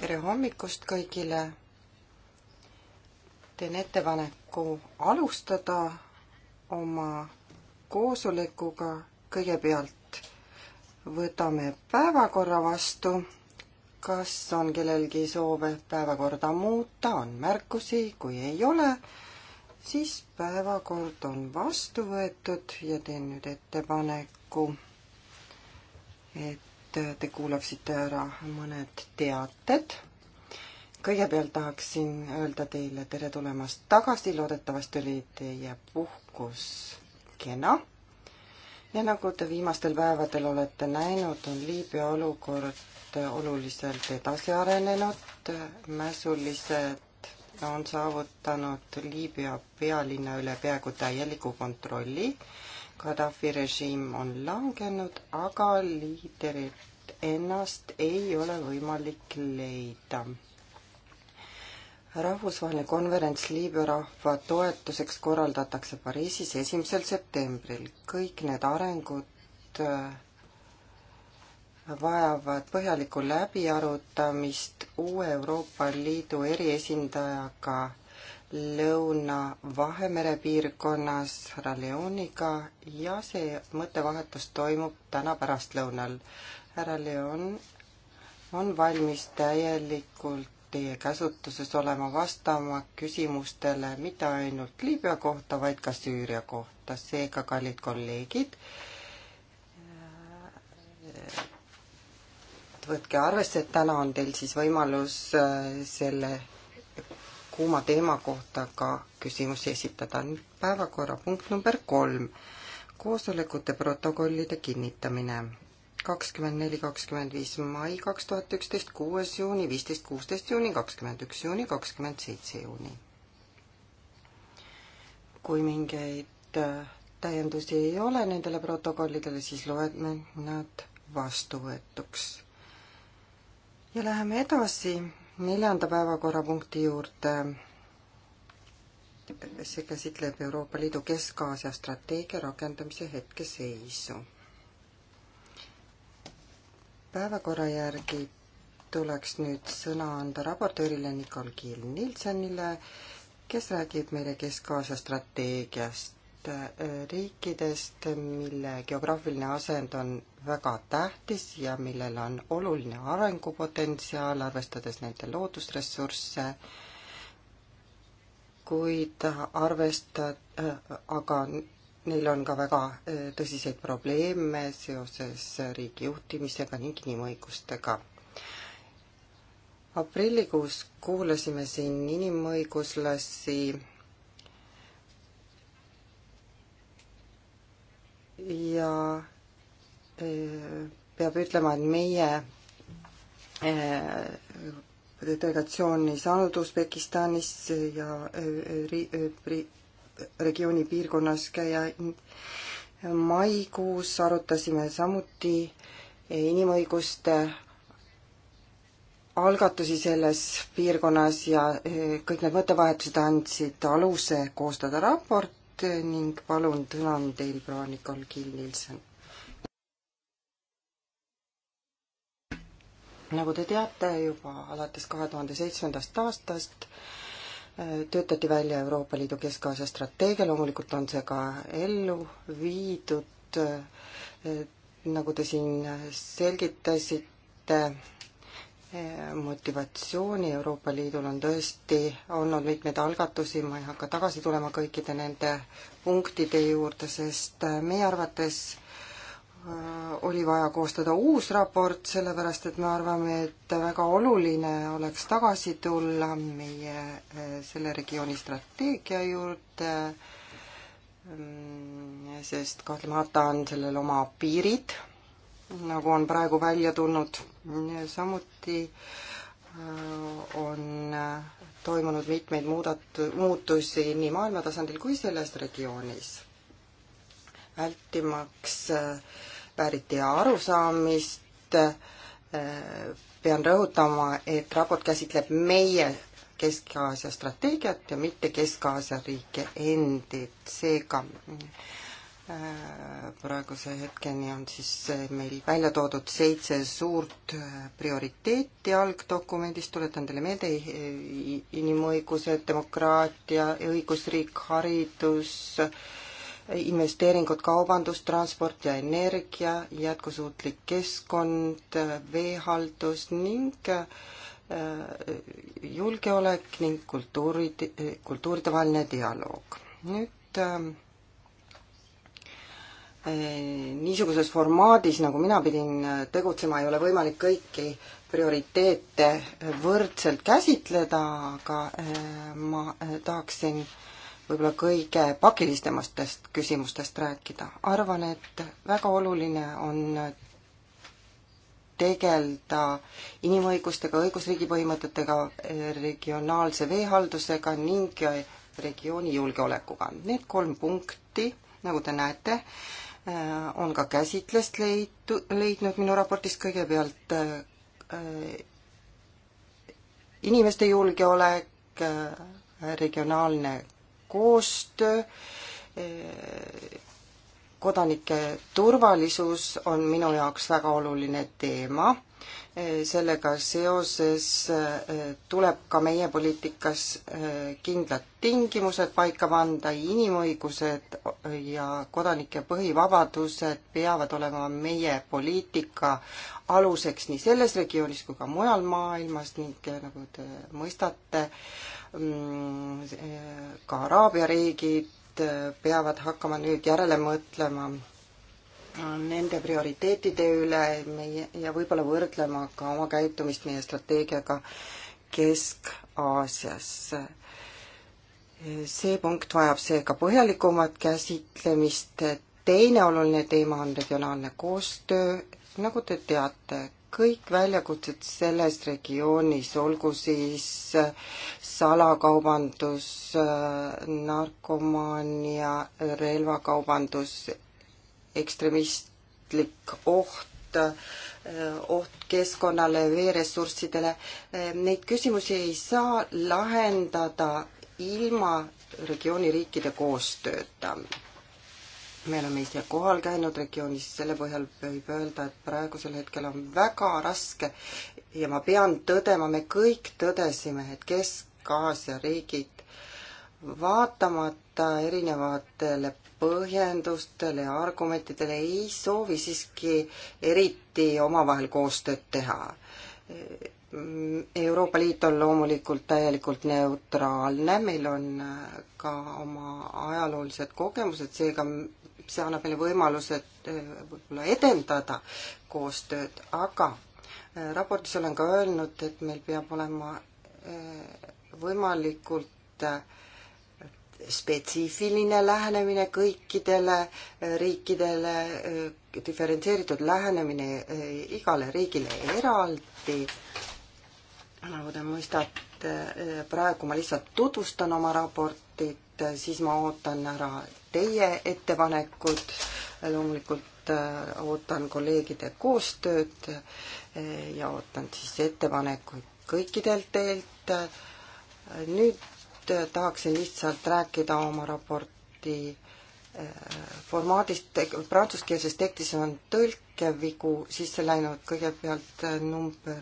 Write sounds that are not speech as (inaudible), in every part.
tere hommikust kõigile. teen ettepaneku alustada oma koosolekuga. kõigepealt võtame päevakorra vastu. kas on kellelgi soove päevakorda muuta, on märkusi, kui ei ole, siis päevakord on vastu võetud ja teen nüüd ettepaneku, et et te kuulaksite ära mõned teated. kõigepealt tahaksin öelda teile tere tulemast tagasi, loodetavasti oli teie puhkus kena. ja nagu te viimastel päevadel olete näinud, on Liibüa olukord oluliselt edasi arenenud, mässulised on saavutanud Liibüa pealinna üle peaaegu täieliku kontrolli Gaddafi režiim on langenud, aga liiderit ennast ei ole võimalik leida rahvusvaheline konverents Liibüa rahva toetuseks korraldatakse Pariisis esimesel septembril. kõik need arengud äh, vajavad põhjalikku läbiarutamist uue Euroopa Liidu eriesindajaga Lõuna-Vahemere piirkonnas härra Leoniga ja see mõttevahetus toimub täna pärastlõunal. härra Leon on valmis täielikult teie käsutuses olema vastama küsimustele mitte ainult Liibüa kohta, vaid ka Süüria kohta. seega, kallid kolleegid, võtke arvesse, et täna on teil siis võimalus äh, selle kuuma teema kohta ka küsimusi esitada. nüüd päevakorrapunkt number kolm, koosolekute protokollide kinnitamine. kakskümmend neli, kakskümmend viis mai kaks tuhat üksteist, kuues juuni, viisteist, kuusteist juuni, kakskümmend üks juuni, kakskümmend seitse juuni. kui mingeid äh, täiendusi ei ole nendele protokollidele, siis loeme nad vastuvõetuks. ja läheme edasi neljanda päevakorrapunkti juurde. see käsitleb Euroopa Liidu Kesk-Aasia strateegia rakendamise hetkeseisu. päevakorra järgi tuleks nüüd sõna anda raportöörile Nikol Kiil-Nilsenile, kes räägib meile Kesk-Aasia strateegiast riikidest, mille geograafiline asend on väga tähtis ja millel on oluline arengupotentsiaal, arvestades nende loodusressursse, kuid arvesta-, aga neil on ka väga e, tõsiseid probleeme seoses riigi juhtimisega ning inimõigustega aprillikuus kuulasime siin inimõiguslasi ja eh, peab ütlema, et meie eh, delegatsioon ei saanud Usbekistanis ja eh, ri-, ri-, regiooni piirkonnas käia. maikuus arutasime samuti inimõiguste algatusi selles piirkonnas ja kõik need mõttevahetused andsid aluse koostada raport, ning palun tänan teil, proua Nicole Kill-Nielsen. nagu te teate, juba alates kahe tuhande seitsmendast aastast äh, töötati välja Euroopa Liidu Kesk-Aasia strateegia, loomulikult on see ka ellu viidud, äh, nagu te siin selgitasite motivatsiooni Euroopa Liidul on tõesti olnud mitmeid algatusi, ma ei hakka tagasi tulema kõikide nende punktide juurde, sest äh, meie arvates äh, oli vaja koostada uus raport, sellepärast et me arvame, et väga oluline oleks tagasi tulla meie äh, selle regiooni strateegia juurde, mm, sest kahtlemata on sellel oma piirid nagu on praegu välja tulnud. samuti äh, on äh, toimunud mitmeid muudat-, muutusi nii maailma tasandil kui selles regioonis. vältimaks äh, vääriti arusaamist, pean rõhutama, et raport käsitleb meie Kesk-Aasia strateegiat ja mitte Kesk-Aasia riike endid, seega Äh, praeguse hetkeni on siis äh, meil välja toodud seitse suurt äh, prioriteeti algdokumendist, tuletan teile meelde, inimõigused, demokraatia, õigusriik, haridus, investeeringud, kaubandus, transport ja energia, jätkusuutlik keskkond, veehaldus ning julgeolek ning kultuurid, kultuuridevaheline dialoog. nüüd niisuguses formaadis, nagu mina pidin tegutsema, ei ole võimalik kõiki prioriteete võrdselt käsitleda, aga äh, ma äh, tahaksin võib-olla kõige pakilisematest küsimustest rääkida. arvan, et väga oluline on tegeleda inimõigustega, õigusriigi põhimõtetega, regionaalse veehaldusega ning regiooni julgeolekuga. Need kolm punkti, nagu te näete, Äh, on ka käsitlust leidu, leidnud minu raportis kõigepealt äh, inimeste julgeolek, äh, regionaalne koostöö, kodanike turvalisus on minu jaoks väga oluline teema sellega seoses eh, tuleb ka meie poliitikas eh, kindlad tingimused paika panda, inimõigused ja kodanike põhivabadused peavad olema meie poliitika aluseks nii selles regioonis kui ka mujal maailmas ning eh, nagu te mõistate, mm, ka Araabia riigid peavad hakkama nüüd järele mõtlema nende prioriteetide üle meie ja võib-olla võrdlema ka oma käitumist meie strateegiaga Kesk-Aasias. see punkt vajab seega põhjalikumat käsitlemist, teine oluline teema on regionaalne koostöö, nagu te teate, kõik väljakutsed selles regioonis, olgu siis salakaubandus, narkomaania, relvakaubandus ekstremistlik oht, eh, oht keskkonnale, veeressurssidele, eh, neid küsimusi ei saa lahendada ilma regiooni riikide koostööta. me oleme ise kohal käinud regioonis, selle põhjal võib öelda, et praegusel hetkel on väga raske ja ma pean tõdema, me kõik tõdesime, et Kesk-Aasia riigid vaatamata erinevatele põhjendustele ja argumentidele ei soovi siiski eriti omavahel koostööd teha. Euroopa Liit on loomulikult täielikult neutraalne, meil on ka oma ajaloolised kogemused, seega see annab meile võimaluse eh, võib-olla edendada koostööd, aga eh, raportis olen ka öelnud, et meil peab olema eh, võimalikult äh, spetsiifiline lähenemine kõikidele äh, riikidele, äh, diferentseeritud lähenemine äh, igale riigile eraldi. nagu te mõistate, praegu ma lihtsalt tutvustan oma raportit, siis ma ootan ära teie ettepanekud. loomulikult ootan kolleegide koostööd ja ootan siis ettepanekuid kõikidelt teilt. nüüd nüüd äh, tahaksin lihtsalt rääkida oma raporti äh, formaadist, prantsuskeelses tekstis on tõlkevigu sisse läinud, kõigepealt äh, number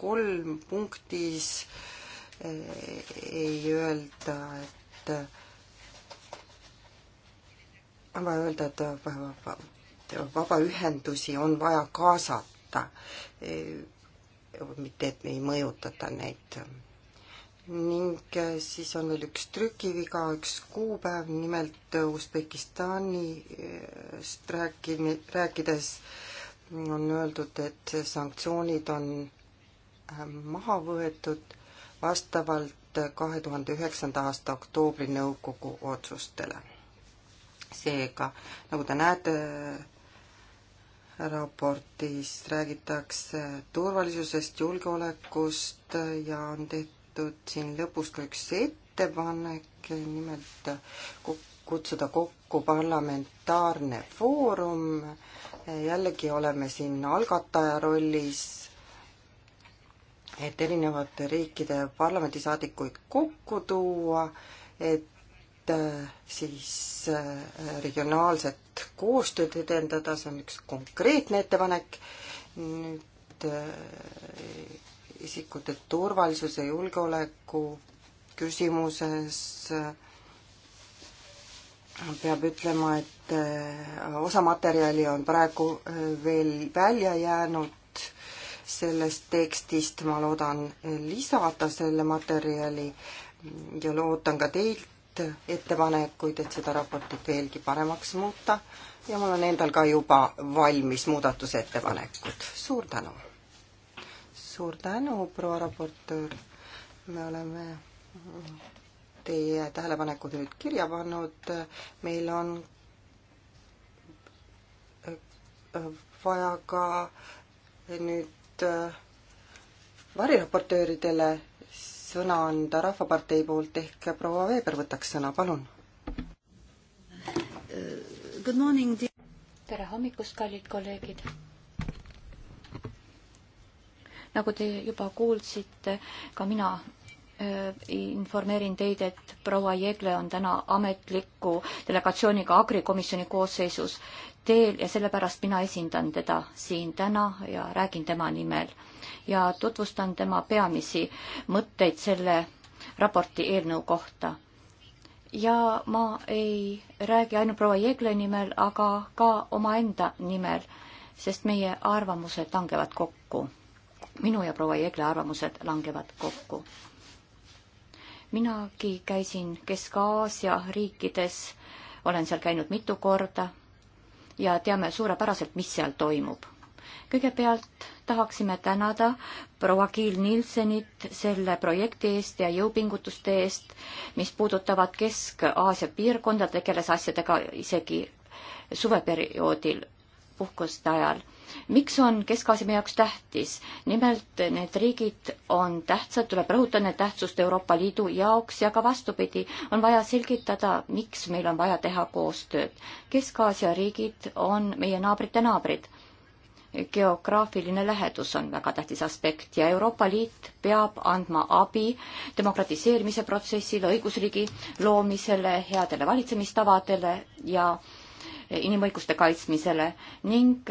kolm punktis ei öelda, et on vaja öelda, et vabaühendusi on vaja kaasata, mitte et ei mõjutata neid ning äh, siis on veel üks trükiviga, üks kuupäev, nimelt Usbekistanist äh, rääkimi-, rääkides on öeldud, et sanktsioonid on äh, maha võetud vastavalt kahe tuhande üheksanda aasta oktoobri nõukogu otsustele. seega, nagu te näete, raportis räägitakse turvalisusest, julgeolekust ja on tehtud tehtud siin lõpus ka üks ettepanek, nimelt kutsuda kokku parlamentaarne foorum. jällegi oleme siin algataja rollis, et erinevate riikide parlamendisaadikuid kokku tuua, et äh, siis äh, regionaalset koostööd edendada, see on üks konkreetne ettepanek. nüüd äh, isikute turvalisuse, julgeoleku küsimuses äh, peab ütlema, et äh, osa materjali on praegu äh, veel välja jäänud sellest tekstist, ma loodan lisada selle materjali ja loodan ka teilt ettepanekuid, et seda raportit veelgi paremaks muuta ja mul on endal ka juba valmis muudatusettepanekud. suur tänu! suur tänu, proua raportöör. me oleme teie tähelepanekud nüüd kirja pannud. meil on vaja ka nüüd variraportööridele sõna anda Rahvapartei poolt ehk proua Veeber võtaks sõna, palun. Good morning. tere hommikust, kallid kolleegid nagu te juba kuulsite, ka mina äh, informeerin teid, et proua Jeegle on täna ametliku delegatsiooniga agrikomisjoni koosseisus teel ja sellepärast mina esindan teda siin täna ja räägin tema nimel ja tutvustan tema peamisi mõtteid selle raporti eelnõu kohta. ja ma ei räägi ainult proua Jeegle nimel, aga ka omaenda nimel, sest meie arvamused langevad kokku minu ja proua Jeegle arvamused langevad kokku. minagi käisin Kesk-Aasia riikides, olen seal käinud mitu korda ja teame suurepäraselt, mis seal toimub. kõigepealt tahaksime tänada proua Kiil Nilsenit selle projekti eest ja jõupingutuste eest, mis puudutavad Kesk-Aasia piirkonda, tegeles asjadega isegi suveperioodil, puhkuste ajal miks on Kesk-Aasia meie jaoks tähtis? nimelt need riigid on tähtsad, tuleb rõhutada nende tähtsust Euroopa Liidu jaoks ja ka vastupidi, on vaja selgitada, miks meil on vaja teha koostööd. Kesk-Aasia riigid on meie naabrite naabrid geograafiline lähedus on väga tähtis aspekt ja Euroopa Liit peab andma abi demokratiseerimise protsessile, õigusriigi loomisele, headele valitsemistavadele ja inimõiguste kaitsmisele ning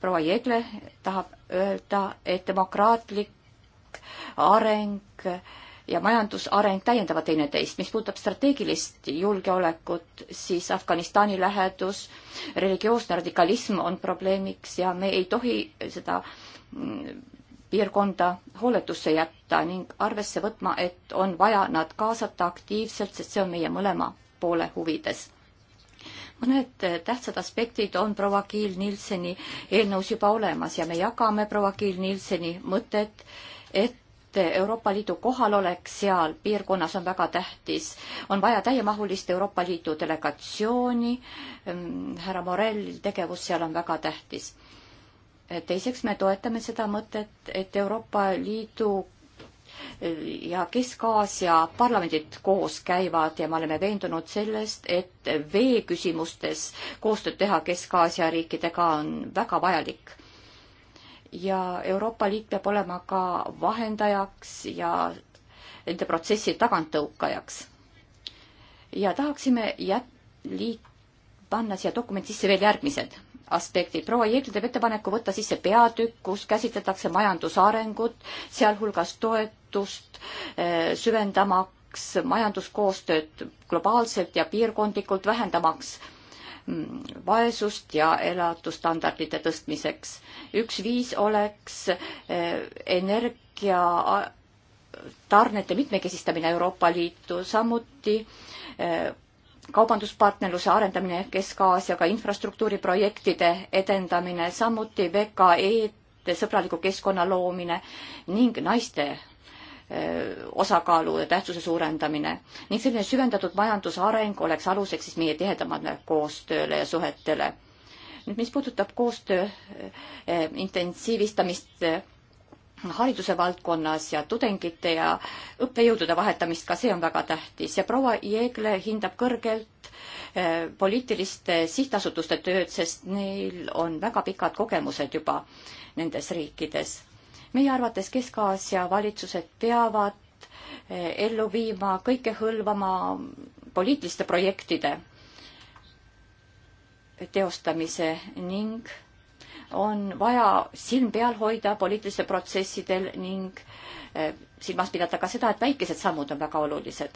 proua Jegle tahab öelda, et demokraatlik areng ja majandusareng täiendavad teineteist. mis puudutab strateegilist julgeolekut, siis Afganistani lähedus, religioosne radikalism on probleemiks ja me ei tohi seda mm, piirkonda hooletusse jätta ning arvesse võtma, et on vaja nad kaasata aktiivselt, sest see on meie mõlema poole huvides mõned tähtsad aspektid on proua Kiil-Nielseni eelnõus juba olemas ja me jagame proua Kiil-Nielseni mõtet, et Euroopa Liidu kohalolek seal piirkonnas on väga tähtis. on vaja täiemahulist Euroopa Liidu delegatsiooni. Mm, härra Morell tegevus seal on väga tähtis. teiseks me toetame seda mõtet, et Euroopa Liidu ja Kesk-Aasia parlamendid koos käivad ja me oleme veendunud sellest, et veeküsimustes koostööd teha Kesk-Aasia riikidega on väga vajalik. ja Euroopa Liit peab olema ka vahendajaks ja nende protsessi taganttõukajaks. ja tahaksime jät-, liit-, panna siia dokumenti sisse veel järgmised aspektid. proua Jeegli teeb ettepaneku võtta sisse peatükk, kus käsitletakse majandusarengut, sealhulgas toet-, muutust, eh, süvendamaks majanduskoostööd globaalselt ja piirkondlikult, vähendamaks mm, vaesust ja elatusstandardite tõstmiseks. üks viis oleks eh, energia tarnete mitmekesistamine Euroopa Liitu, samuti eh, kaubanduspartnerluse arendamine Kesk-Aasiaga, infrastruktuuriprojektide edendamine, samuti VKE-de sõbraliku keskkonna loomine ning naiste osakaalu ja tähtsuse suurendamine ning selline süvendatud majandusareng oleks aluseks siis meie tihedamale koostööle ja suhetele. nüüd, mis puudutab koostöö eh, intensiivistamist eh, hariduse valdkonnas ja tudengite ja õppejõudude vahetamist, ka see on väga tähtis ja proua Jeegle hindab kõrgelt eh, poliitiliste sihtasutuste tööd, sest neil on väga pikad kogemused juba nendes riikides meie arvates Kesk-Aasia valitsused peavad eh, ellu viima kõikehõlvama poliitiliste projektide teostamise ning on vaja silm peal hoida poliitilistel protsessidel ning eh, silmas pidada ka seda, et väikesed sammud on väga olulised.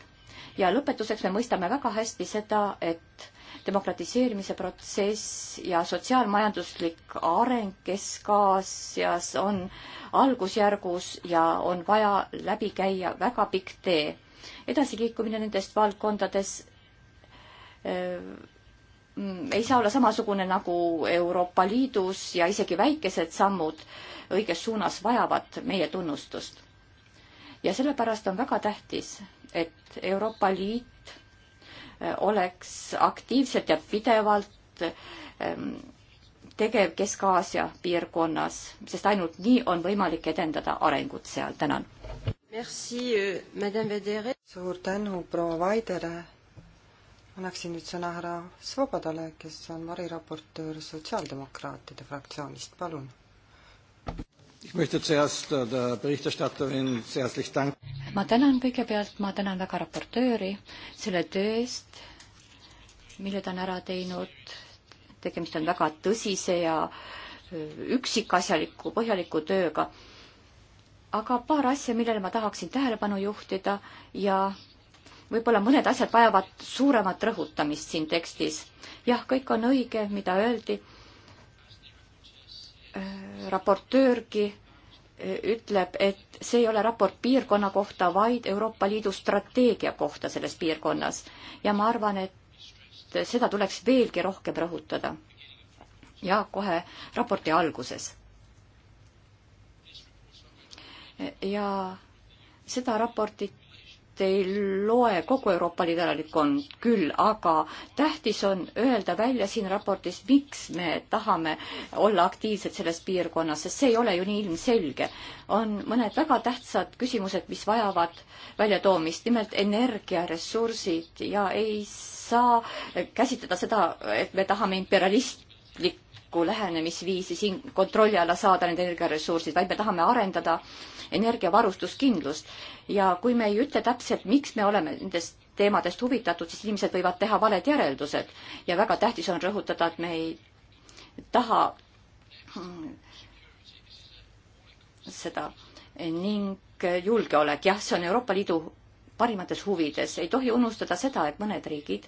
ja lõpetuseks me mõistame väga hästi seda, et demokratiseerimise protsess ja sotsiaalmajanduslik areng Kesk-Aasias on algusjärgus ja on vaja läbi käia väga pikk tee. edasiliikumine nendes valdkondades äh, ei saa olla samasugune nagu Euroopa Liidus ja isegi väikesed sammud õiges suunas vajavad meie tunnustust. ja sellepärast on väga tähtis, et Euroopa Liit oleks aktiivselt ja pidevalt ähm, tegev Kesk-Aasia piirkonnas, sest ainult nii on võimalik edendada arengut seal. tänan. Euh, suur tänu, proua Vaidere. annaksin nüüd sõna härra Svobodale, kes on variraportöör Sotsiaaldemokraatide fraktsioonist. palun. Ich möchte zuerst äh, der Berichterstatterin sehr herzlich danken ma tänan kõigepealt, ma tänan väga raportööri selle töö eest, mille ta on ära teinud. tegemist on väga tõsise ja üksikasjaliku, põhjaliku tööga. aga paar asja, millele ma tahaksin tähelepanu juhtida ja võib-olla mõned asjad vajavad suuremat rõhutamist siin tekstis. jah, kõik on õige, mida öeldi. raportöörgi ütleb, et see ei ole raport piirkonna kohta, vaid Euroopa Liidu strateegia kohta selles piirkonnas. ja ma arvan, et seda tuleks veelgi rohkem rõhutada. ja kohe raporti alguses. ja seda raportit ei loe kogu Euroopa Liidu elanikkond küll, aga tähtis on öelda välja siin raportis, miks me tahame olla aktiivsed selles piirkonnas, sest see ei ole ju nii ilmselge. on mõned väga tähtsad küsimused, mis vajavad väljatoomist, nimelt energiaressursid ja ei saa käsitleda seda, et me tahame imperialistlik mõistlikku lähenemisviisi siin kontrolli alla saada need energiaressursid, vaid me tahame arendada energiavarustuskindlust. ja kui me ei ütle täpselt, miks me oleme nendest teemadest huvitatud, siis inimesed võivad teha valed järeldused ja väga tähtis on rõhutada, et me ei taha hmm, seda ning julgeolek, jah, see on Euroopa Liidu parimates huvides, ei tohi unustada seda, et mõned riigid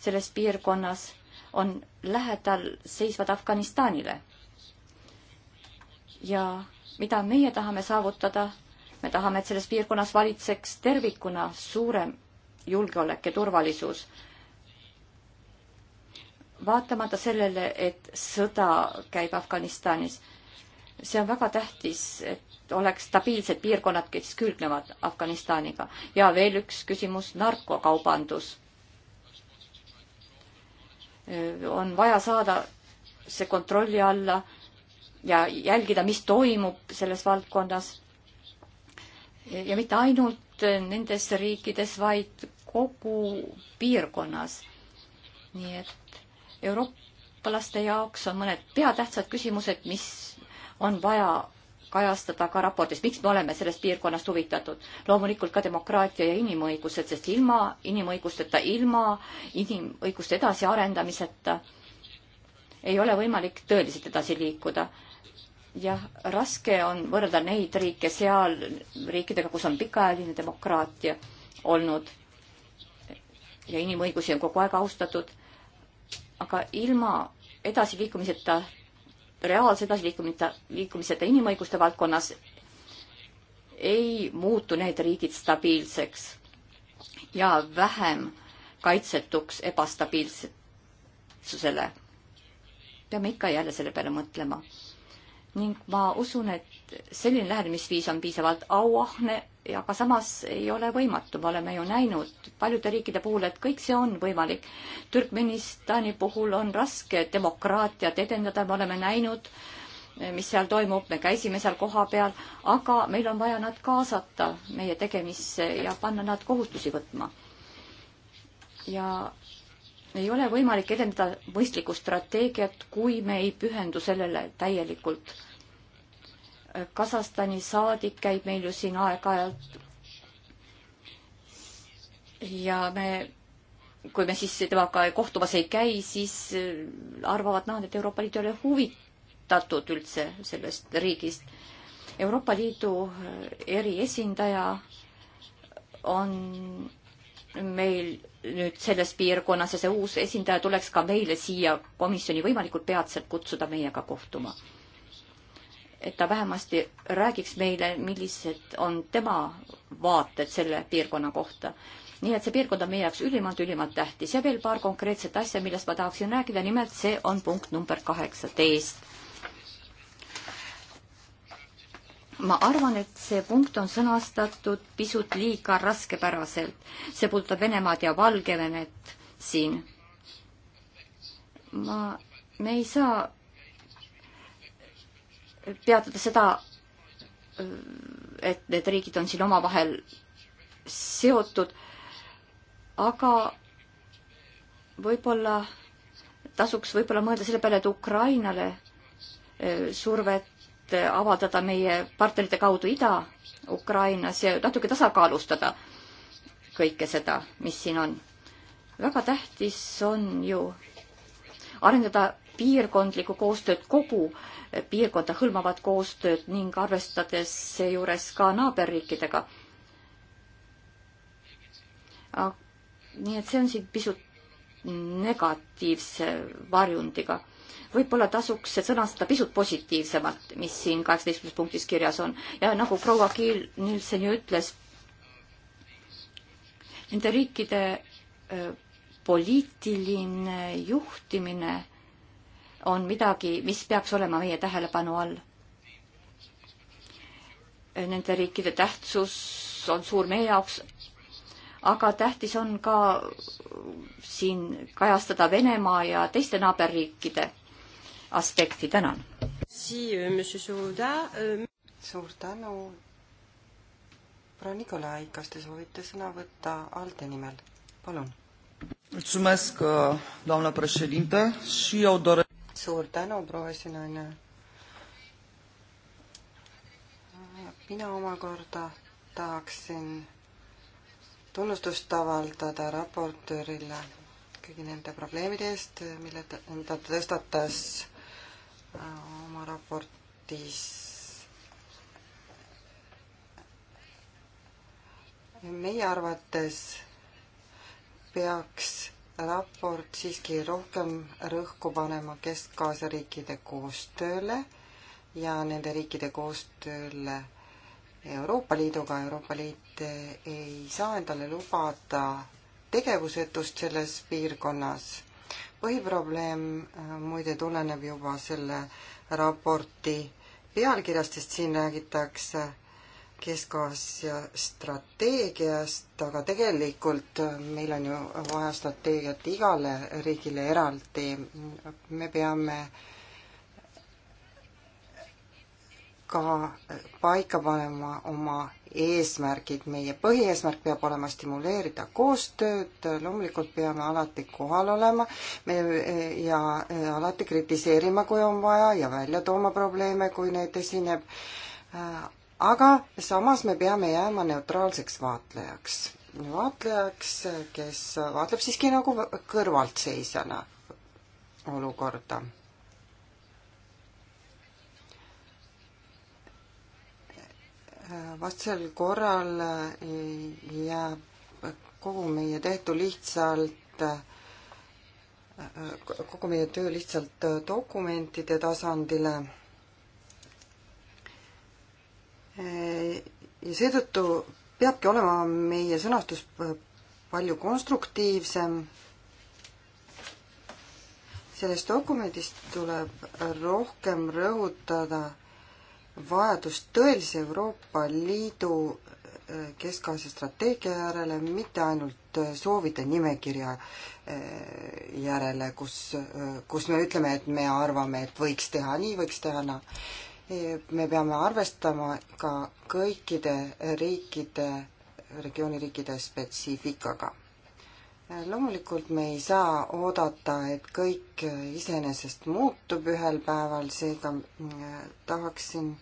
selles piirkonnas on lähedal seisvad Afganistanile. ja mida meie tahame saavutada, me tahame, et selles piirkonnas valitseks tervikuna suurem julgeolek ja turvalisus. vaatamata sellele, et sõda käib Afganistanis, see on väga tähtis, et oleks stabiilsed piirkonnad, kes külgnevad Afganistaniga. ja veel üks küsimus, narkokaubandus on vaja saada see kontrolli alla ja jälgida, mis toimub selles valdkonnas. ja mitte ainult nendes riikides, vaid kogu piirkonnas. nii et eurooplaste jaoks on mõned peatähtsad küsimused, mis on vaja kajastada ka raportis, miks me oleme sellest piirkonnast huvitatud. loomulikult ka demokraatia ja inimõigused, sest ilma inimõigusteta, ilma inimõiguste edasiarendamiseta ei ole võimalik tõeliselt edasi liikuda. jah, raske on võrrelda neid riike seal riikidega, kus on pikaajaline demokraatia olnud ja inimõigusi on kogu aeg austatud, aga ilma edasiliikumiseta reaalse edasiliikumita, liikumiseta inimõiguste valdkonnas ei muutu need riigid stabiilseks ja vähem kaitsetuks ebastabiilsusele. peame ikka jälle selle peale mõtlema ning ma usun, et selline lähenemisviis on piisavalt auahne ja ka samas ei ole võimatu, me oleme ju näinud paljude riikide puhul, et kõik see on võimalik. Türkmenistani puhul on raske demokraatiat edendada, me oleme näinud, mis seal toimub, me käisime seal kohapeal, aga meil on vaja nad kaasata meie tegemisse ja panna nad kohustusi võtma. ja ei ole võimalik edendada mõistlikku strateegiat, kui me ei pühendu sellele täielikult. Kasahstani saadik käib meil ju siin aeg-ajalt. ja me, kui me siis temaga kohtumas ei käi, siis äh, arvavad nad, et Euroopa Liit ei ole huvitatud üldse sellest riigist. Euroopa Liidu äh, eriesindaja on meil nüüd selles piirkonnas ja see uus esindaja tuleks ka meile siia komisjoni võimalikult peatselt kutsuda meiega kohtuma. et ta vähemasti räägiks meile, millised on tema vaated selle piirkonna kohta. nii et see piirkond on meie jaoks ülimalt-ülimalt tähtis ja veel paar konkreetset asja, millest ma tahaksin rääkida, nimelt see on punkt number kaheksateist ma arvan, et see punkt on sõnastatud pisut liiga raskepäraselt. see puudutab Venemaad ja Valgevenet siin. ma, me ei saa peatada seda, et need riigid on siin omavahel seotud, aga võib-olla tasuks võib-olla mõelda selle peale, et Ukrainale eh, survet avaldada meie partnerite kaudu Ida-Ukrainas ja natuke tasakaalustada kõike seda, mis siin on. väga tähtis on ju arendada piirkondlikku koostööd, kogu piirkonda hõlmavat koostööd ning arvestades seejuures ka naaberriikidega. nii et see on siin pisut negatiivse varjundiga võib-olla tasuks see sõnastada pisut positiivsemalt, mis siin kaheksateistkümnes punktis kirjas on. ja nagu proua Kiil Nilsen ju ütles, nende riikide poliitiline juhtimine on midagi, mis peaks olema meie tähelepanu all. Nende riikide tähtsus on suur meie jaoks, aga tähtis on ka siin kajastada Venemaa ja teiste naaberriikide aspekti, tänan. Euh, euh, suur tänu. proua Nikolai, kas te soovite sõna võtta ALDE nimel? palun. Uh, suur tänu, proua esinaine. mina omakorda tahaksin tunnustust avaldada raportöörile kõigi nende probleemide eest, mille ta, mida ta tõstatas oma raportis meie arvates peaks raport siiski rohkem rõhku panema Kesk-Aasia riikide koostööle ja nende riikide koostööle Euroopa Liiduga. Euroopa Liit ei saa endale lubada tegevusetust selles piirkonnas põhiprobleem äh, muide tuleneb juba selle raporti pealkirjast, sest siin räägitakse Kesk-Aasia strateegiast, aga tegelikult äh, meil on ju vaja strateegiat igale riigile eraldi. me peame äh, ka paika panema oma eesmärgid, meie põhieesmärk peab olema stimuleerida koostööd, loomulikult peame alati kohal olema me, ja eh, alati kritiseerima, kui on vaja ja välja tooma probleeme, kui neid esineb. Eh, aga samas me peame jääma neutraalseks vaatlejaks, vaatlejaks, kes vaatleb siiski nagu kõrvaltseisjana olukorda vastasel korral eh, jääb kogu meie tehtu lihtsalt, eh, kogu meie töö lihtsalt dokumentide tasandile. Eh, ja seetõttu peabki olema meie sõnastus palju konstruktiivsem. sellest dokumendist tuleb rohkem rõhutada vajadust tõelise Euroopa Liidu äh, keskaasa strateegia järele, mitte ainult äh, soovide nimekirja äh, järele, kus, kus me ütleme, et me arvame, et võiks teha nii, võiks teha naa no.. me peame arvestama ka kõikide riikide, regiooni riikide spetsiifikaga. loomulikult me ei saa oodata, et kõik iseenesest muutub ühel päeval, seega mm, tahaksin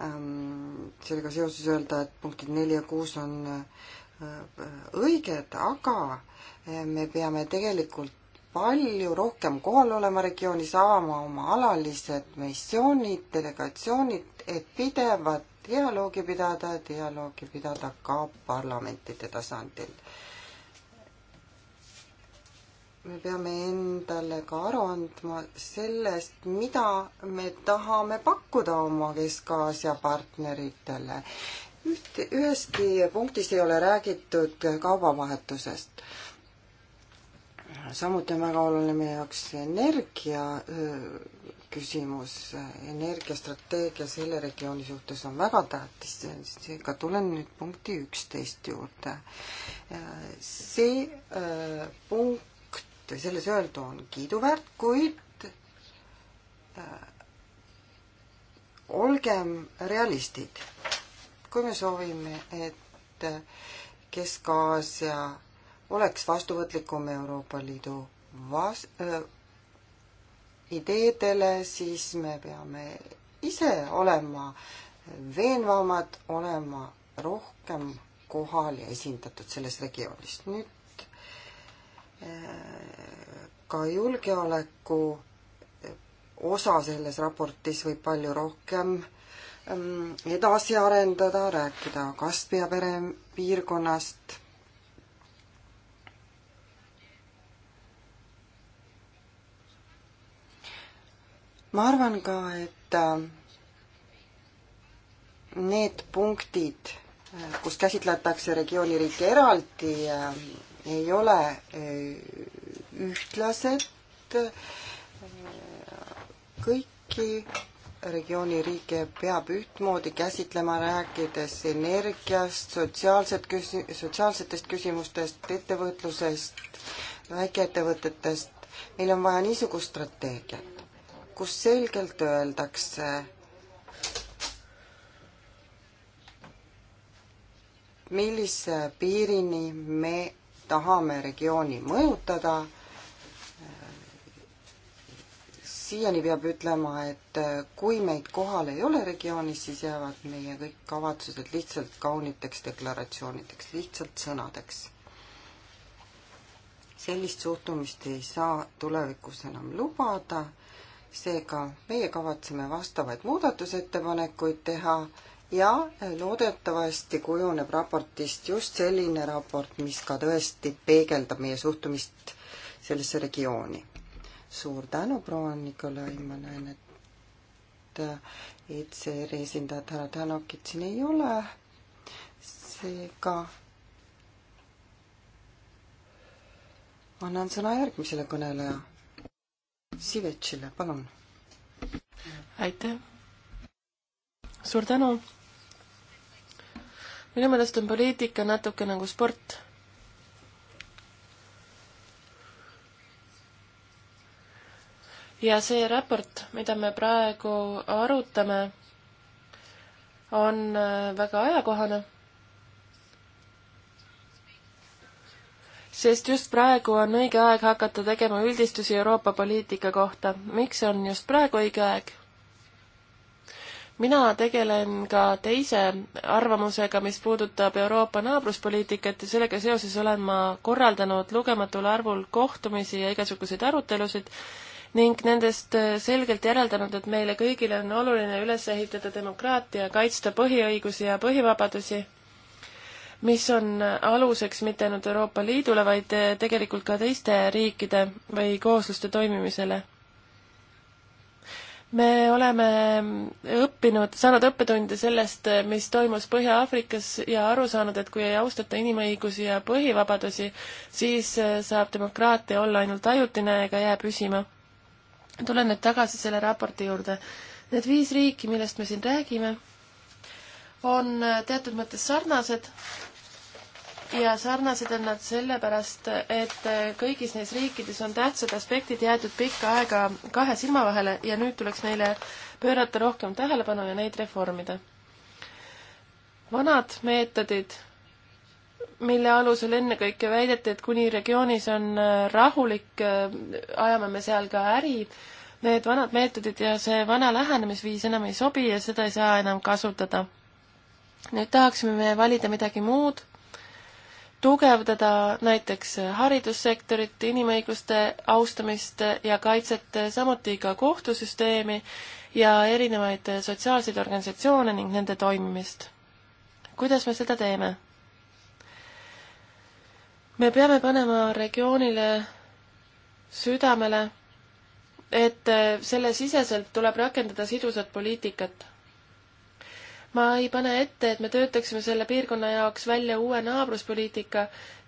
Ehm, sellega seoses öelda, et punktid neli ja kuus on äh, õiged, aga äh, me peame tegelikult palju rohkem kohal olema regioonis, avama oma alalised missioonid, delegatsioonid, et pidevat dialoogi pidada, dialoogi pidada ka parlamentide tasandil me peame endale ka aru andma sellest, mida me tahame pakkuda oma Kesk-Aasia partneritele. üht, üheski punktis ei ole räägitud kaubavahetusest. samuti on väga oluline meie jaoks energia küsimus, energiastrateegia selle regiooni suhtes on väga tähtis, seega tulen nüüd punkti üksteist juurde. see punkt või selles öeldu on kiiduväärt, kuid äh, olgem realistid. kui me soovime, et Kesk-Aasia oleks vastuvõtlikum Euroopa Liidu vas- äh,, ideedele, siis me peame ise olema veenvamad, olema rohkem kohal ja esindatud selles regioonis. nüüd ka julgeoleku osa selles raportis võib palju rohkem ähm, edasi arendada, rääkida Kaspia pere piirkonnast. ma arvan ka, et äh, need punktid, äh, kus käsitletakse regiooniriike eraldi, äh, ei ole e, ühtlased. kõiki regiooni riike peab ühtmoodi käsitlema, rääkides energiast, sotsiaalset küsi-, sotsiaalsetest küsimustest, ettevõtlusest, väikeettevõtetest. meil on vaja niisugust strateegiat, kus selgelt öeldakse, millise piirini me tahame regiooni mõjutada. siiani peab ütlema, et kui meid kohal ei ole regioonis, siis jäävad meie kõik kavatsused lihtsalt kauniteks deklaratsioonideks, lihtsalt sõnadeks. sellist suhtumist ei saa tulevikus enam lubada seega meie kavatseme vastavaid muudatusettepanekuid teha ja eh, loodetavasti kujuneb raportist just selline raport, mis ka tõesti peegeldab meie suhtumist sellesse regiooni. suur tänu, proua Nikolai, ma näen, et eh, ECR-i esindajat härra Tänokit siin ei ole, seega annan sõna järgmisele kõneleja, Sivetšile, palun. aitäh suur tänu minu meelest on poliitika natuke nagu sport. ja see raport, mida me praegu arutame, on äh, väga ajakohane. sest just praegu on õige aeg hakata tegema üldistusi Euroopa poliitika kohta. miks on just praegu õige aeg? mina tegelen ka teise arvamusega, mis puudutab Euroopa naabruspoliitikat ja sellega seoses olen ma korraldanud lugematul arvul kohtumisi ja igasuguseid arutelusid ning nendest äh, selgelt järeldanud, et meile kõigile on oluline üles ehitada demokraatia, kaitsta põhiõigusi ja põhivabadusi, mis on aluseks mitte ainult Euroopa Liidule, vaid äh, tegelikult ka teiste riikide või koosluste toimimisele me oleme õppinud, saanud õppetunde sellest, mis toimus Põhja-Aafrikas ja aru saanud, et kui ei austata inimõigusi ja põhivabadusi, siis äh, saab demokraatia olla ainult ajutine ega jää püsima. tulen nüüd tagasi selle raporti juurde. Need viis riiki, millest me siin räägime, on äh, teatud mõttes sarnased ja sarnased on nad sellepärast, et kõigis neis riikides on tähtsad aspektid jäetud pikka aega kahe silma vahele ja nüüd tuleks neile pöörata rohkem tähelepanu ja neid reformida. vanad meetodid, mille alusel ennekõike väideti, et kuni regioonis on rahulik, ajame me seal ka äri, need vanad meetodid ja see vana lähenemisviis enam ei sobi ja seda ei saa enam kasutada. nüüd tahaksime me valida midagi muud tugevdada näiteks haridussektorit, inimõiguste austamist ja kaitset, samuti ka kohtusüsteemi ja erinevaid sotsiaalseid organisatsioone ning nende toimimist. kuidas me seda teeme? me peame panema regioonile südamele, et selle siseselt tuleb rakendada sidusat poliitikat ma ei pane ette, et me töötaksime selle piirkonna jaoks välja uue naabruspoliitika,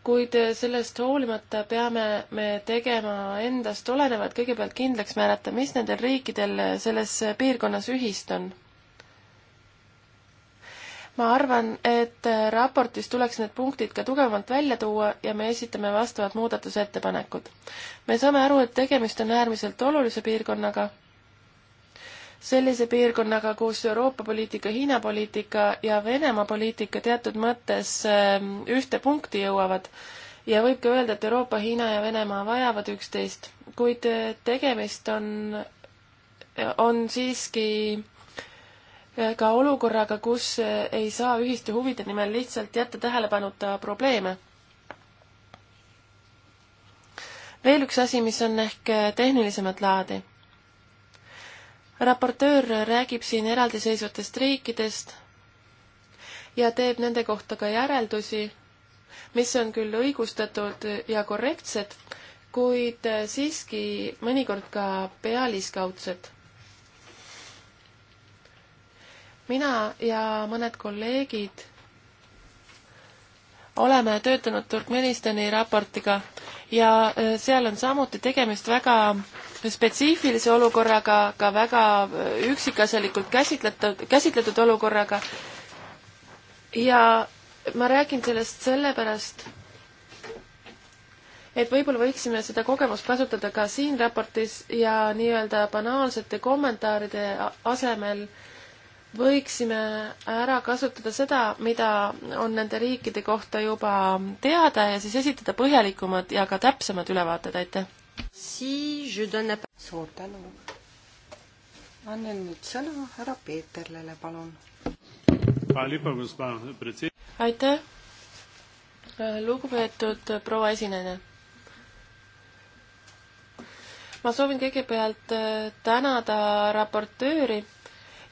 kuid sellest hoolimata peame me tegema endast olenevat, kõigepealt kindlaks määrata, mis nendel riikidel selles piirkonnas ühist on. ma arvan, et raportis tuleks need punktid ka tugevamalt välja tuua ja me esitame vastavad muudatusettepanekud. me saame aru, et tegemist on äärmiselt olulise piirkonnaga sellise piirkonnaga, kus Euroopa poliitika, Hiina poliitika ja Venemaa poliitika teatud mõttes ähm, ühte punkti jõuavad ja võib ka öelda, et Euroopa, Hiina ja Venemaa vajavad üksteist, kuid äh, tegemist on, on siiski äh, ka olukorraga, kus äh, ei saa ühiste huvide nimel lihtsalt jätta tähelepanuta probleeme. veel üks asi, mis on ehk tehnilisemat laadi raportöör räägib siin eraldiseisvatest riikidest ja teeb nende kohta ka järeldusi, mis on küll õigustatud ja korrektsed, kuid siiski mõnikord ka pealiskaudsed. mina ja mõned kolleegid oleme töötanud Turkmenistani raportiga ja äh, seal on samuti tegemist väga spetsiifilise olukorraga, ka väga äh, üksikasjalikult käsitletud, käsitletud olukorraga. ja ma räägin sellest sellepärast, et võib-olla võiksime seda kogemust kasutada ka siin raportis ja nii-öelda banaalsete kommentaaride asemel äh, võiksime ära kasutada seda, mida on nende riikide kohta juba teada ja siis esitada põhjalikumad ja ka täpsemad ülevaated, aitäh! suur tänu! annan nüüd sõna härra Peeterlele, palun! aitäh, lugupeetud proua esinejana! ma soovin kõigepealt eh, tänada raportööri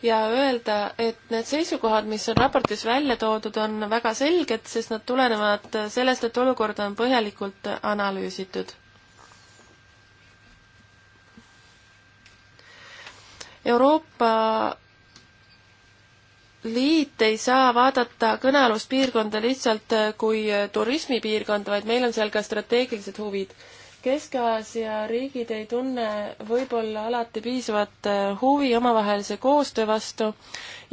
ja öelda, et need seisukohad, mis on raportis välja toodud, on väga selged, sest nad tulenevad sellest, et olukorda on põhjalikult analüüsitud. Euroopa Liit ei saa vaadata kõnealust piirkonda lihtsalt kui turismipiirkonda, vaid meil on seal ka strateegilised huvid Kesk-Aasia riigid ei tunne võib-olla alati piisavat äh, huvi omavahelise koostöö vastu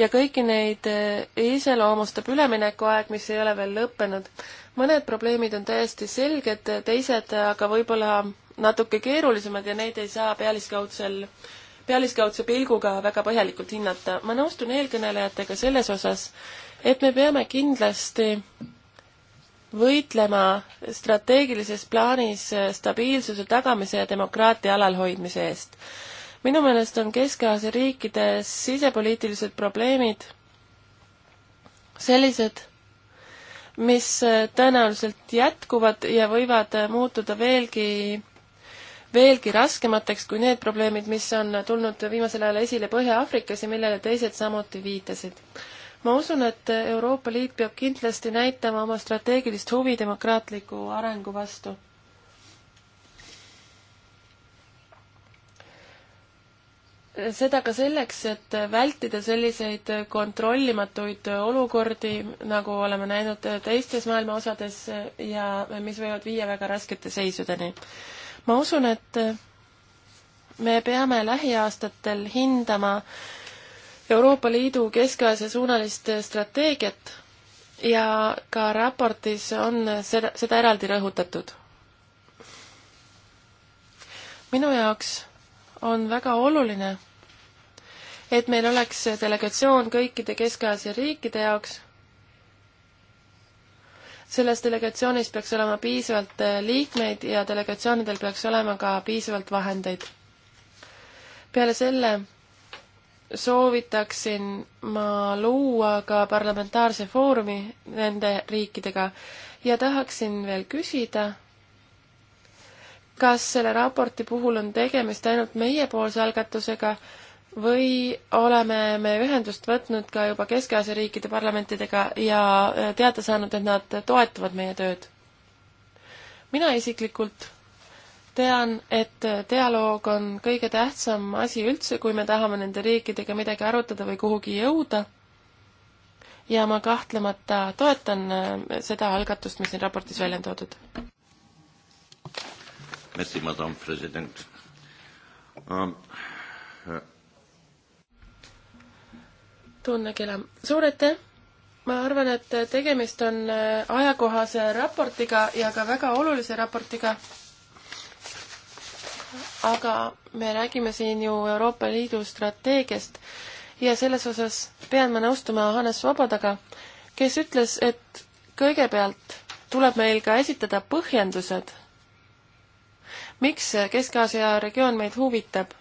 ja kõiki neid äh, iseloomustab üleminekuaeg, mis ei ole veel lõppenud. mõned probleemid on täiesti selged, teised aga võib-olla natuke keerulisemad ja neid ei saa pealiskaudsel, pealiskaudse pilguga väga põhjalikult hinnata. ma nõustun eelkõnelejatega selles osas, et me peame kindlasti võitlema strateegilises plaanis stabiilsuse tagamise ja demokraatia alalhoidmise eest. minu meelest on Kesk-Aasia riikides sisepoliitilised probleemid sellised, mis tõenäoliselt jätkuvad ja võivad muutuda veelgi, veelgi raskemateks kui need probleemid, mis on tulnud viimasel ajal esile Põhja-Aafrikas ja millele teised samuti viitasid ma usun, et Euroopa Liit peab kindlasti näitama oma strateegilist huvi demokraatliku arengu vastu. seda ka selleks, et vältida selliseid kontrollimatuid olukordi, nagu oleme näinud teistes maailma osades ja mis võivad viia väga raskete seisudeni. ma usun, et me peame lähiaastatel hindama äh, Euroopa Liidu Kesk-Aasia suunalist strateegiat ja ka raportis on seda, seda eraldi rõhutatud. minu jaoks on väga oluline, et meil oleks delegatsioon kõikide Kesk-Aasia riikide jaoks selles delegatsioonis peaks olema piisavalt liikmeid ja delegatsioonidel peaks olema ka piisavalt vahendeid. peale selle soovitaksin ma luua ka parlamentaarse foorumi nende riikidega ja tahaksin veel küsida, kas selle raporti puhul on tegemist ainult meiepoolse algatusega või oleme me ühendust võtnud ka juba Kesk-Aasia riikide parlamentidega ja äh, teada saanud, et nad toetavad meie tööd? mina isiklikult tean, et dialoog on kõige tähtsam asi üldse, kui me tahame nende riikidega midagi arutada või kuhugi jõuda. ja ma kahtlemata toetan äh, seda algatust, mis siin raportis välja on toodud. Merci, madame president um,. tunne kena, suur aitäh! ma arvan, et tegemist on äh, ajakohase raportiga ja ka väga olulise raportiga aga me räägime siin ju Euroopa Liidu strateegiast ja selles osas pean ma nõustuma Hannes Vabadaga, kes ütles, et kõigepealt tuleb meil ka esitada põhjendused, miks Kesk-Aasia regioon meid huvitab.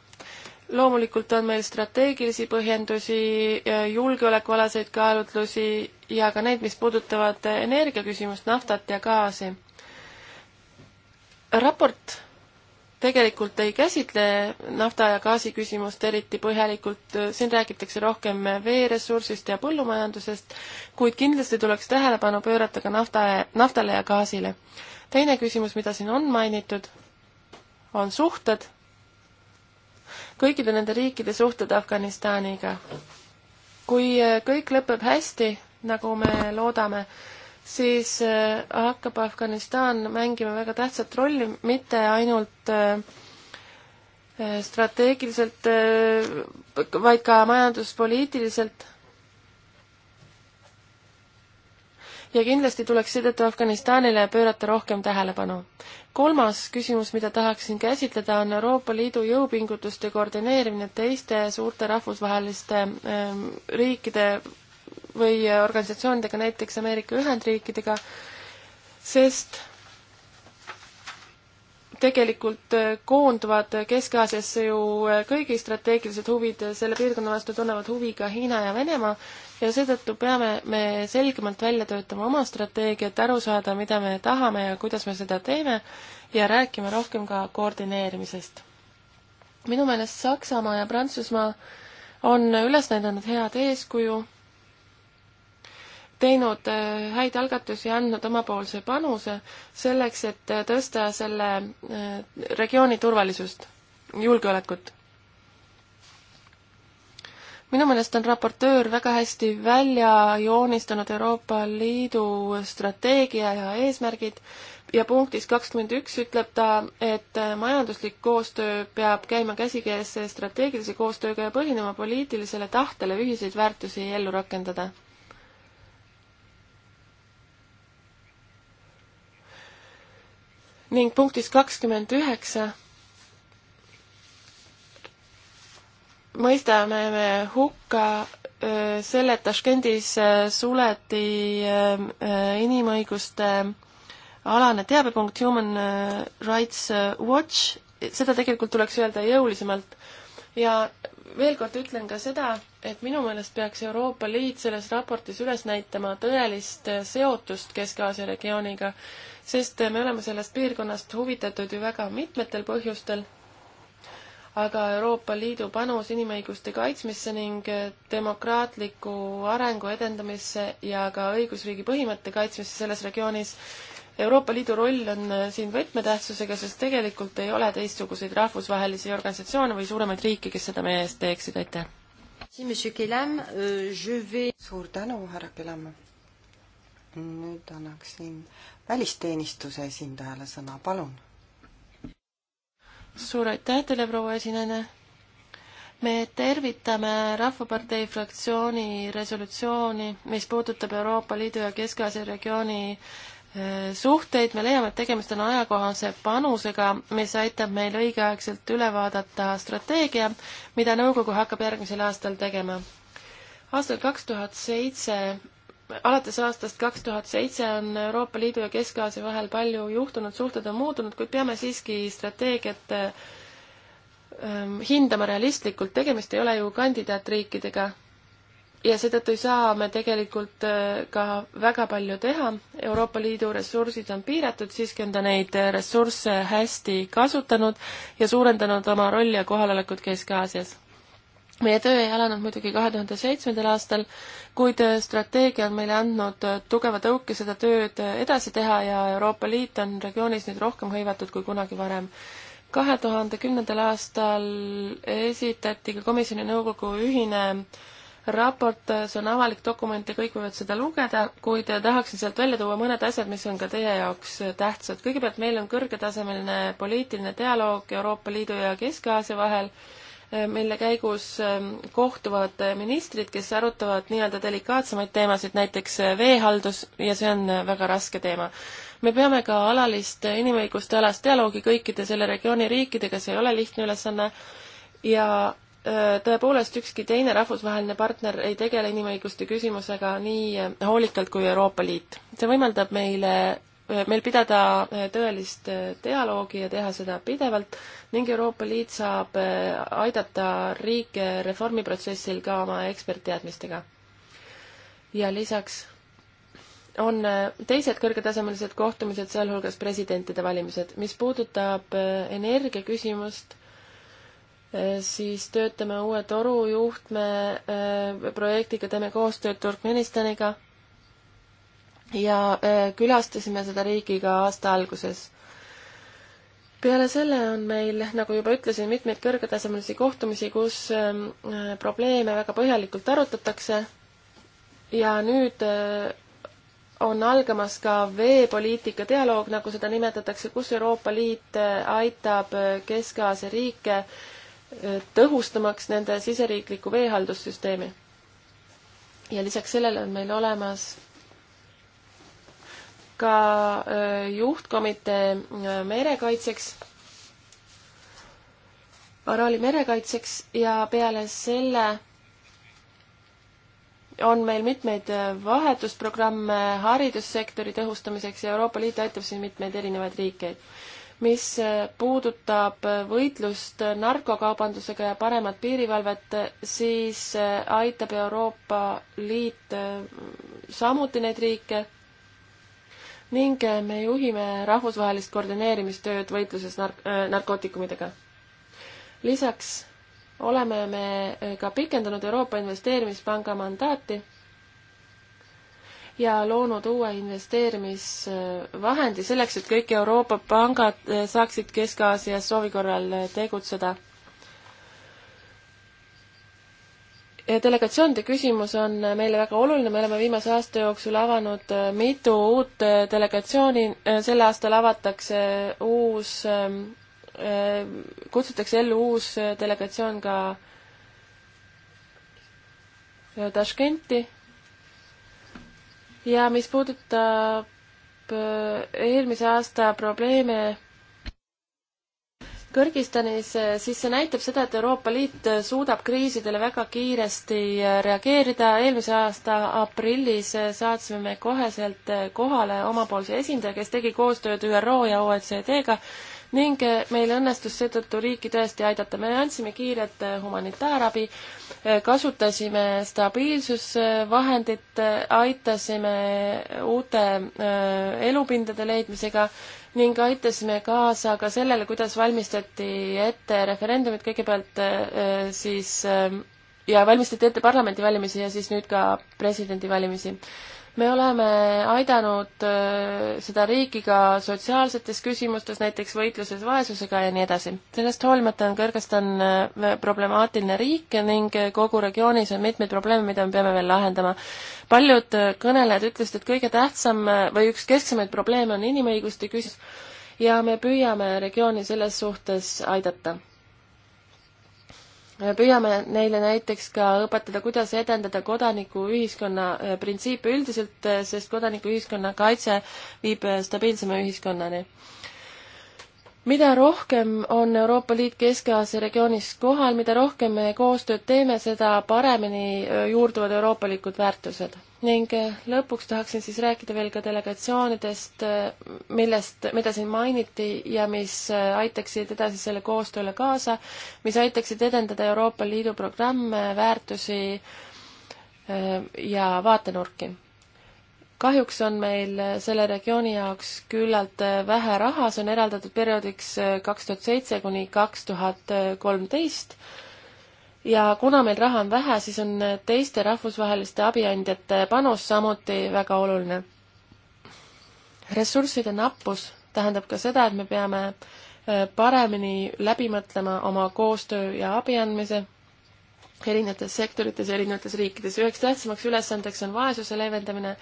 loomulikult on meil strateegilisi põhjendusi, julgeolekualaseid kaalutlusi ja ka neid, mis puudutavad energiaküsimust, naftat ja gaasi. raport tegelikult ei käsitle nafta ja gaasi küsimust eriti põhjalikult, siin räägitakse rohkem veeressursist ja põllumajandusest, kuid kindlasti tuleks tähelepanu pöörata ka nafta, naftale ja gaasile. teine küsimus, mida siin on mainitud, on suhted, kõikide nende riikide suhted Afganistaniga. kui kõik lõpeb hästi, nagu me loodame, siis äh, hakkab Afganistan mängima väga tähtsat rolli, mitte ainult äh, äh, strateegiliselt, vaid ka majanduspoliitiliselt. ja kindlasti tuleks seetõttu Afganistanile pöörata rohkem tähelepanu. kolmas küsimus, mida tahaksin käsitleda, on Euroopa Liidu jõupingutuste koordineerimine teiste suurte rahvusvaheliste ähm, riikide või organisatsioonidega, näiteks Ameerika Ühendriikidega, sest tegelikult äh, koonduvad Kesk-Aasiasse ju äh, kõigi strateegilised huvid, äh, selle piirkonna vastu tunnevad huvi ka Hiina ja Venemaa ja seetõttu peame me selgemalt välja töötama oma strateegiat, aru saada, mida me tahame ja kuidas me seda teeme ja rääkima rohkem ka koordineerimisest. minu meelest Saksamaa ja Prantsusmaa on üles näidanud head eeskuju teinud äh, häid algatusi ja andnud omapoolse panuse selleks, et äh, tõsta selle äh, regiooni turvalisust, julgeolekut. minu meelest on raportöör väga hästi välja joonistanud Euroopa Liidu strateegia ja eesmärgid ja punktis kakskümmend üks ütleb ta, et majanduslik koostöö peab käima käsikäes strateegilise koostööga ja põhinema poliitilisele tahtele ühiseid väärtusi ellu rakendada ning punktis kakskümmend üheksa mõistame me hukka selle, et Taškendis suleti inimõiguste alane teabepunkt Human Rights Watch, seda tegelikult tuleks öelda jõulisemalt. ja veel kord ütlen ka seda, et minu meelest peaks Euroopa Liit selles raportis üles näitama tõelist äh, seotust Kesk-Aasia regiooniga, sest äh, me oleme sellest piirkonnast huvitatud ju väga mitmetel põhjustel, aga Euroopa Liidu panus inimõiguste kaitsmisse ning äh, demokraatliku arengu edendamisse ja ka õigusriigi põhimõtte kaitsmisse selles regioonis Euroopa Liidu roll on äh, siin võtmetähtsusega, sest tegelikult ei ole teistsuguseid rahvusvahelisi organisatsioone või suuremaid riike, kes seda meie eest teeksid, aitäh! Euh, suur tänu, härra Kelam! nüüd annaksin välisteenistuse esindajale sõna, palun! suur aitäh teile, proua esinejana! me tervitame Rahvapartei fraktsiooni resolutsiooni, mis puudutab Euroopa Liidu ja Kesk-Aasia regiooni Äh, suhteid, me leiame, et tegemist on ajakohase panusega, mis aitab meil õigeaegselt üle vaadata strateegia, mida nõukogu hakkab järgmisel aastal tegema. aastal kaks tuhat seitse, alates aastast kaks tuhat seitse on Euroopa Liidu ja Kesk-Aasia vahel palju juhtunud, suhted on muutunud, kuid peame siiski strateegiat äh, ähm, hindama realistlikult, tegemist ei ole ju kandidaatriikidega ja seetõttu ei saa me tegelikult äh, ka väga palju teha. Euroopa Liidu ressursid on piiratud, siiski on ta neid äh, ressursse hästi kasutanud ja suurendanud oma rolli ja kohalolekut Kesk-Aasias. meie töö ei alanud muidugi kahe tuhande seitsmendal aastal, kuid äh, strateegia on meile andnud tugeva tõuke seda tööd edasi teha ja Euroopa Liit on regioonis nüüd rohkem hõivatud kui kunagi varem kahe tuhande kümnendal aastal esitati ka komisjoni nõukogu ühine äh, raport, see on avalik dokument ja kõik võivad seda lugeda, kuid tahaksin sealt välja tuua mõned asjad, mis on ka teie jaoks tähtsad. kõigepealt meil on kõrgetasemeline poliitiline dialoog Euroopa Liidu ja Kesk-Aasia vahel, mille käigus ähm, kohtuvad ministrid, kes arutavad nii-öelda delikaatsemaid teemasid, näiteks äh, veehaldus, ja see on äh, väga raske teema me peame ka alalist inimõiguste alast dialoogi kõikide selle regiooni riikidega, see ei ole lihtne ülesanne ja Äh, tõepoolest ükski teine rahvusvaheline partner ei tegele inimõiguste küsimusega nii äh, hoolikalt kui Euroopa Liit. see võimaldab meile, äh, meil pidada tõelist dialoogi ja teha seda pidevalt ning Euroopa Liit saab aidata riike reformiprotsessil ka oma ekspertteadmistega. ja lisaks on teised kõrgetasemelised kohtumised, sealhulgas presidentide valimised. mis puudutab energiaküsimust, Äh, siis töötame uue torujuhtme äh, projektiga, teeme koostööd Turkmenistaniga ja äh, külastasime seda riigi ka aasta alguses. peale selle on meil, nagu juba ütlesin, mitmeid kõrgetasemelisi kohtumisi, kus ähm, probleeme väga põhjalikult arutatakse ja nüüd on algamas ka veepoliitika dialoog, nagu seda nimetatakse, kus Euroopa Liit aitab Kesk-Aasia riike äh, tõhustamaks nende siseriiklikku veehaldussüsteemi. ja lisaks sellele on meil olemas ka äh, juhtkomitee äh, merekaitseks, Araali merekaitseks ja peale selle on meil mitmeid äh, vahetusprogramme haridussektori tõhustamiseks ja Euroopa Liit aitab siin mitmeid erinevaid riike mis puudutab võitlust narkokaubandusega ja paremat piirivalvet, siis aitab Euroopa Liit samuti neid riike ning me juhime rahvusvahelist koordineerimistööd võitluses nark-, äh, narkootikumidega. lisaks oleme me ka pikendanud Euroopa Investeerimispanga mandaati ja loonud uue investeerimisvahendi selleks, et kõik Euroopa pangad eh, saaksid Kesk-Aasias soovi korral eh, tegutseda. delegatsioonide küsimus on eh, meile väga oluline, me oleme viimase aasta jooksul avanud mitu uut delegatsiooni, sel aastal avatakse uus, kutsutakse ellu uus delegatsioon ka Taškenti ja mis puudutab äh, eelmise aasta probleeme Kõrgõzstanis, äh, siis see näitab seda, et Euroopa Liit äh, suudab kriisidele väga kiiresti reageerida. eelmise aasta aprillis saatsime me koheselt kohale omapoolse esindaja, kes tegi koostööd ÜRO ja OECD-ga ning eh, meil õnnestus seetõttu riiki tõesti aidata. me andsime kiiret eh, humanitaarabi, eh, kasutasime stabiilsusvahendit, aitasime uute elupindade leidmisega ning aitasime kaasa ka sellele, kuidas valmistati ette referendumit kõigepealt siis ja valmistati ette parlamendivalimisi ja siis nüüd ka presidendivalimisi me oleme aidanud äh, seda riiki ka sotsiaalsetes küsimustes, näiteks võitluses vaesusega ja nii edasi. sellest hoolimata on Kõrgõzstan äh, problemaatiline riik ning äh, kogu regioonis on mitmeid probleeme, mida me peame veel lahendama. paljud kõnelejad ütlesid, et kõige tähtsam või üks kesksemaid probleeme on inimõiguste küsimus ja me püüame regiooni selles suhtes aidata püüame neile näiteks ka õpetada, kuidas edendada kodanikuühiskonna eh, printsiipe üldiselt, eh, sest kodanikuühiskonna kaitse viib eh, stabiilsema ühiskonnani. mida rohkem on Euroopa Liit Kesk-Aasia regioonis kohal, mida rohkem me koostööd teeme, seda paremini juurduvad euroopalikud väärtused ning eh, lõpuks tahaksin siis rääkida veel ka delegatsioonidest, eh, millest, mida siin mainiti ja mis eh, aitaksid edasisele koostööle kaasa, mis aitaksid edendada Euroopa Liidu programme, väärtusi ja vaatenurki. kahjuks on meil selle regiooni jaoks küllalt vähe raha, see on eraldatud perioodiks kaks tuhat seitse kuni kaks tuhat kolmteist ja kuna meil raha on vähe, siis on teiste rahvusvaheliste abiandjate panus samuti väga oluline. ressursside nappus tähendab ka seda, et me peame äh, paremini läbi mõtlema oma koostöö ja abi andmise erinevates sektorites, erinevates riikides. üheks tähtsamaks ülesandeks on vaesuse leevendamine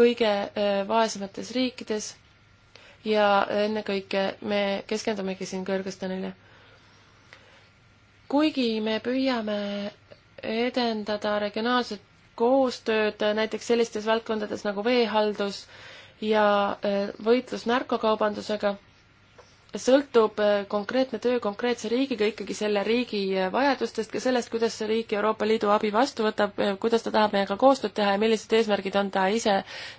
kõige äh, vaesemates riikides ja ennekõike me keskendumegi siin kõrgõstanile kuigi me püüame edendada regionaalset koostööd näiteks sellistes valdkondades nagu veehaldus ja äh, võitlus narkokaubandusega sõltub äh, konkreetne töö konkreetse riigiga ikkagi selle riigi äh, vajadustest ka sellest, kuidas see riik Euroopa Liidu abi vastu võtab, äh, kuidas ta tahab meiega koostööd teha ja millised eesmärgid on ta ise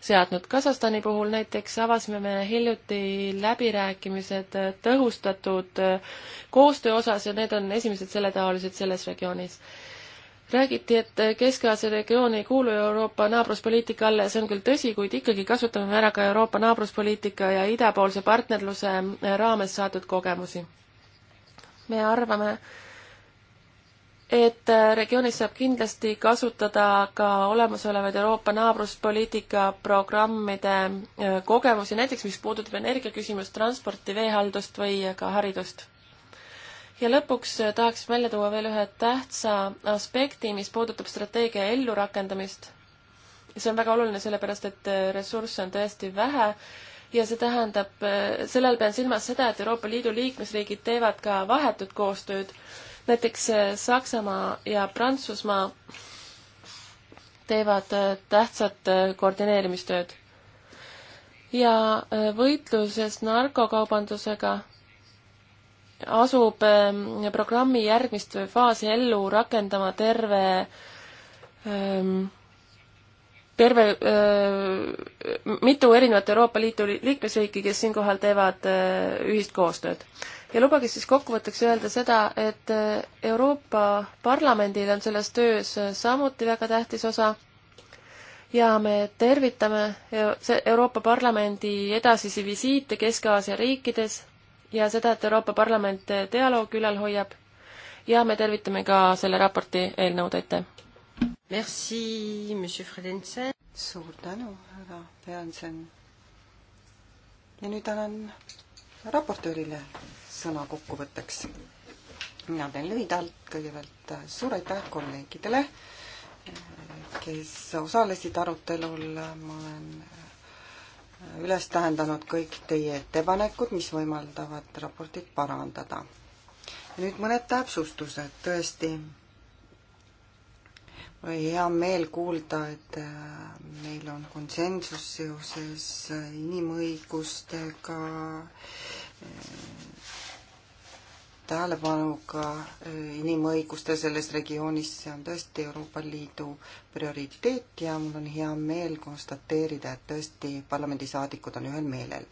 seadnud. Kasahstani puhul näiteks avasime me hiljuti läbirääkimised tõhustatud koostöö osas ja need on esimesed selletaolised selles regioonis räägiti, et Kesk-Aasia regioon ei kuulu Euroopa naabruspoliitika alla ja see on küll tõsi, kuid ikkagi kasutame ära ka Euroopa naabruspoliitika ja idapoolse partnerluse raames saadud kogemusi. me arvame, et regioonis saab kindlasti kasutada ka olemasolevaid Euroopa naabruspoliitika programmide äh, kogemusi, näiteks mis puudutab energiaküsimust, transporti, veehaldust või ka haridust ja lõpuks äh, tahaks välja tuua veel ühe tähtsa aspekti, mis puudutab strateegia ellurakendamist. see on väga oluline, sellepärast et äh, ressursse on tõesti vähe ja see tähendab, äh, selle all pean silmas seda, et Euroopa Liidu liikmesriigid teevad ka vahetut koostööd. näiteks Saksamaa ja Prantsusmaa teevad tähtsat koordineerimistööd. ja võitluses narkokaubandusega asub ähm, programmi järgmist faasi ellu rakendama terve ähm, terve äh, mitu erinevat Euroopa Liidu liikmesriiki, kes siinkohal teevad äh, ühist koostööd. ja lubage siis kokkuvõtteks öelda seda, et äh, Euroopa Parlamendil on selles töös samuti väga tähtis osa ja me tervitame Euroopa Parlamendi edasisi visiite Kesk-Aasia riikides ja seda, et Euroopa Parlament dialoog ülal hoiab ja me tervitame ka selle raporti eelnõud, aitäh! Merci, monsieur Fredensen! suur tänu, härra Peansen! ja nüüd annan raportöörile sõna kokkuvõtteks. mina teen lühidalt, kõigepealt suur aitäh kolleegidele, kes osalesid arutelul, ma olen üles tähendanud kõik teie ettepanekud, mis võimaldavad raportit parandada. nüüd mõned täpsustused, tõesti. mul oli hea meel kuulda, et äh, meil on konsensus seoses äh, inimõigustega, äh, tähelepanuga eh, inimõiguste selles regioonis, see on tõesti Euroopa Liidu prioriteet ja mul on hea meel konstateerida, et tõesti parlamendisaadikud on ühel meelel.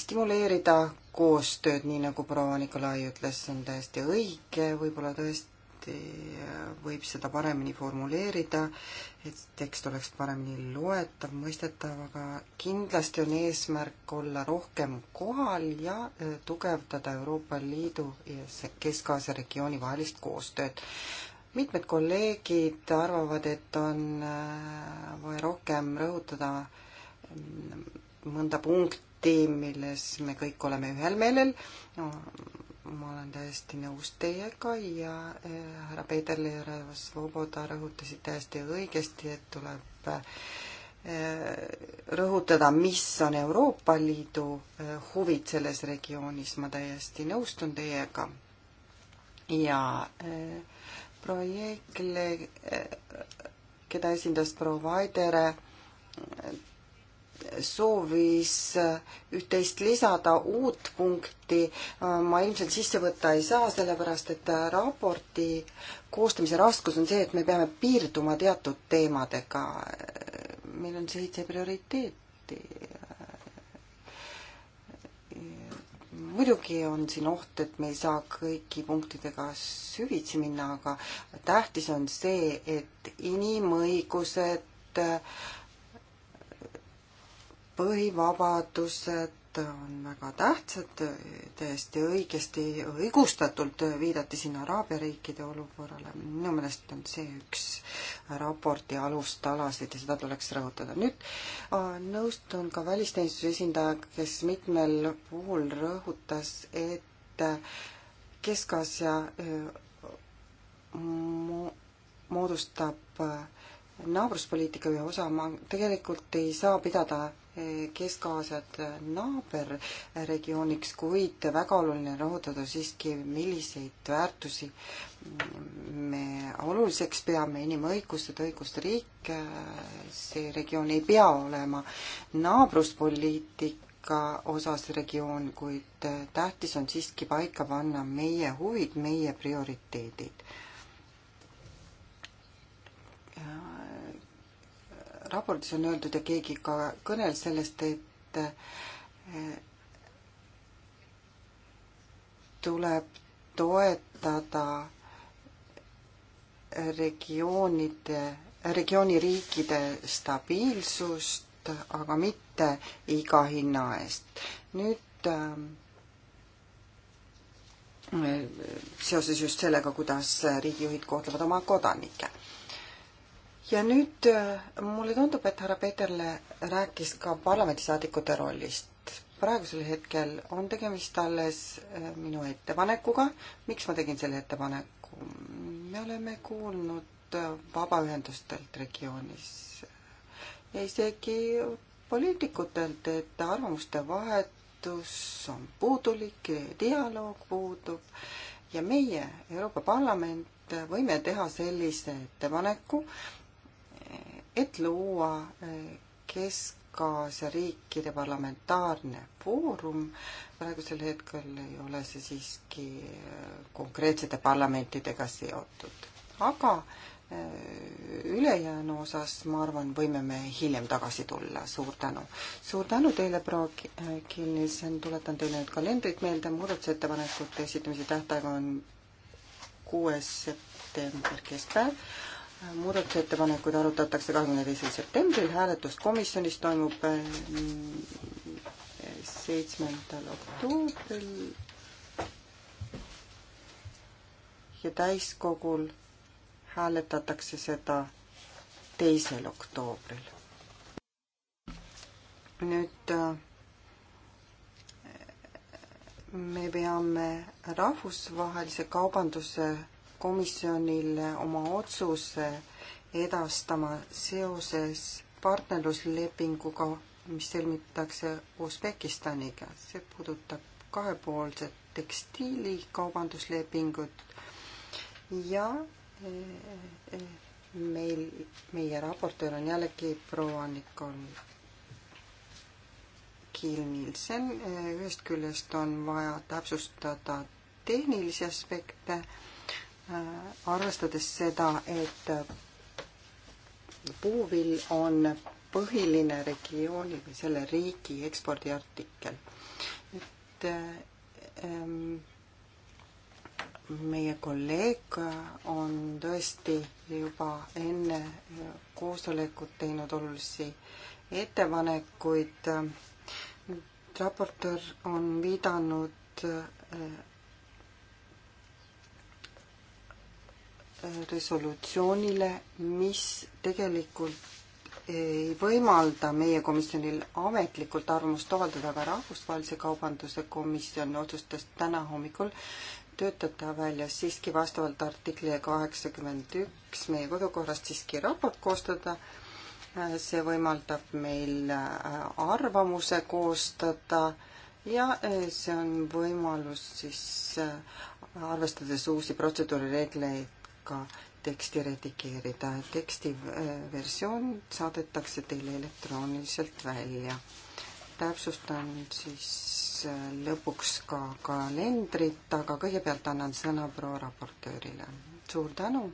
stimuleerida koostööd, nii nagu proua Nikolai ütles, on täiesti õige, võib-olla tõesti alati äh, võib seda paremini formuleerida, et tekst oleks paremini loetav, mõistetav, aga kindlasti on eesmärk olla rohkem kohal ja äh, tugevdada Euroopa Liidu ja Kesk-Aasia regiooni vahelist koostööd. mitmed kolleegid arvavad, et on äh, vaja rohkem rõhutada mm, mõnda punkti, milles me kõik oleme ühel meelel no,, ma olen täiesti nõus teiega ja eh, härra Peiterli ja härra Svoboda rõhutasid täiesti õigesti, et tuleb eh, rõhutada, mis on Euroopa Liidu eh, huvid selles regioonis, ma täiesti nõustun teiega. ja projektile, keda esindas proua Vaidere, soovis äh, üht-teist lisada, uut punkti äh, ma ilmselt sisse võtta ei saa, sellepärast et äh, raporti koostamise raskus on see, et me peame piirduma teatud teemadega. meil on seitse prioriteeti. muidugi on siin oht, et me ei saa kõigi punktidega süvitsi minna, aga tähtis on see, et inimõigused äh, põhivabadused on väga tähtsad, täiesti õigesti, õigustatult viidati siin Araabia riikide olukorrale, minu meelest on see üks raporti alustalasid ja seda tuleks rõhutada. nüüd äh, nõustun ka välisteenistuse esindajaga, kes mitmel puhul rõhutas, et äh, Kesk-Aasia äh, moodustab naabruspoliitika ühe osa, ma tegelikult ei saa pidada Kesk-Aasiat naaberregiooniks, kuid väga oluline rõhutada siiski, milliseid väärtusi me oluliseks peame, inimõigused, õigusriik, see regioon ei pea olema naabruspoliitika osas regioon, kuid tähtis on siiski paika panna meie huvid, meie prioriteedid raportis on öeldud ja keegi ka kõneles sellest, et eh, tuleb toetada regioonide, regiooni riikide stabiilsust, aga mitte iga hinna eest. nüüd eh, seoses just sellega, kuidas riigijuhid kohtlevad oma kodanikke ja nüüd äh, mulle tundub, et härra Peterle rääkis ka parlamendisaadikute rollist. praegusel hetkel on tegemist alles äh, minu ettepanekuga. miks ma tegin selle ettepaneku? me oleme kuulnud äh, vabaühendustelt regioonis ja isegi poliitikutelt, et arvamuste vahetus on puudulik, dialoog puudub ja meie, Euroopa Parlament, võime teha sellise ettepaneku, et luua eh, Kesk-Aasia riikide parlamentaarne foorum. praegusel hetkel ei ole see siiski eh, konkreetsete parlamentidega seotud, aga eh, ülejäänu osas, ma arvan, võime me hiljem tagasi tulla, suur tänu. suur tänu teile, proua Kilnisen, äh, tuletan teile nüüd kalendrit meelde, muudatusettepanekute esitamise tähtaeg on kuues september keskpäev muudatusettepanekuid arutatakse kahekümne teisel septembril, hääletus komisjonis toimub eh, seitsmendal oktoobril ja täiskogul hääletatakse seda teisel oktoobril. nüüd eh, me peame rahvusvahelise kaubanduse komisjonile oma otsuse edastama seoses partnerluslepinguga, mis sõlmitakse Usbekistaniga. see puudutab kahepoolset tekstiilikaubanduslepingut ja eh, eh, meil, meie raportöör on jällegi proua Nikol Kiil-Nielsen, eh, ühest küljest on vaja täpsustada tehnilisi aspekte Äh, arvestades seda, et puuvill on põhiline regiooni või selle riigi ekspordiartikkel. et ähm, meie kolleeg on tõesti juba enne koosolekut teinud olulisi ettepanekuid. raportöör on viidanud äh, resolutsioonile, mis tegelikult ei võimalda meie komisjonil ametlikult arvamust avaldada, aga Rahvusvahelise Kaubanduse Komisjon otsustas täna hommikul töötada välja siiski vastavalt artiklile kaheksakümmend üks meie kodukorrast siiski raport koostada. see võimaldab meil äh, arvamuse koostada ja äh, see on võimalus siis äh, arvestades uusi protseduurireegleid ka teksti redigeerida. teksti äh, versioon saadetakse teile elektrooniliselt välja. täpsustan siis äh, lõpuks ka kalendrit, aga kõigepealt annan sõna proua raportöörile. suur tänu!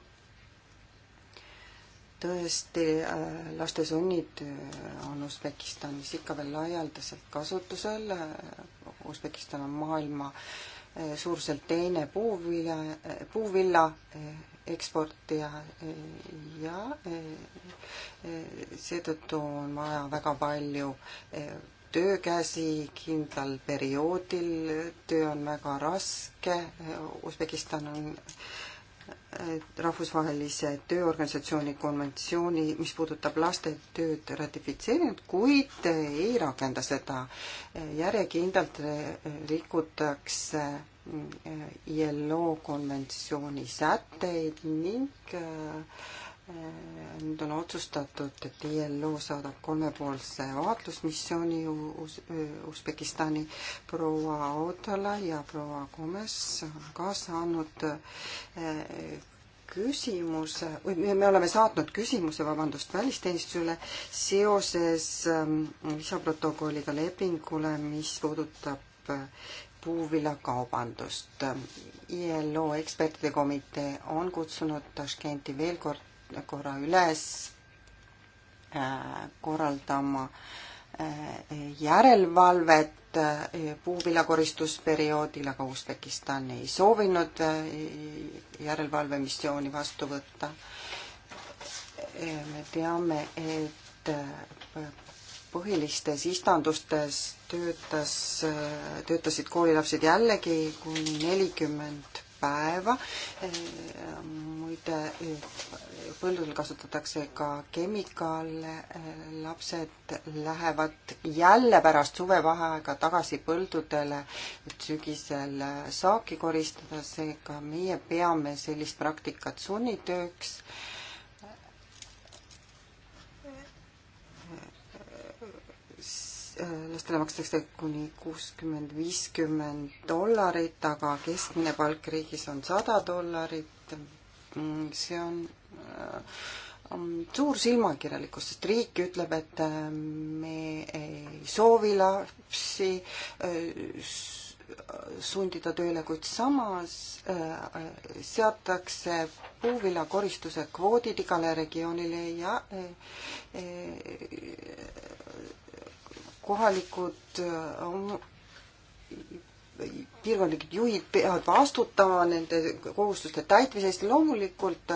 tõesti, äh, laste sunnitöö on Usbekistanis ikka veel laialdaselt kasutusel. Usbekistan on maailma suuruselt teine puuvilla, puuvilla eksporti ja, ja e, seetõttu on vaja väga palju e, töökäsi kindlal perioodil, töö on väga raske, Usbekistan on e, rahvusvahelise tööorganisatsiooni konventsiooni, mis puudutab laste tööd, ratifitseerinud, kuid ei rakenda seda. järjekindlalt rikutakse ILO äh, äh, konventsiooni sätteid ning äh, nüüd on otsustatud, et ILO saadab kolmepoolse vaatlusmissiooni Usbekistani. proua Autala ja proua Gomes on ka saanud küsimuse või me oleme saatnud küsimuse, vabandust, välisteenistusele seoses ähm, lisaprotokolliga lepingule, mis puudutab puuviljakaubandust. ILO ekspertide komitee on kutsunud Taškenti veel kord, korra üles äh, korraldama äh, järelevalvet äh, puuviljakoristusperioodil, aga Usbekistan ei soovinud järelevalvemissiooni vastu võtta. me teame, et põhilistes istandustes töötas, töötasid koolilapsed jällegi kuni nelikümmend päeva. muide, põldudel kasutatakse ka kemikaale. lapsed lähevad jälle pärast suvevaheaega tagasi põldudele, et sügisel saaki koristada, seega meie peame sellist praktikat sunnitööks äh, Äh, lastele makstakse kuni kuuskümmend, viiskümmend dollarit, aga keskmine palk riigis on sada dollarit. Mm, see on äh, suur silmakirjalikkus, sest riik ütleb, et äh, me ei soovi lapsi sundida tööle, kuid samas seatakse puuviljakoristuse kvoodid igale regioonile ja kohalikud äh, piirkondlikud juhid peavad vastutama nende kohustuste täitmise eest. loomulikult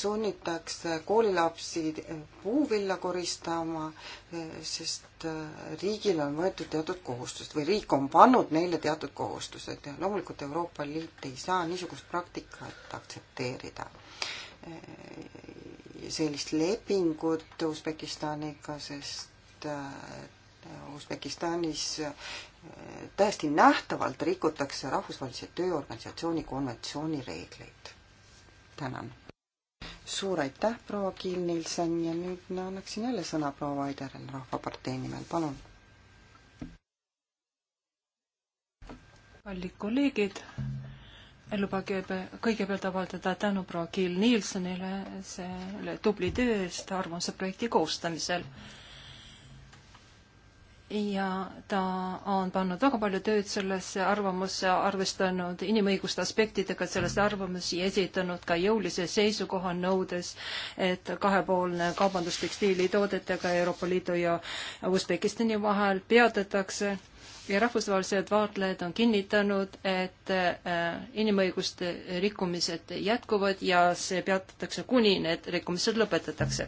sunnitakse koolilapsi puuvilla koristama, äh, sest äh, riigil on võetud teatud kohustused või riik on pannud neile teatud kohustused ja loomulikult Euroopa Liit ei saa niisugust praktikat aktsepteerida. sellist lepingut Usbekistaniga, sest Usbekistanis eh, täiesti nähtavalt rikutakse Rahvusvahelise Tööorganisatsiooni konventsiooni reegleid. tänan. suur aitäh, proua Kiil-Nielsen ja nüüd ma annaksin jälle sõna proua Vaiderel Rahvapartei nimel, palun. kallid kolleegid, lubage kõigepealt avaldada tänu proua Kiil-Nielsenile selle tubli töö eest arvamuse projekti koostamisel ja ta on pannud väga palju tööd sellesse arvamusse, arvestanud inimõiguste aspektidega selles arvamuses ja esitanud ka jõulise seisukoha nõudes, et kahepoolne kaubandus tekstiilitoodetega Euroopa Liidu ja Usbekistani vahel peatatakse ja rahvusvahelised vaatlejad on kinnitanud, et äh, inimõiguste rikkumised jätkuvad ja see peatatakse, kuni need rikkumised lõpetatakse.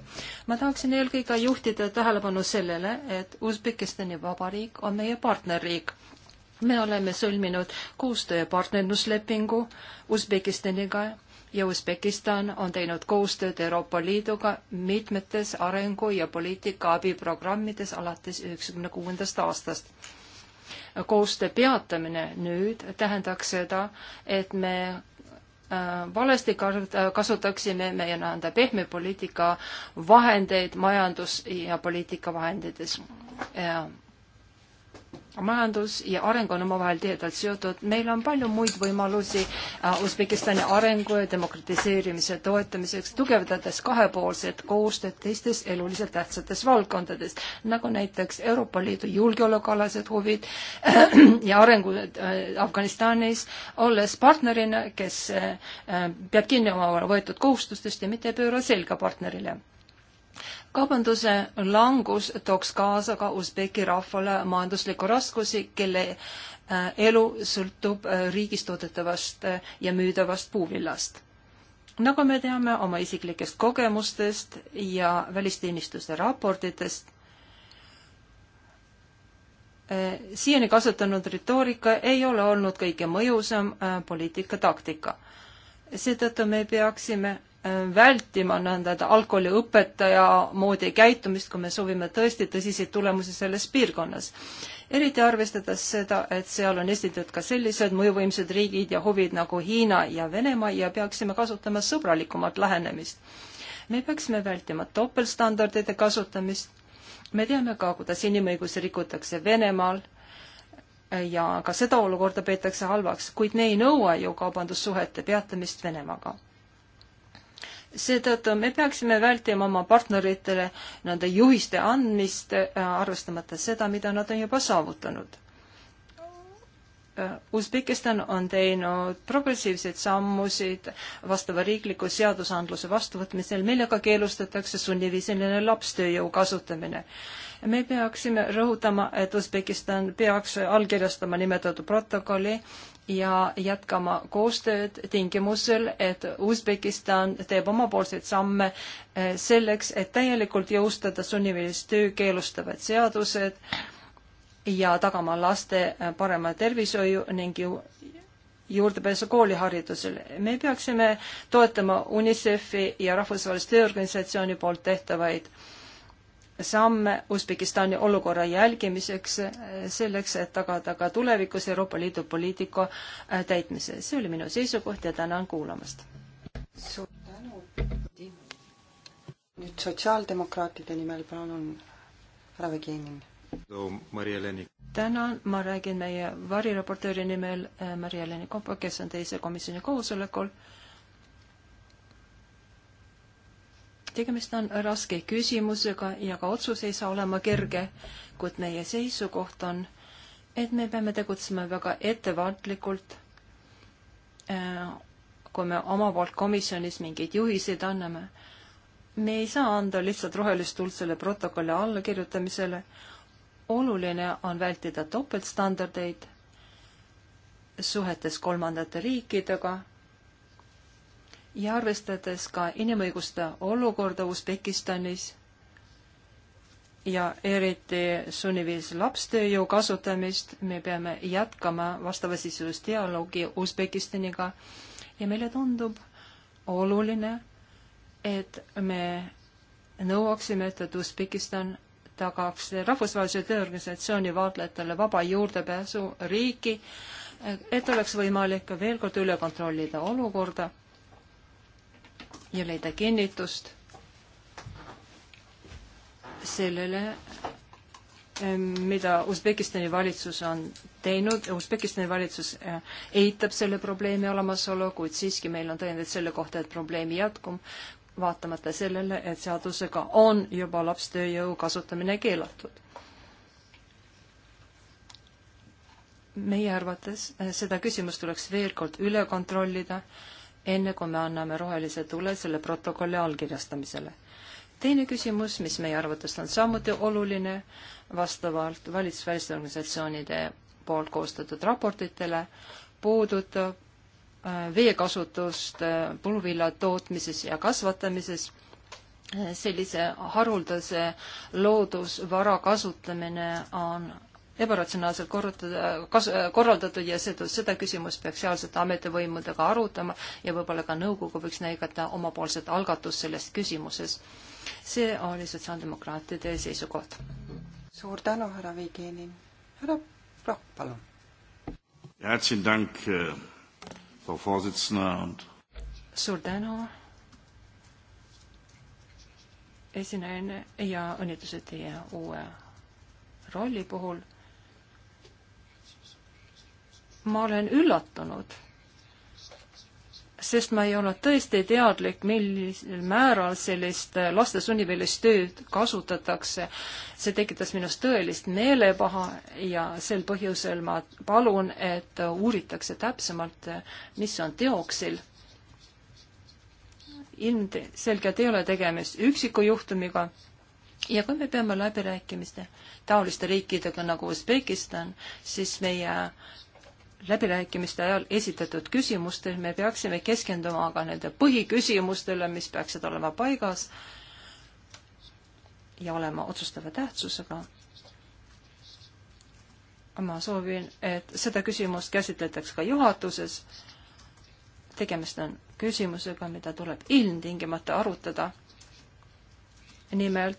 ma tahaksin eelkõige juhtida tähelepanu sellele, et Usbekistani Vabariik on meie partnerriik. me oleme sõlminud koostöö- ja partnerluslepingu Usbekistaniga ja Usbekistan on teinud koostööd Euroopa Liiduga mitmetes arengu- ja poliitika abiprogrammides alates üheksakümne kuuendast aastast koostöö peatamine nüüd tähendaks seda, et me äh, valesti äh, kasutaksime meie nii-öelda pehme poliitika vahendeid majandus- ja poliitikavahendites majandus ja areng on omavahel tihedalt seotud. meil on palju muid võimalusi äh, Usbekistani arengu ja demokratiseerimise toetamiseks, tugevdades kahepoolset koostööd teistes eluliselt tähtsates valdkondades, nagu näiteks Euroopa Liidu julgeolekualased huvid äh, (clears throat) ja arengu äh, Afganistanis, olles partnerina, kes peab kinni oma võetud kohustustest ja mitte ei pööra selga partnerile kaubanduse langus tooks kaasa ka Usbeki rahvale majanduslikku raskusi, kelle äh, elu sõltub äh, riigis toodetavast äh, ja müüdavast puuvillast. nagu me teame oma isiklikest kogemustest ja välisteenistuste raportitest, siiani kasutanud retoorika ei ole olnud kõige mõjusam poliitikataktika. seetõttu me peaksime vältima nõnda algkooliõpetaja moodi käitumist, kui me soovime tõesti tõsiseid tulemusi selles piirkonnas. eriti arvestades seda, et seal on esindatud ka sellised mõjuvõimsad riigid ja huvid nagu Hiina ja Venemaa ja peaksime kasutama sõbralikumat lähenemist. me peaksime vältima topeltstandardite kasutamist. me teame ka, kuidas inimõigusi rikutakse Venemaal ja ka seda olukorda peetakse halvaks, kuid me ei nõua ju kaubandussuhete peatamist Venemaaga seetõttu me peaksime vältima oma partneritele nende juhiste andmist, äh, arvestamata seda, mida nad on juba saavutanud. Äh, Usbekistan on teinud progressiivseid sammusid vastava riikliku seadusandluse vastuvõtmisel, millega keelustatakse sunniviisiline lapstööjõu kasutamine. me peaksime rõhutama, et Usbekistan peaks allkirjastama nimetatud protokolli ja jätkama koostööd tingimusel, et Usbekistan teeb omapoolseid samme eh, selleks, et täielikult jõustada sunniviilist töö keelustavad seadused ja tagama laste eh, parema tervishoiu ning ju juurdepääsu kooliharidusele. me peaksime toetama UNICEF-i ja Rahvusvahelise Tööorganisatsiooni poolt tehtavaid äh, samme Usbekistani olukorra jälgimiseks, eh, selleks, et tagada ka tulevikus Euroopa Liidu poliitika eh, täitmise. see oli minu seisukoht ja tänan kuulamast. suur tänu. nüüd sotsiaaldemokraatide nimel palun härra Vigenin. tänan, ma räägin meie variraportööri nimel eh, Maria-Leni Kopa, kes on teise komisjoni koosolekul tegemist on raske küsimusega ja ka otsus ei saa olema kerge, kuid meie seisukoht on, et me peame tegutsema väga ettevaatlikult. Äh, kui me oma poolt komisjonis mingeid juhiseid anname, me ei saa anda lihtsalt rohelist tuld selle protokolli allakirjutamisele. oluline on vältida topeltstandardeid suhetes kolmandate riikidega ja arvestades ka inimõiguste olukorda Usbekistanis ja eriti sunniviis lapstööjõu kasutamist, me peame jätkama vastavasisulist dialoogi Usbekistaniga ja meile tundub oluline, et me nõuaksime, et Usbekistan tagaks rahvusvahelise tööorganisatsiooni vaatlejatele vaba juurdepääsu riiki, et oleks võimalik veel kord üle kontrollida olukorda ja leida kinnitust sellele, ehm, mida Usbekistani valitsus on teinud. Usbekistani valitsus eh, eitab selle probleemi olemasolu, kuid siiski meil on tõendeid selle kohta, et probleemi jätkub, vaatamata sellele, et seadusega on juba lapstööjõu kasutamine keelatud. meie arvates eh, seda küsimust tuleks veel kord üle kontrollida enne kui me anname rohelise tule selle protokolli allkirjastamisele. teine küsimus, mis meie arvates on samuti oluline vastavalt valitsusväliste organisatsioonide poolt koostatud raportitele, puudutab äh, veekasutust äh, pulvilla tootmises ja kasvatamises, sellise haruldase loodusvara kasutamine on ebaratsionaalselt korrutada, kas-, korraldatud ja seda, seda küsimust peaks sealsete ametivõimudega arutama ja võib-olla ka nõukogu võiks näidata omapoolset algatust selles küsimuses. see oli sotsiaaldemokraatide seisukoht. suur tänu, härra Vigenin. härra Prokk, palun. Äh, suur tänu, esinejana ja õnnitlused teie uue rolli puhul ma olen üllatunud, sest ma ei olnud tõesti teadlik, millisel määral sellist laste sunnivälist tööd kasutatakse. see tekitas minus tõelist meelepaha ja sel põhjusel ma palun, et uuritakse täpsemalt, mis on teoksil. ilmselgelt ei ole tegemist üksiku juhtumiga ja kui me peame läbirääkimiste taoliste riikidega nagu Usbekistan, siis meie läbirääkimiste ajal esitatud küsimustes, me peaksime keskenduma aga nende põhiküsimustele, mis peaksid olema paigas ja olema otsustava tähtsusega. ma soovin, et seda küsimust käsitletaks ka juhatuses. tegemist on küsimusega, mida tuleb ilmtingimata arutada. nimelt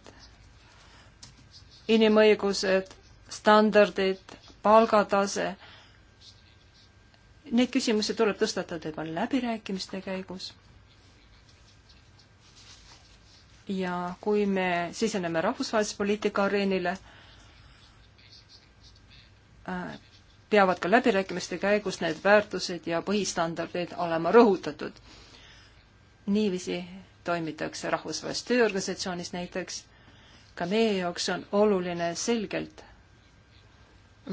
inimõigused, standardid, palgatase Neid küsimusi tuleb tõstatada juba läbirääkimiste käigus. ja kui me siseneme rahvusvahelise poliitika areenile, äh, peavad ka läbirääkimiste käigus need väärtused ja põhistandardid olema rõhutatud. niiviisi toimitakse rahvusvahelises tööorganisatsioonis näiteks. ka meie jaoks on oluline selgelt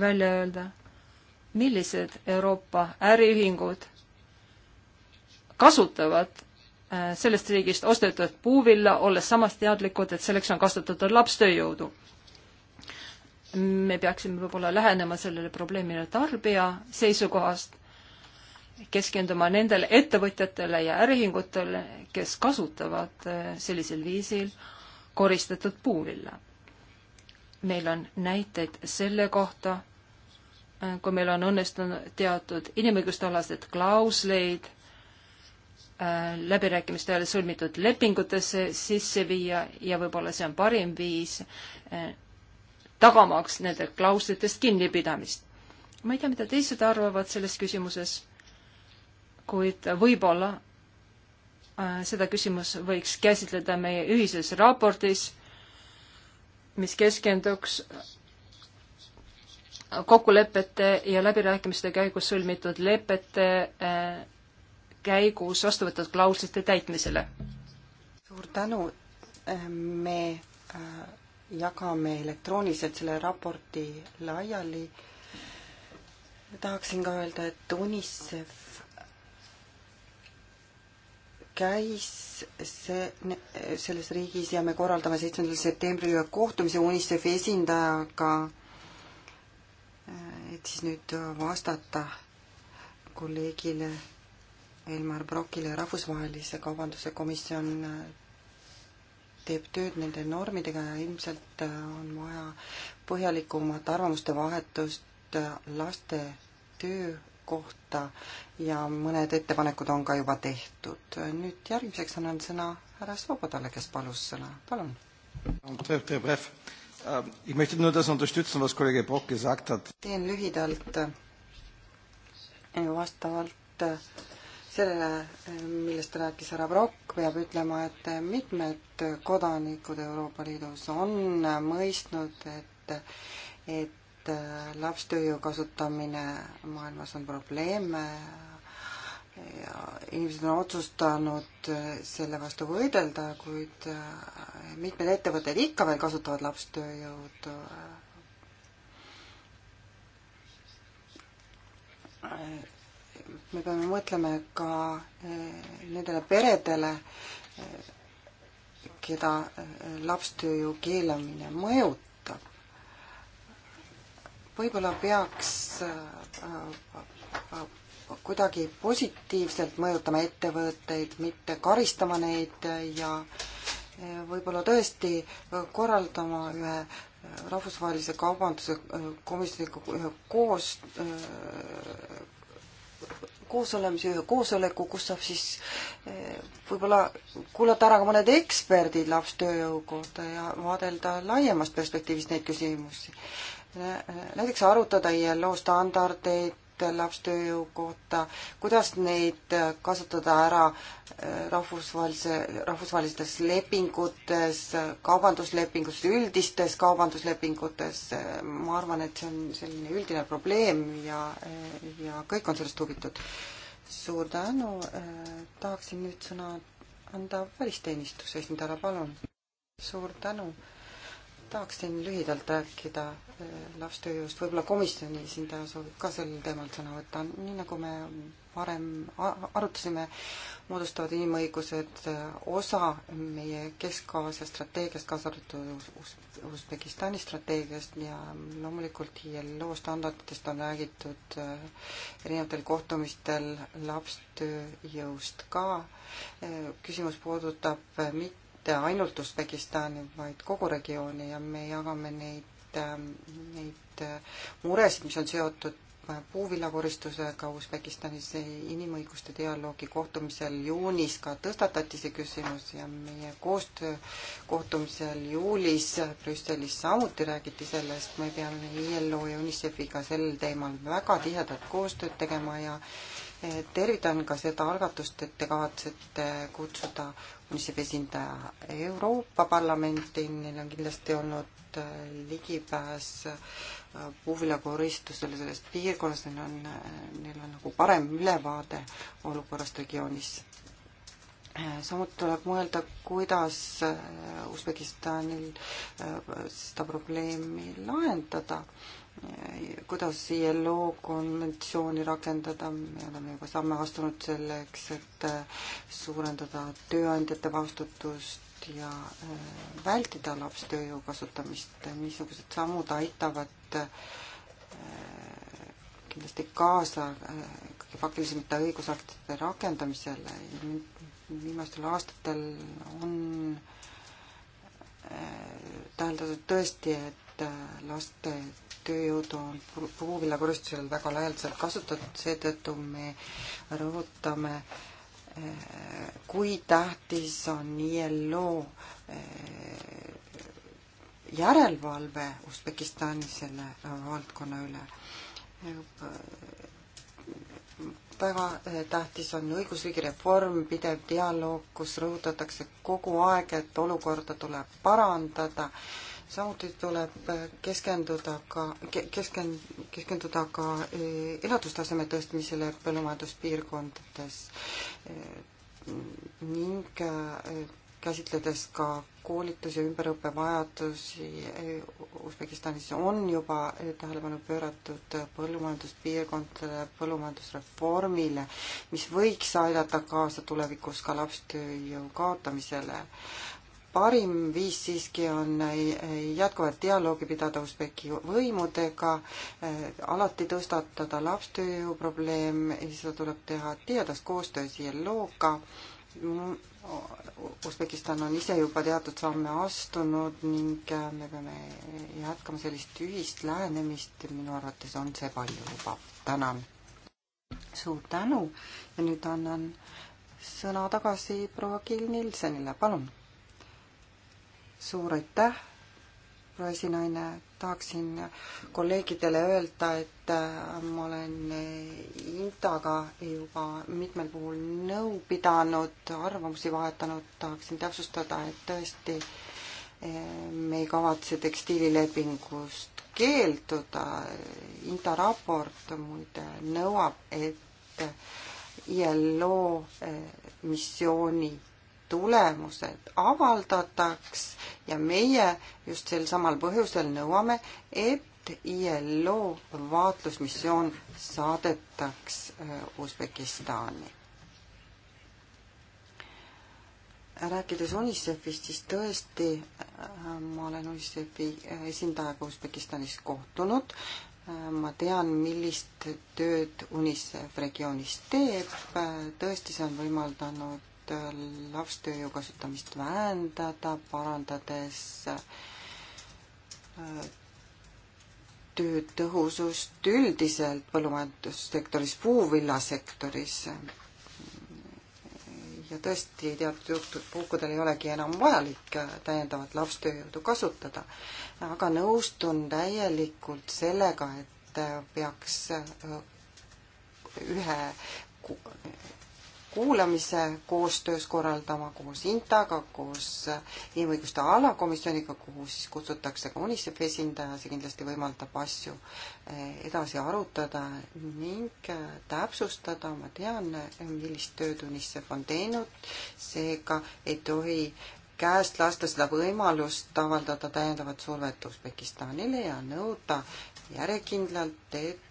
välja öelda, millised Euroopa äriühingud kasutavad äh, sellest riigist ostetud puuvilla, olles samas teadlikud, et selleks on kasutatud lapstööjõudu. me peaksime võib-olla lähenema sellele probleemile tarbija seisukohast, keskenduma nendele ettevõtjatele ja äriühingutele, kes kasutavad äh, sellisel viisil koristatud puuvilla. meil on näiteid selle kohta, Äh, kui meil on õnnestunud teatud inimõiguste alased klausleid äh, läbirääkimiste ajal sõlmitud lepingutesse sisse viia ja võib-olla see on parim viis äh, tagamaks nende klauslitest kinnipidamist. ma ei tea, mida teised arvavad selles küsimuses, kuid võib-olla seda küsimus võiks käsitleda meie ühises raportis, mis keskenduks kokkulepete ja läbirääkimiste käigus sõlmitud lepete äh, käigus vastu võetud klauslite täitmisele. suur tänu, äh, me äh, jagame elektrooniliselt selle raporti laiali. tahaksin ka öelda, et UNICEF käis see, selles riigis ja me korraldame seitsmendal septembril ühe kohtumise UNICEF-i esindajaga siis nüüd äh, vastata kolleegile Elmar Brokile Rahvusvahelise Kaubanduse Komisjon äh, teeb tööd nende normidega ja ilmselt äh, on vaja põhjalikumat arvamuste vahetust laste töö kohta ja mõned ettepanekud on ka juba tehtud. nüüd järgmiseks annan sõna härra Svobodale, kes palus sõna, palun. Ähm, ich möchte nur das unterstützen, was Kollege Brock gesagt hat. teen lühidalt äh, vastavalt äh, sellele, äh, millest rääkis härra Brock, peab ütlema, et mitmed kodanikud Euroopa Liidus on mõistnud, et, et lapstööjõu kasutamine maailmas on probleem, ja inimesed on otsustanud äh, selle vastu võidelda, kuid äh, mitmed ettevõtted ikka veel kasutavad lapstööjõudu. Äh, me peame mõtlema ka nendele peredele, keda lapstööjõu keelamine mõjutab. võib-olla peaks kuidagi positiivselt mõjutama ettevõtteid, mitte karistama neid ja e, võib-olla tõesti korraldama ühe rahvusvahelise kaubanduse e, komisjoniga ühe koos, e, koosolemise, ühe koosoleku, kus saab siis võib-olla kuulata ära ka mõned eksperdid lapstööjõu kohta ja vaadelda laiemast perspektiivist neid küsimusi näiteks arutada ILO standardeid, lapstööjõu kohta, kuidas neid kasutada ära äh, rahvusvahelise, rahvusvahelistes lepingutes, kaubanduslepingus, üldistes kaubanduslepingutes, äh, ma arvan, et see on selline üldine probleem ja, äh, ja kõik on sellest huvitud. suur tänu, tahaksin nüüd sõna anda välisteenistuse esindajale, palun. suur tänu tahaksin lühidalt rääkida äh, lapstööjõust, võib-olla komisjoni esindaja soovib ka sel teemal sõna võtta, nii nagu me varem arutasime, moodustavad inimõigused äh, osa meie Kesk-Aasia strateegiast, kaasa arvatud Usbekistani strateegiast ja loomulikult ILO standarditest on räägitud äh, erinevatel kohtumistel lapstööjõust ka. küsimus puudutab mit-, mitte ainult Usbekistani, vaid kogu regiooni ja me jagame neid, ähm, neid äh, muresid, mis on seotud äh, puuviljakoristusega Usbekistanis inimõiguste dialoogi kohtumisel juunis ka tõstatati see küsimus ja meie koostöö kohtumisel juulis Brüsselis samuti räägiti sellest, me peame ILO ja UNICEF-iga sel teemal väga tihedat koostööd tegema ja tervitan ka seda algatust, et te kavatsete kutsuda UNICEF-i esindaja Euroopa Parlamenti, neil on kindlasti olnud äh, ligipääs äh, puuviljakoristusele selles piirkonnas, neil on, äh, neil on nagu parem ülevaade olukorrast regioonis. samuti tuleb mõelda, kuidas Usbekistanil seda probleemi lahendada kuidas ILO konventsiooni rakendada, me oleme juba samme astunud selleks, et äh, suurendada tööandjate vastutust ja äh, vältida lapstööjõu kasutamist, niisugused sammud aitavad äh, kindlasti kaasa kõige pakilisemate õigusaktide rakendamisele. viimastel aastatel on täheldatud tõesti, et et äh, laste tööjõudu on puuviljakoristusel väga laialdaselt kasutatud, seetõttu me rõhutame, äh, kui tähtis on ILO äh, järelevalve Usbekistani selle valdkonna üle. väga tähtis on õigusriigi reform, pidev dialoog, kus rõhutatakse kogu aeg, et olukorda tuleb parandada samuti tuleb keskenduda ka, kesken-, keskenduda ka e, elatustaseme tõstmisele põllumajanduspiirkondades e, ning e, käsitledes ka koolitus- ja ümberõppevajadusi Usbekistanis on juba tähelepanu pööratud põllumajanduspiirkondadele, põllumajandusreformile, mis võiks aidata kaasa tulevikus ka lapstööjõu kaotamisele parim viis siiski on jätkuvalt dialoogi pidada Usbeki võimudega, eh, alati tõstatada lapstööjõu probleem, seda tuleb teha tihedas koostöös ILO-ga. Usbekistan on ise juba teatud samme astunud ning eh, me peame jätkama sellist ühist lähenemist, minu arvates on see palju juba. tänan! suur tänu ja nüüd annan sõna tagasi proua Kiil Nilsenile, palun suur aitäh, raisinaine, tahaksin kolleegidele öelda, et äh, ma olen äh, Intaga juba mitmel puhul nõu pidanud, arvamusi vahetanud, tahaksin täpsustada, et tõesti äh, me ei kavatse tekstiililepingust keelduda. Inta raport muide nõuab, et ILO missiooni tulemused avaldataks ja meie just sel samal põhjusel nõuame, et ILO vaatlusmissioon saadetaks äh, Usbekistani. rääkides UNICEF-ist, siis tõesti äh, ma olen UNICEF-i äh, esindajaga Usbekistanis kohtunud, ma tean, millist tööd UNICEF regioonis teeb, tõesti see on võimaldanud Äh, lapstööjõu kasutamist vähendada, parandades äh, töö tõhusust üldiselt põllumajandussektoris, puuvillasektoris. ja tõesti, teatud juhtud, puhkudel ei olegi enam vajalik äh, täiendavat lapstööjõudu kasutada. aga nõustun täielikult sellega, et peaks ühe kuulamise koostöös korraldama koos INTA-ga, koos inimõiguste alakomisjoniga, kuhu siis kutsutakse ka UNICEF-i esindaja, see kindlasti võimaldab asju eh, edasi arutada ning eh, täpsustada, ma tean, eh, millist tööd UNICEF on teinud, seega ei tohi käest lasta seda võimalust avaldada täiendavat survet Usbekistanile ja nõuda järjekindlalt, et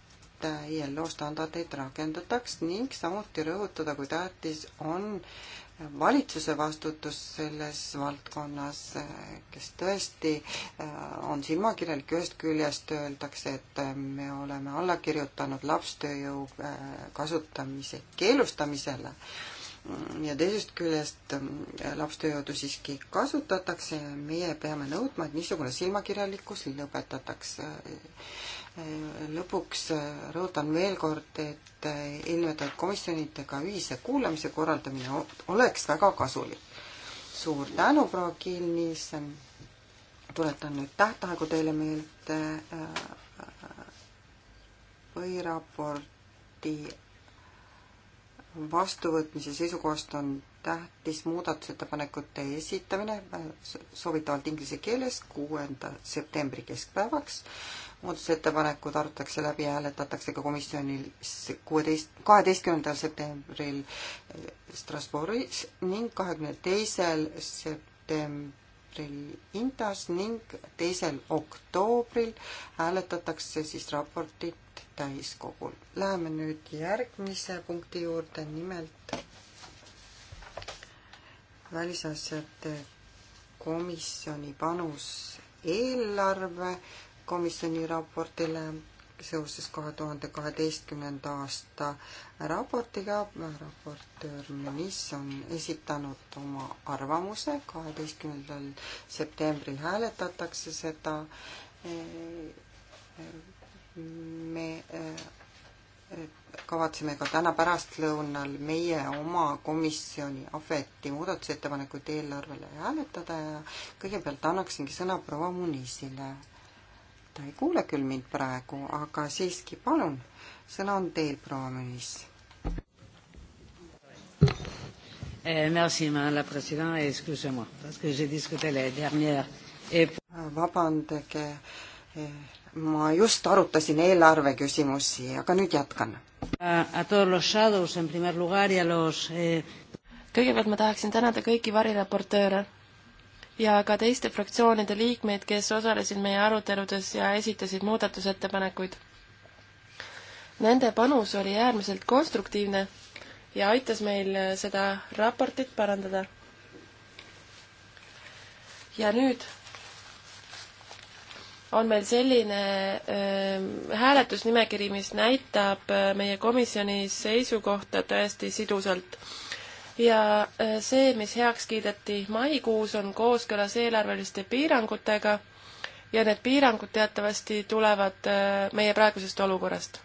et ILO standardeid rakendataks ning samuti rõhutada, kui tähtis on valitsuse vastutus selles valdkonnas, kes tõesti äh, on silmakirjalik, ühest küljest öeldakse, et me oleme alla kirjutanud lapstööjõu äh, kasutamise keelustamisele ja teisest küljest äh, lapstööjõudu siiski kasutatakse ja meie peame nõudma, et niisugune silmakirjalikkus lõpetatakse lõpuks äh, rõhutan veel kord, et äh, eelnevatel komisjonidega ühise kuulamise korraldamine oleks väga kasulik. suur tänu, proua Kinnis. tuletan nüüd tähtaegu teile meelde. Äh, põhiraporti vastuvõtmise seisukohast on tähtis muudatusettepanekute esitamine soovitavalt inglise keeles kuuenda septembri keskpäevaks muudatusettepanekud arutatakse läbi ja hääletatakse ka komisjonis kuueteist, kaheteistkümnendal septembril eh, Strasbourgis ning kahekümne teisel septembril Intas ning teisel oktoobril hääletatakse siis raportit täiskogul. Läheme nüüd järgmise punkti juurde, nimelt välisasjade komisjoni panus eelarve komisjoni raportile seoses kahe tuhande kaheteistkümnenda aasta raportiga. raportöör Menis on esitanud oma arvamuse, kaheteistkümnendal septembril hääletatakse seda. E, e, me e, kavatseme ka täna pärastlõunal meie oma komisjoni afeti muudatusettepanekuid eelarvele hääletada ja kõigepealt annaksingi sõna proua Munisile ta ei kuule küll mind praegu, aga siiski palun, sõna on teil, proua Münis. Eh, merci, madame la president, excusez-moi, parce que j'ai discuté les dernières et.... Äh, vabandage, äh, ma just arutasin eelarve küsimusi, aga nüüd jätkan. Eh, kõigepealt ma tahaksin tänada kõiki variraportööre ja ka teiste fraktsioonide liikmeid, kes osalesid meie aruteludes ja esitasid muudatusettepanekuid. Nende panus oli äärmiselt konstruktiivne ja aitas meil seda raportit parandada. ja nüüd on meil selline äh, hääletusnimekiri, mis näitab äh, meie komisjoni seisukohta täiesti sidusalt äh, ja äh, see, mis heaks kiideti maikuus, on kooskõlas eelarveliste piirangutega ja need piirangud teatavasti tulevad äh, meie praegusest olukorrast.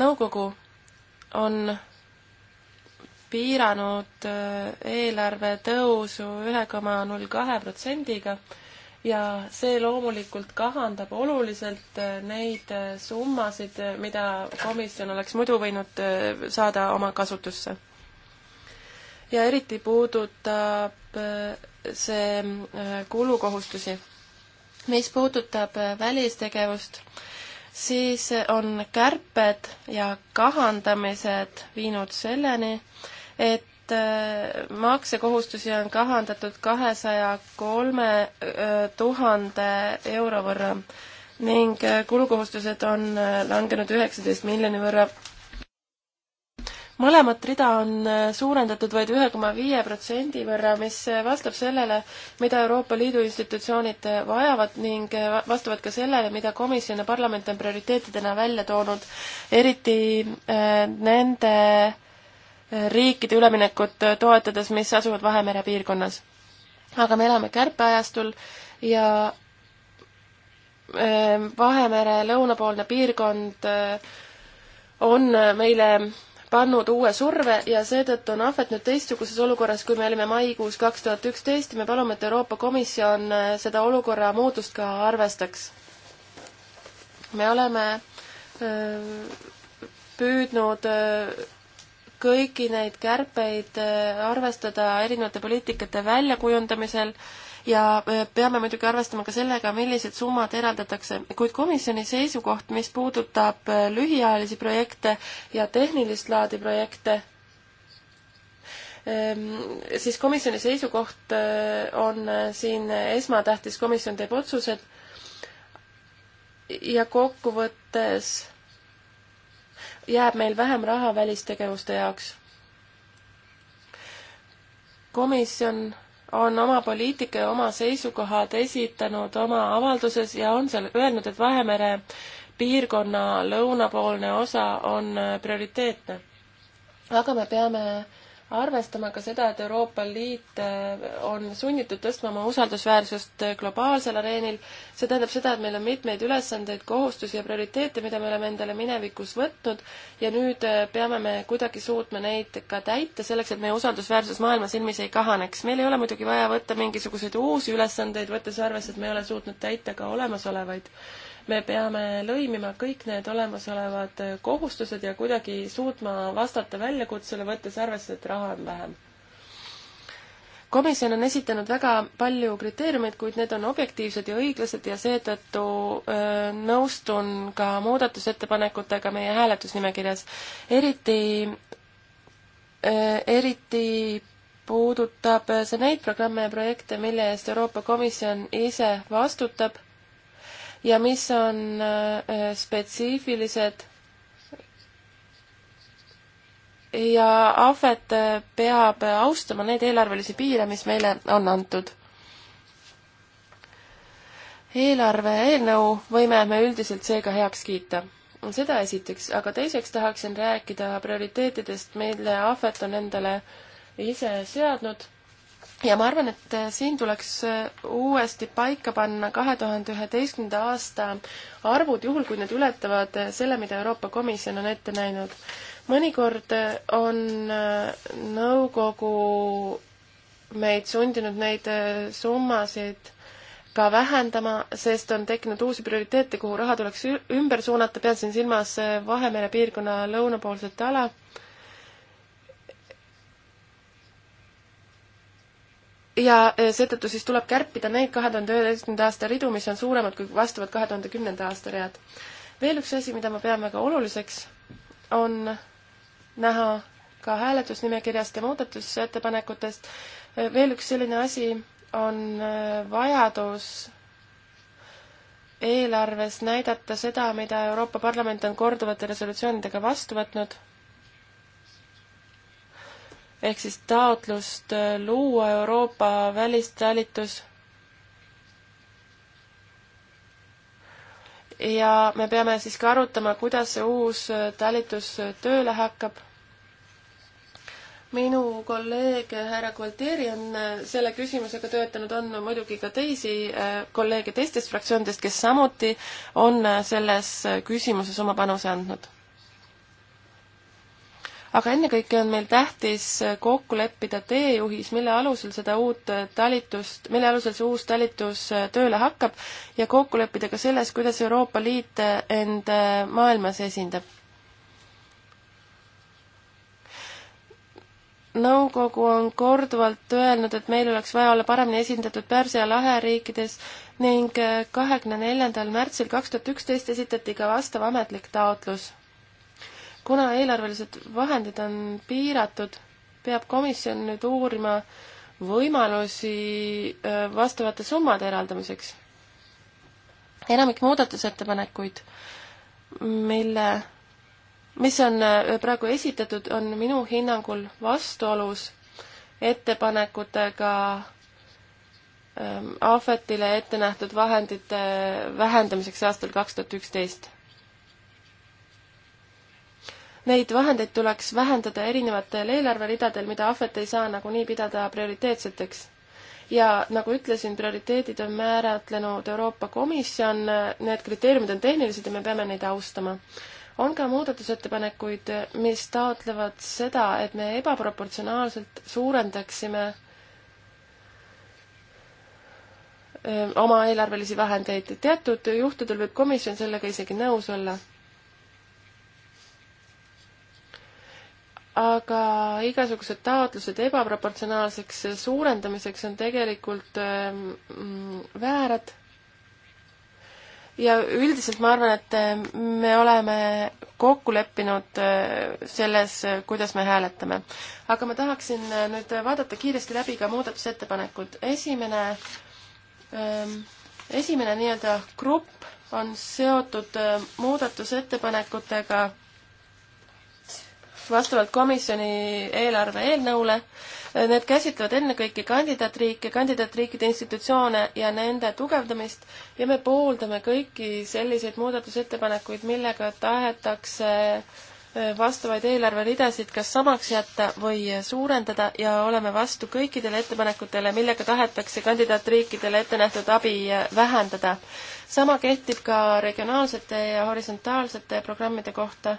nõukogu on piiranud äh, eelarve tõusu ühe koma null kahe protsendiga, -iga ja see loomulikult kahandab oluliselt äh, neid äh, summasid, äh, mida komisjon oleks muidu võinud saada oma kasutusse. ja eriti puudutab see kulukohustusi. mis puudutab välistegevust, siis on kärped ja kahandamised viinud selleni, et et äh, maksekohustusi on kahandatud kahesaja kolme äh, tuhande euro võrra ning äh, kulukohustused on langenud üheksateist miljoni võrra. mõlemat rida on suurendatud vaid ühe koma viie protsendi võrra, mis vastab sellele, mida Euroopa Liidu institutsioonid vajavad ning vastavad ka sellele, mida komisjon ja parlament on prioriteetidena välja toonud, eriti nende äh, riikide üleminekut toetades, mis asuvad Vahemere piirkonnas. aga me elame kärpeajastul ja e, Vahemere lõunapoolne piirkond e, on meile pannud uue surve ja seetõttu on ahvet nüüd teistsuguses olukorras, kui me olime maikuus kaks tuhat üksteist ja me palume, et Euroopa Komisjon e, seda olukorra muutust ka arvestaks. me oleme püüdnud kõiki neid kärpeid äh, arvestada erinevate poliitikate väljakujundamisel ja äh, peame muidugi arvestama ka sellega, millised summad eraldatakse, kuid komisjoni seisukoht, mis puudutab äh, lühiajalisi projekte ja tehnilist laadi projekte, ähm, siis komisjoni seisukoht on siin esmatähtis, komisjon teeb otsused ja kokkuvõttes jääb meil vähem raha välistegevuste jaoks. komisjon on oma poliitika ja oma seisukohad esitanud oma avalduses ja on seal öelnud, et Vahemere piirkonna lõunapoolne osa on prioriteetne. aga me peame arvestama ka seda, et Euroopa Liit äh, on sunnitud tõstma oma usaldusväärsust äh, globaalsel areenil. see tähendab seda, et meil on mitmeid ülesandeid, kohustusi ja prioriteete, mida me oleme endale minevikus võtnud ja nüüd äh, peame me kuidagi suutma neid ka täita, selleks et meie usaldusväärsus maailma silmis ei kahaneks. meil ei ole muidugi vaja võtta mingisuguseid uusi ülesandeid, võttes arvesse, et me ei ole suutnud täita ka olemasolevaid me peame lõimima kõik need olemasolevad kohustused ja kuidagi suutma vastata väljakutsele, võttes arvesse, et raha on vähem. komisjon on esitanud väga palju kriteeriumeid, kuid need on objektiivsed ja õiglased ja seetõttu nõustun ka muudatusettepanekutega meie hääletusnimekirjas. eriti, eriti puudutab see neid programme ja projekte, mille eest Euroopa Komisjon ise vastutab ja mis on äh, spetsiifilised ja ahvet äh, peab austama neid eelarvelisi piire, mis meile on antud. eelarve eelnõu võime me üldiselt seega heaks kiita. seda esiteks, aga teiseks tahaksin rääkida prioriteetidest, mille ahvet on endale ise seadnud ja ma arvan, et äh, siin tuleks äh, uuesti paika panna kahe tuhande üheteistkümnenda aasta arvud, juhul kui need ületavad äh, selle, mida Euroopa Komisjon on ette näinud. mõnikord on nõukogu meid sundinud neid summasid ka vähendama, sest on tekkinud uusi prioriteete, kuhu raha tuleks ümber suunata, pean siin silmas Vahemere piirkonna lõunapoolset ala ja äh, seetõttu siis tuleb kärpida neid kahe tuhande üheteistkümnenda aasta ridu, mis on suuremad kui vastavad kahe tuhande kümnenda aasta read. veel üks asi, mida me peame ka oluliseks, on näha ka hääletusnimekirjast ja muudatusettepanekutest, äh, veel üks selline asi on äh, vajadus eelarves näidata seda, mida Euroopa Parlament on korduvate resolutsioonidega vastu võtnud ehk siis taotlust äh, luua Euroopa välistalitus. ja me peame siis ka arutama, kuidas see uus äh, talitus äh, tööle hakkab. minu kolleeg härra Gualtieri on selle küsimusega töötanud, on muidugi ka teisi kolleege teistest fraktsioonidest, kes samuti on selles küsimuses oma panuse andnud aga ennekõike on meil tähtis kokku leppida teejuhis, mille alusel seda uut talitust, mille alusel see uus talitus tööle hakkab ja kokku leppida ka selles, kuidas Euroopa Liit end maailmas esindab. nõukogu on korduvalt öelnud, et meil oleks vaja olla paremini esindatud Pärsia lahe riikides ning kahekümne neljandal märtsil kaks tuhat üksteist esitati ka vastav ametlik taotlus kuna eelarvelised vahendid on piiratud, peab komisjon nüüd uurima võimalusi äh, vastavate summade eraldamiseks. enamik muudatusettepanekuid, mille, mis on äh, praegu esitatud, on minu hinnangul vastuolus ettepanekutega ähm, Ahvetile ette nähtud vahendite vähendamiseks aastal kaks tuhat üksteist Neid vahendeid tuleks vähendada erinevatel eelarveridadel, mida ahvet ei saa nagunii pidada prioriteetseteks. ja nagu ütlesin, prioriteedid on määratlenud Euroopa Komisjon, need kriteeriumid on tehnilised ja me peame neid austama on ka muudatusettepanekuid, mis taotlevad seda, et me ebaproportsionaalselt suurendaksime oma eelarvelisi vahendeid. teatud juhtudel võib komisjon sellega isegi nõus olla aga igasugused taotlused ebaproportsionaalseks suurendamiseks on tegelikult ähm, mm, väärad. ja üldiselt ma arvan, et ähm, me oleme kokku leppinud äh, selles, äh, kuidas me hääletame. aga ma tahaksin äh, nüüd vaadata kiiresti läbi ka muudatusettepanekud. esimene, ähm, esimene nii-öelda grupp on seotud muudatusettepanekutega vastavalt komisjoni eelarve eelnõule. Eh, need käsitlevad ennekõike kandidaatriike, kandidaatriikide institutsioone ja nende tugevdamist ja me pooldame kõiki selliseid muudatusettepanekuid, millega tahetakse eh, vastavaid eelarveridasid kas samaks jätta või suurendada ja oleme vastu kõikidele ettepanekutele, millega tahetakse kandidaatriikidele ette nähtud abi eh, vähendada. sama kehtib ka regionaalsete ja horisontaalsete programmide kohta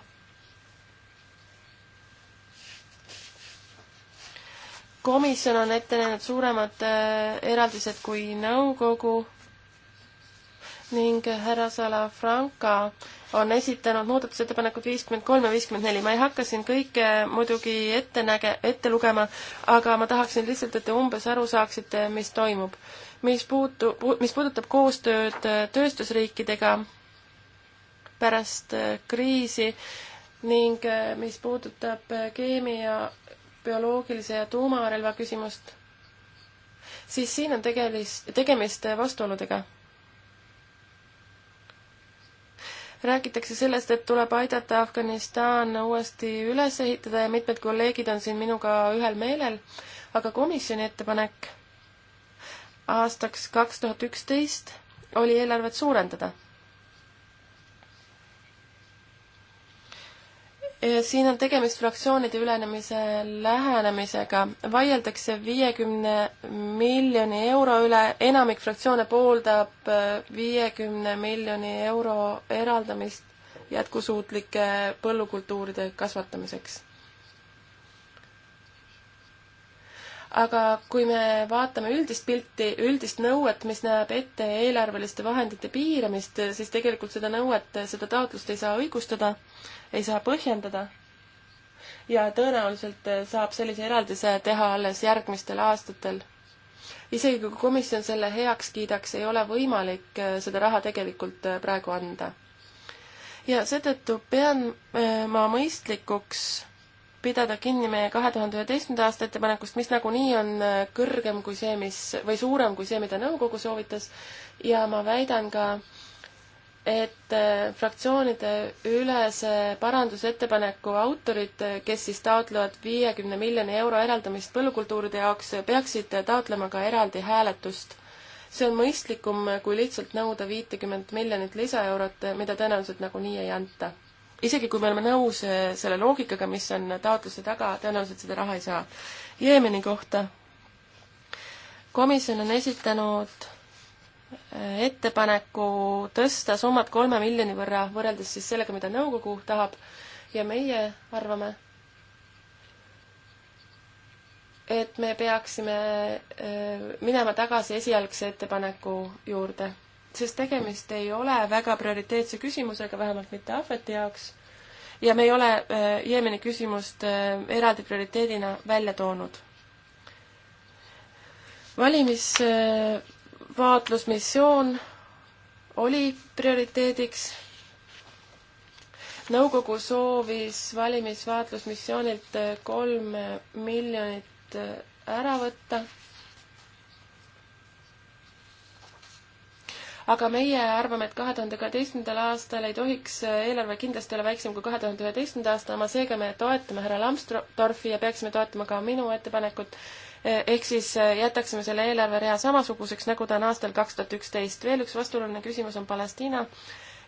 komisjon on ette näinud suuremad äh, eraldised kui nõukogu ning härra Salafranca on esitanud muudatusettepanekud viiskümmend kolm ja viiskümmend neli. ma ei hakka siin kõike muidugi ette näge-, ette lugema, aga ma tahaksin lihtsalt, et te umbes aru saaksite, mis toimub. mis puutu-, mis puudutab koostööd äh, tööstusriikidega pärast äh, kriisi ning mis puudutab keemia bioloogilise ja tuumarelva küsimust, siis siin on tegelist, tegemist vastuoludega. räägitakse sellest, et tuleb aidata Afganistan uuesti üles ehitada ja mitmed kolleegid on siin minuga ühel meelel, aga komisjoni ettepanek aastaks kaks tuhat üksteist oli eelarvet suurendada Äh, siin on tegemist fraktsioonide ülenemise lähenemisega. vaieldakse viiekümne miljoni euro üle, enamik fraktsioone pooldab äh, viiekümne miljoni euro eraldamist jätkusuutlike põllukultuuride kasvatamiseks. aga kui me vaatame üldist pilti, üldist nõuet, mis näeb ette eelarveliste vahendite piiramist, siis tegelikult seda nõuet, seda taotlust ei saa õigustada ei saa põhjendada ja tõenäoliselt eh, saab sellise eraldise teha alles järgmistel aastatel. isegi kui komisjon selle heaks kiidaks, ei ole võimalik eh, seda raha tegelikult eh, praegu anda. ja seetõttu pean ma mõistlikuks pidada kinni meie kahe tuhande üheteistkümnenda aasta ettepanekust, mis nagunii on kõrgem kui see, mis, või suurem kui see, mida nõukogu soovitas, ja ma väidan ka, et äh, fraktsioonide ülese parandusettepaneku autorid, äh, kes siis taotlevad viiekümne miljoni euro eraldamist põllukultuuride jaoks, peaksid taotlema ka eraldi hääletust. see on mõistlikum, äh, kui lihtsalt nõuda viitekümmet miljonit lisaeurot, mida tõenäoliselt nagunii ei anta. isegi kui me oleme nõus selle loogikaga, mis on taotluse taga, tõenäoliselt seda raha ei saa. Jeemeni kohta. komisjon on esitanud ettepaneku tõsta summat kolme miljoni võrra võrreldes siis sellega, mida nõukogu tahab ja meie arvame, et me peaksime äh, minema tagasi esialgse ettepaneku juurde, sest tegemist ei ole väga prioriteetse küsimusega, vähemalt mitte ahveti jaoks, ja me ei ole äh, Jeemeni küsimust äh, eraldi prioriteedina välja toonud. valimis vaatlusmissioon oli prioriteediks. nõukogu soovis valimisvaatlusmissioonilt kolm miljonit ära võtta. aga meie arvame, et kahe tuhande kaheteistkümnendal aastal ei tohiks eelarve kindlasti olla väiksem kui kahe tuhande üheteistkümnenda aasta oma, seega me toetame härra Lambsdorfi ja peaksime toetama ka minu ettepanekut ehk siis äh, jätaksime selle eelarverea samasuguseks, nagu ta on aastal kaks tuhat üksteist. veel üks vastuoluline küsimus on Palestiina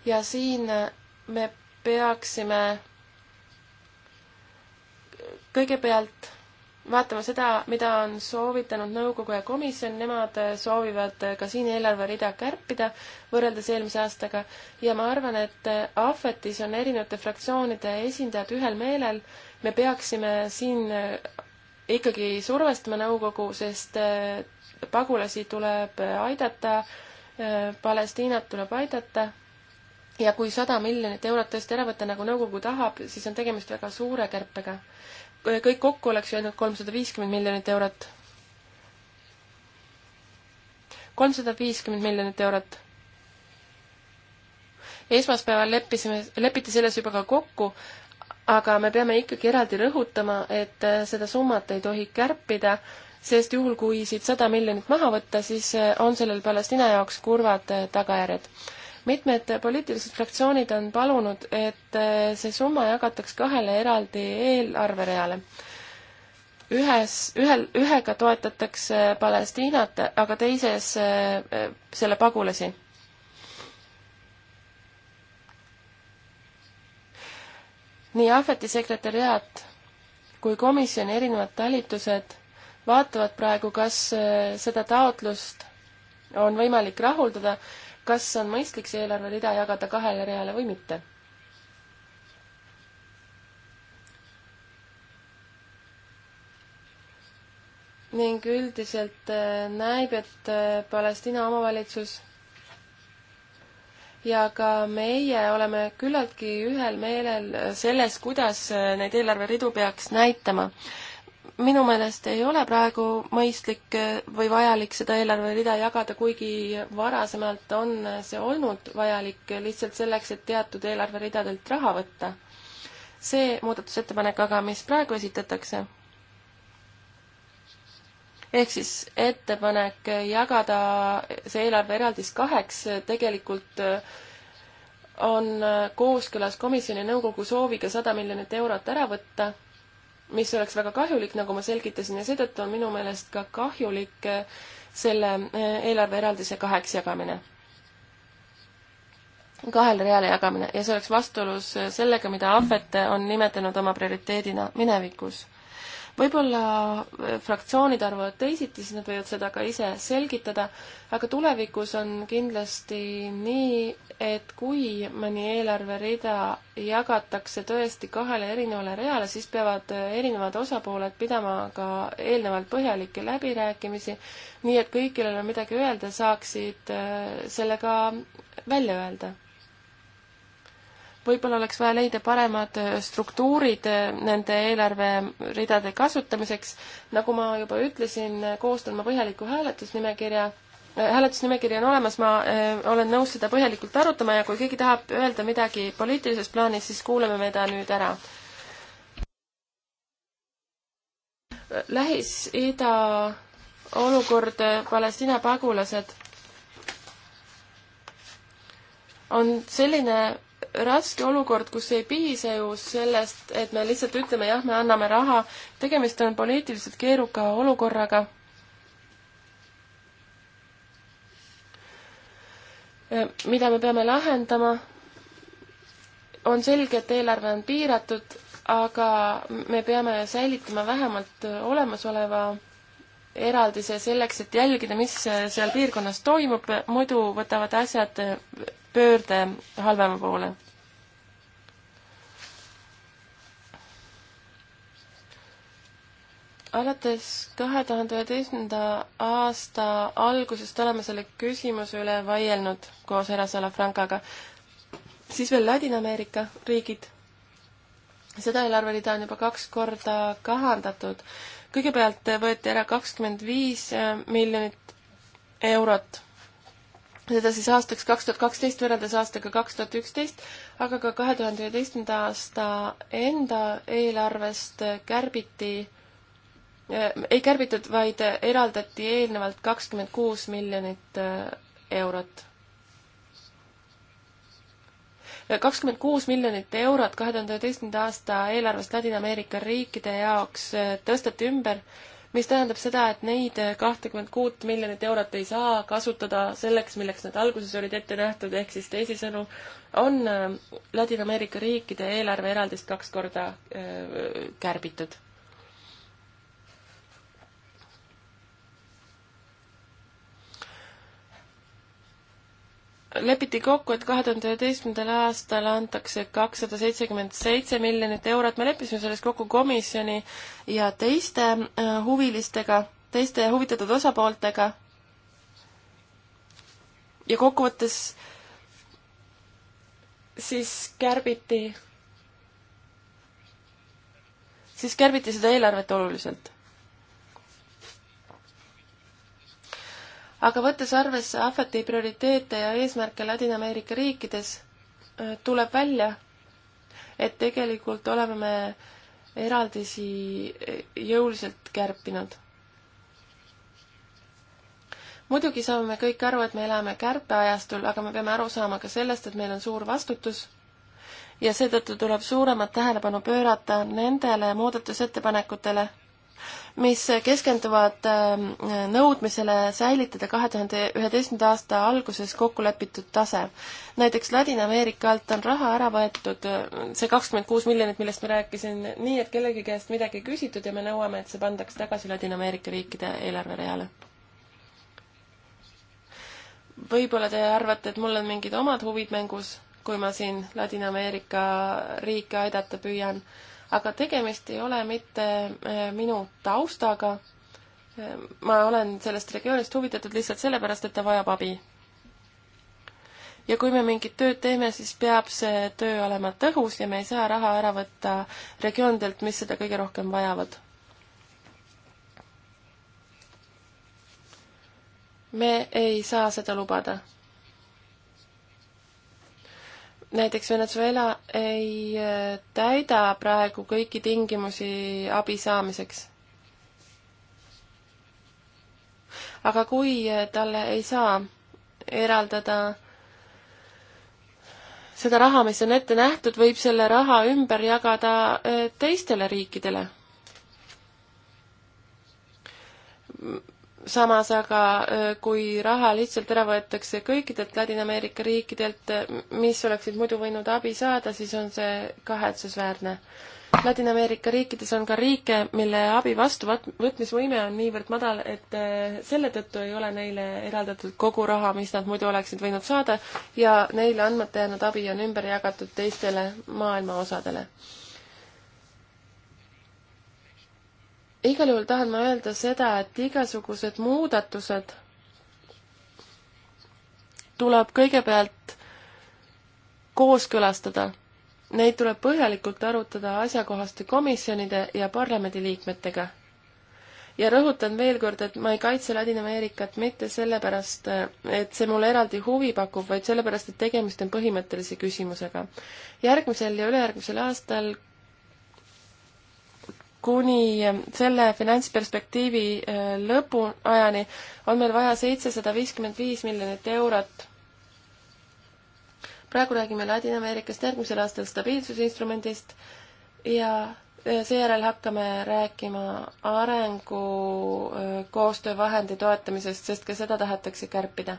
ja siin äh, me peaksime kõigepealt vaatama seda, mida on soovitanud nõukogu ja komisjon, nemad äh, soovivad ka siin eelarverida kärpida võrreldes eelmise aastaga ja ma arvan, et ahvetis on erinevate fraktsioonide esindajad ühel meelel, me peaksime siin ikkagi survestama nõukogu, sest äh, pagulasi tuleb äh, aidata, äh, Palestiinat tuleb aidata ja kui sada miljonit eurot tõesti ära võtta, nagu nõukogu tahab, siis on tegemist väga suure kärpega. kõik kokku oleks ju ainult kolmsada viiskümmend miljonit eurot. kolmsada viiskümmend miljonit eurot. esmaspäeval leppisime, lepiti selles juba ka kokku, aga me peame ikkagi eraldi rõhutama, et äh, seda summat ei tohi kärpida, sest juhul, kui siit sada miljonit maha võtta, siis äh, on sellel Palestiina jaoks kurvad äh, tagajärjed. mitmed poliitilised fraktsioonid on palunud, et see summa jagataks kahele eraldi eelarvereale. ühes, ühel, ühega toetatakse Palestiinat, aga teises selle pagulasi nii Ahveti sekretäriaat kui komisjoni erinevad talitused vaatavad praegu, kas äh, seda taotlust on võimalik rahuldada, kas on mõistlik see eelarverida jagada kahele reale või mitte. ning üldiselt äh, näib, et äh, Palestiina omavalitsus ja ka meie oleme küllaltki ühel meelel selles, kuidas neid eelarveridu peaks näitama. minu meelest ei ole praegu mõistlik või vajalik seda eelarverida jagada, kuigi varasemalt on see olnud vajalik lihtsalt selleks, et teatud eelarveridadelt raha võtta. see muudatusettepanek aga, mis praegu esitatakse ehk siis ettepanek jagada see eelarveeraldis kaheks tegelikult äh, on äh, kooskõlas komisjoni nõukogu sooviga sada miljonit eurot ära võtta, mis oleks väga kahjulik, nagu ma selgitasin, ja seetõttu on minu meelest ka kahjulik äh, selle eelarveeraldise kaheks jagamine, kahele reale jagamine ja see oleks vastuolus sellega, mida Ahvet on nimetanud oma prioriteedina minevikus võib-olla äh, fraktsioonid arvavad teisiti, siis nad võivad seda ka ise selgitada, aga tulevikus on kindlasti nii, et kui mõni eelarverida jagatakse tõesti kahele erinevale reale, siis peavad äh, erinevad osapooled pidama ka eelnevalt põhjalikke läbirääkimisi, nii et kõik, kellel on midagi öelda, saaksid äh, selle ka välja öelda võib-olla oleks vaja leida paremad äh, struktuurid äh, nende eelarveridade kasutamiseks. nagu ma juba ütlesin, äh, koostan ma põhjaliku hääletusnimekirja äh,, hääletusnimekiri on olemas, ma äh, olen nõus seda põhjalikult arutama ja kui keegi tahab öelda midagi poliitilises plaanis, siis kuulame me ta nüüd ära. Lähis-Ida olukord, Palestiina pagulased on selline raske olukord, kus ei piisa ju sellest, et me lihtsalt ütleme, jah, me anname raha, tegemist on poliitiliselt keeruka olukorraga. Äh, mida me peame lahendama, on selge, et eelarve on piiratud, aga me peame säilitama vähemalt olemasoleva eraldise selleks, et jälgida, mis seal piirkonnas toimub, muidu võtavad asjad pöörde halvema poole. alates kahe tuhande üheteistkümnenda aasta algusest oleme selle küsimuse üle vaielnud koos Erasala Frankaga. siis veel Ladina-Ameerika riigid. seda eelarverida on juba kaks korda kahandatud. kõigepealt võeti ära kakskümmend viis miljonit eurot seda siis aastaks kaks tuhat kaksteist võrreldes aastaga kaks tuhat üksteist, aga ka kahe tuhande üheteistkümnenda aasta enda eelarvest kärbiti äh,, ei kärbitud, vaid eraldati eelnevalt kakskümmend kuus miljonit äh, eurot. kakskümmend kuus miljonit eurot kahe tuhande üheteistkümnenda aasta eelarvest Ladina-Ameerika riikide jaoks eh, tõsteti ümber äh, mis tähendab seda, et neid kahtekümmet kuut miljonit eurot ei saa kasutada selleks, milleks nad alguses olid ette nähtud, ehk siis teisisõnu on äh, Ladina-Ameerika riikide eelarve eraldist kaks korda äh, kärbitud. lepiti kokku, et kahe tuhande üheteistkümnendal aastal antakse kakssada seitsekümmend seitse miljonit eurot, me leppisime selles kokku komisjoni ja teiste äh, huvilistega, teiste huvitatud osapooltega. ja kokkuvõttes siis kärbiti, siis kärbiti seda eelarvet oluliselt aga võttes arvesse ahveti prioriteete ja eesmärke Ladina-Ameerika riikides, äh, tuleb välja, et tegelikult oleme me eraldisi äh, jõuliselt kärpinud. muidugi saame me kõik aru, et me elame kärpeajastul, aga me peame aru saama ka sellest, et meil on suur vastutus ja seetõttu tuleb suuremat tähelepanu pöörata nendele muudatusettepanekutele, mis keskenduvad ähm, nõudmisele säilitada kahe tuhande üheteistkümnenda aasta alguses kokku lepitud tase. näiteks Ladina-Ameerika alt on raha ära võetud, see kakskümmend kuus miljonit, millest ma rääkisin, nii et kellegi käest midagi ei küsitud ja me nõuame, et see pandaks tagasi Ladina-Ameerika riikide eelarvereale. võib-olla te arvate, et mul on mingid omad huvid mängus, kui ma siin Ladina-Ameerika riike aidata püüan aga tegemist ei ole mitte äh, minu taustaga, äh, ma olen sellest regioonist huvitatud lihtsalt sellepärast, et ta vajab abi. ja kui me mingit tööd teeme, siis peab see töö olema tõhus ja me ei saa raha ära võtta regioonidelt, mis seda kõige rohkem vajavad. me ei saa seda lubada näiteks Venezuela ei äh, täida praegu kõiki tingimusi abi saamiseks. aga kui äh, talle ei saa eraldada seda raha, mis on ette nähtud, võib selle raha ümber jagada äh, teistele riikidele samas aga, äh, kui raha lihtsalt ära võetakse kõikidelt Ladina-Ameerika riikidelt, mis oleksid muidu võinud abi saada, siis on see kahetsusväärne. Ladina-Ameerika riikides on ka riike, mille abi vastuvõtmisvõime on niivõrd madal, et äh, selle tõttu ei ole neile eraldatud kogu raha, mis nad muidu oleksid võinud saada ja neile andmata jäänud abi on ümber jagatud teistele maailma osadele igal juhul tahan ma öelda seda, et igasugused muudatused tuleb kõigepealt kooskõlastada. Neid tuleb põhjalikult arutada asjakohaste komisjonide ja parlamendiliikmetega. ja rõhutan veel kord, et ma ei kaitse Ladina-Ameerikat mitte sellepärast, et see mulle eraldi huvi pakub, vaid sellepärast, et tegemist on põhimõttelise küsimusega. järgmisel ja ülejärgmisel aastal kuni selle finantsperspektiivi äh, lõpuajani on meil vaja seitsesada viiskümmend viis miljonit eurot. praegu räägime Ladina-Ameerikast, järgmisel aastal stabiilsusinstrumendist ja äh, seejärel hakkame rääkima arengukoostöövahendi äh, toetamisest, sest ka seda tahetakse kärpida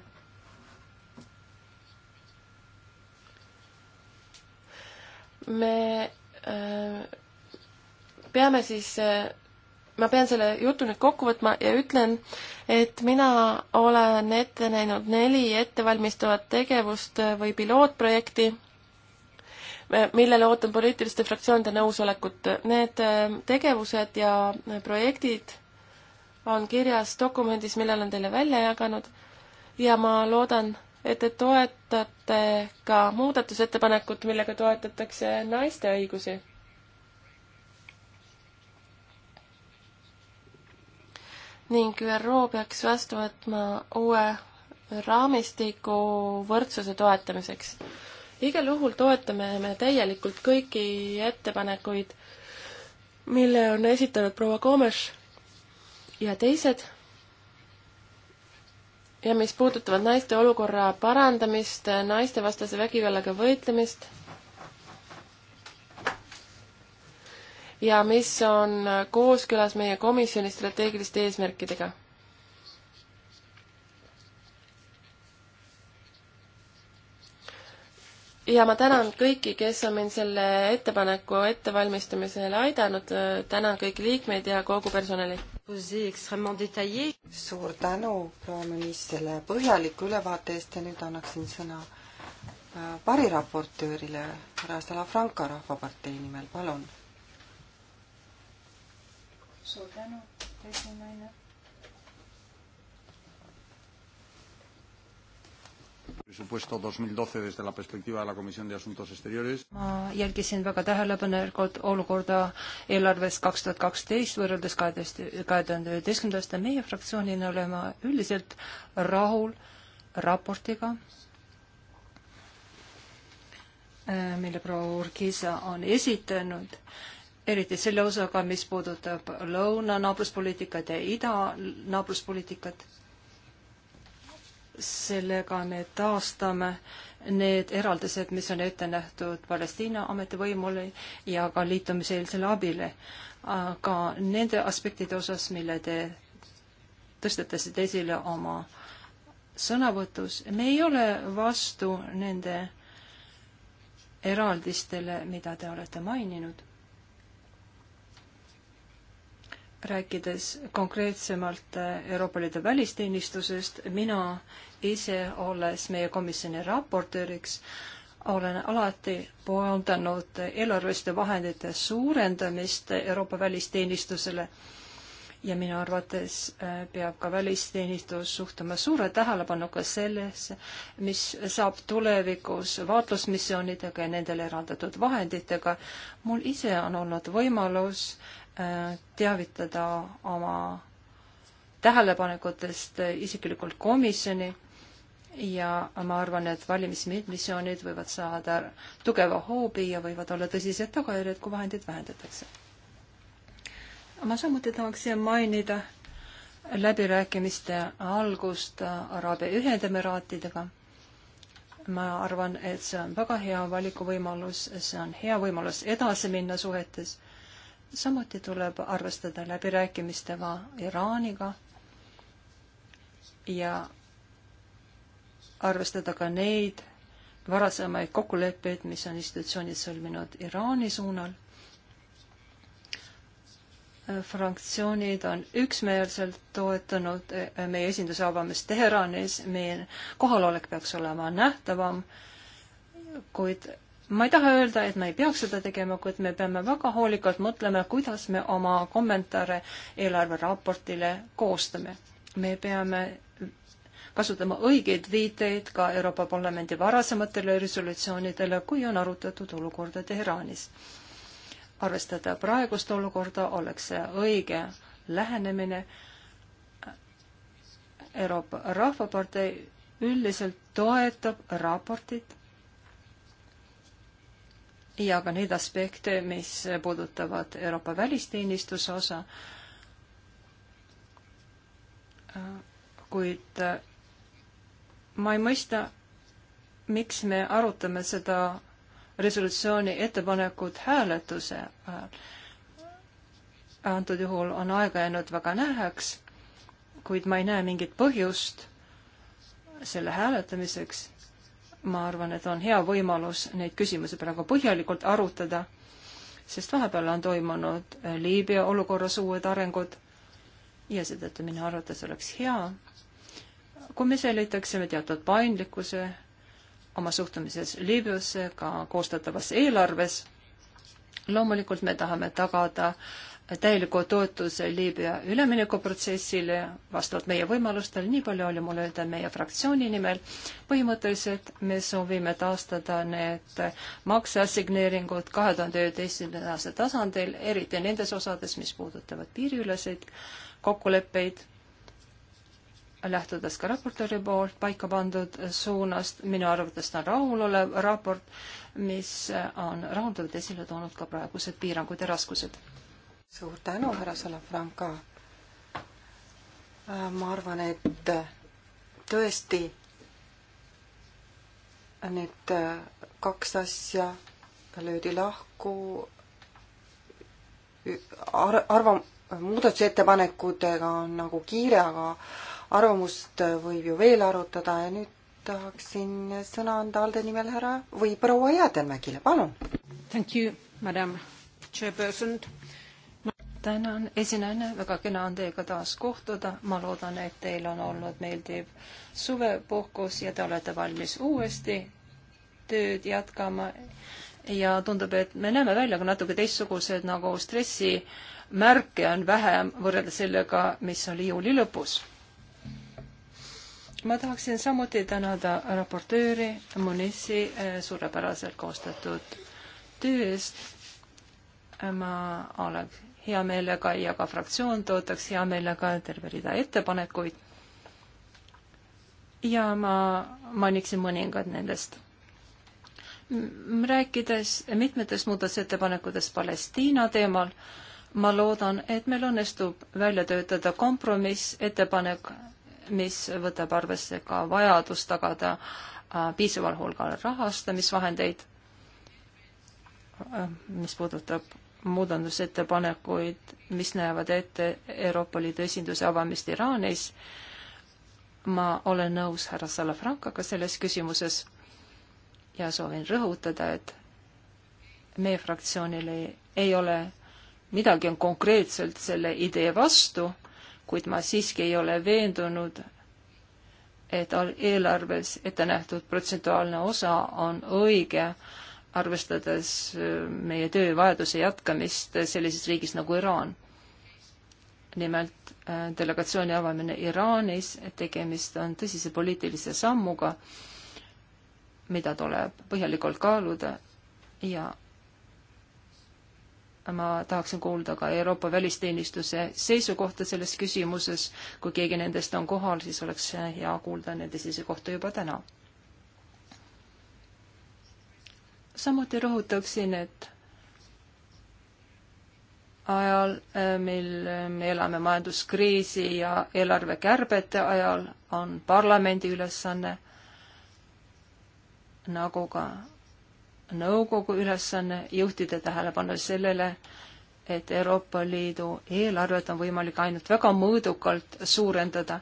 me äh, peame siis, eh, ma pean selle jutu nüüd kokku võtma ja ütlen, et mina olen ette näinud neli ettevalmistavat tegevust eh, või pilootprojekti, eh, millele ootan poliitiliste fraktsioonide nõusolekut. Need tegevused ja projektid on kirjas dokumendis, mille olen teile välja jaganud ja ma loodan, et te toetate ka muudatusettepanekut, millega toetatakse naiste õigusi ning ÜRO peaks vastu võtma uue raamistiku võrdsuse toetamiseks. igal juhul toetame me täielikult kõiki ettepanekuid, mille on esitanud proua Komes ja teised ja mis puudutavad naiste olukorra parandamist, naistevastase vägivallaga võitlemist ja mis on kooskõlas meie komisjoni strateegiliste eesmärkidega. ja ma tänan kõiki, kes on mind selle ettepaneku ettevalmistamisel aidanud, tänan kõiki liikmeid ja kogu personali. suur tänu, proua minister, selle põhjaliku ülevaate eest ja nüüd annaksin sõna äh, variraportöörile, härra Salafranca Rahvapartei nimel, palun suur tänu, esinaine. presupuesto 2012 desde la perspectiva de la Comisión de Asuntos Exteriores. ma jälgisin väga tähelepanelikult olukorda eelarves kaks tuhat kaksteist võrreldes kaheteist, kahe tuhande üheteistkümnenda aasta meie fraktsioonina oleme üldiselt rahul raportiga, äh, mille proua Urgisa on esitanud eriti selle osaga, mis puudutab lõunanaabruspoliitikat ja idanaabruspoliitikat. sellega me taastame need eraldised, mis on ette nähtud Palestiina ametivõimule ja ka liitumiseelsele abile. aga nende aspektide osas, mille te tõstatasite esile oma sõnavõtus, me ei ole vastu nende eraldistele, mida te olete maininud rääkides konkreetsemalt eh, Euroopa Liidu välisteenistusest, mina ise, olles meie komisjoni raportööriks, olen alati pooldanud eelarveliste vahendite suurendamist Euroopa välisteenistusele ja minu arvates eh, peab ka välisteenistus suhtuma suure tähelepanuga sellesse, mis saab tulevikus vaatlusmissioonidega ja nendele eraldatud vahenditega. mul ise on olnud võimalus äh, teavitada oma tähelepanekutest isiklikult komisjoni ja ma arvan, et valimismissioonid võivad saada tugeva hoobi ja võivad olla tõsised tagajärjed, kui vahendeid vähendatakse. ma samuti tahaksin mainida läbirääkimiste algust Araabia Ühendemiraatidega. ma arvan, et see on väga hea valikuvõimalus, see on hea võimalus edasi minna suhetes samuti tuleb arvestada läbirääkimistega Iraaniga ja arvestada ka neid varasemaid kokkuleppeid, mis on institutsioonid sõlminud Iraani suunal. fraktsioonid on üksmeelselt toetanud meie esinduse avamist Teheranis, meie kohalolek peaks olema nähtavam, kuid ma ei taha öelda, et me ei peaks seda tegema, kuid me peame väga hoolikalt mõtlema, kuidas me oma kommentaare eelarveraportile koostame. me peame kasutama õigeid viiteid ka Euroopa Parlamendi varasematele resolutsioonidele, kui on arutatud olukorda Teheraanis. arvestada praegust olukorda oleks see õige lähenemine. Euroopa Rahvapartei üldiselt toetab raportit ja ka neid aspekte, mis puudutavad Euroopa välisteenistuse osa. kuid ma ei mõista, miks me arutame seda resolutsiooni ettepanekut hääletuse ajal. antud juhul on aega jäänud väga näheks, kuid ma ei näe mingit põhjust selle hääletamiseks ma arvan, et on hea võimalus neid küsimusi praegu põhjalikult arutada, sest vahepeal on toimunud äh, Liibüa olukorras uued arengud ja seetõttu minu arvates oleks hea, kui me säilitaksime teatud paindlikkuse oma suhtumises Liibüasse ka koostatavas eelarves. loomulikult me tahame tagada äh, täieliku toetuse Liibüa üleminekuprotsessile vastavalt meie võimalustel, nii palju oli mul öelda meie fraktsiooni nimel. põhimõtteliselt me soovime taastada need makseassigneeringud kahe tuhande üheteistkümnenda aasta tasandil, eriti nendes osades, mis puudutavad piiriüleseid kokkuleppeid, lähtudes ka raportööri poolt paika pandud suunast, minu arvates ta on rahulolev raport, mis on rahuldavalt esile toonud ka praegused piirangud ja raskused suur tänu, härra Salafranca. Äh, ma arvan, et äh, tõesti need äh, kaks asja löödi lahku ar-, arva-, muudatusettepanekutega on nagu kiire, aga arvamust võib ju veel arutada ja nüüd tahaksin sõna anda ALDE nimel härra või proua Jäätelmägile, palun. Thank you, madam chairperson tänan, esinejana, väga kena on teiega taas kohtuda. ma loodan, et teil on olnud meeldiv suvepuhkus ja te olete valmis uuesti tööd jätkama. ja tundub, et me näeme välja ka natuke teistsugused nagu stressimärke on vähem võrreldes sellega, mis oli juuli lõpus. ma tahaksin samuti tänada raportööri Munissi eh, suurepäraselt koostatud töö eest. ma oleks hea meelega ja ka fraktsioon toetaks hea meelega terve rida ettepanekuid. ja ma mainiksin mõningad nendest. rääkides mitmetest muudatusettepanekutest Palestiina teemal, ma loodan, et meil õnnestub välja töötada kompromissettepanek, mis võtab arvesse ka vajadust tagada äh, piisaval hulgal rahastamisvahendeid äh, mis puudutab muudatusettepanekuid, mis näevad ette Euroopa Liidu esinduse avamist Iraanis. ma olen nõus härra Salafrankaga selles küsimuses ja soovin rõhutada, et meie fraktsioonil ei, ei ole, midagi on konkreetselt selle idee vastu, kuid ma siiski ei ole veendunud, et eelarves ette nähtud protsentuaalne osa on õige äh, arvestades äh, meie töövajaduse jätkamist sellises riigis nagu Iraan. nimelt äh, delegatsiooni avamine Iraanis, tegemist on tõsise poliitilise sammuga, mida tuleb põhjalikult kaaluda ja ma tahaksin kuulda ka Euroopa välisteenistuse seisukohta selles küsimuses. kui keegi nendest on kohal, siis oleks hea kuulda nende seisukohta juba täna samuti rõhutaksin, et ajal, äh, mil me elame majanduskriisi ja eelarvekärbete ajal, on parlamendi ülesanne nagu ka nõukogu ülesanne juhtida tähelepanu sellele, et Euroopa Liidu eelarvet on võimalik ainult väga mõõdukalt suurendada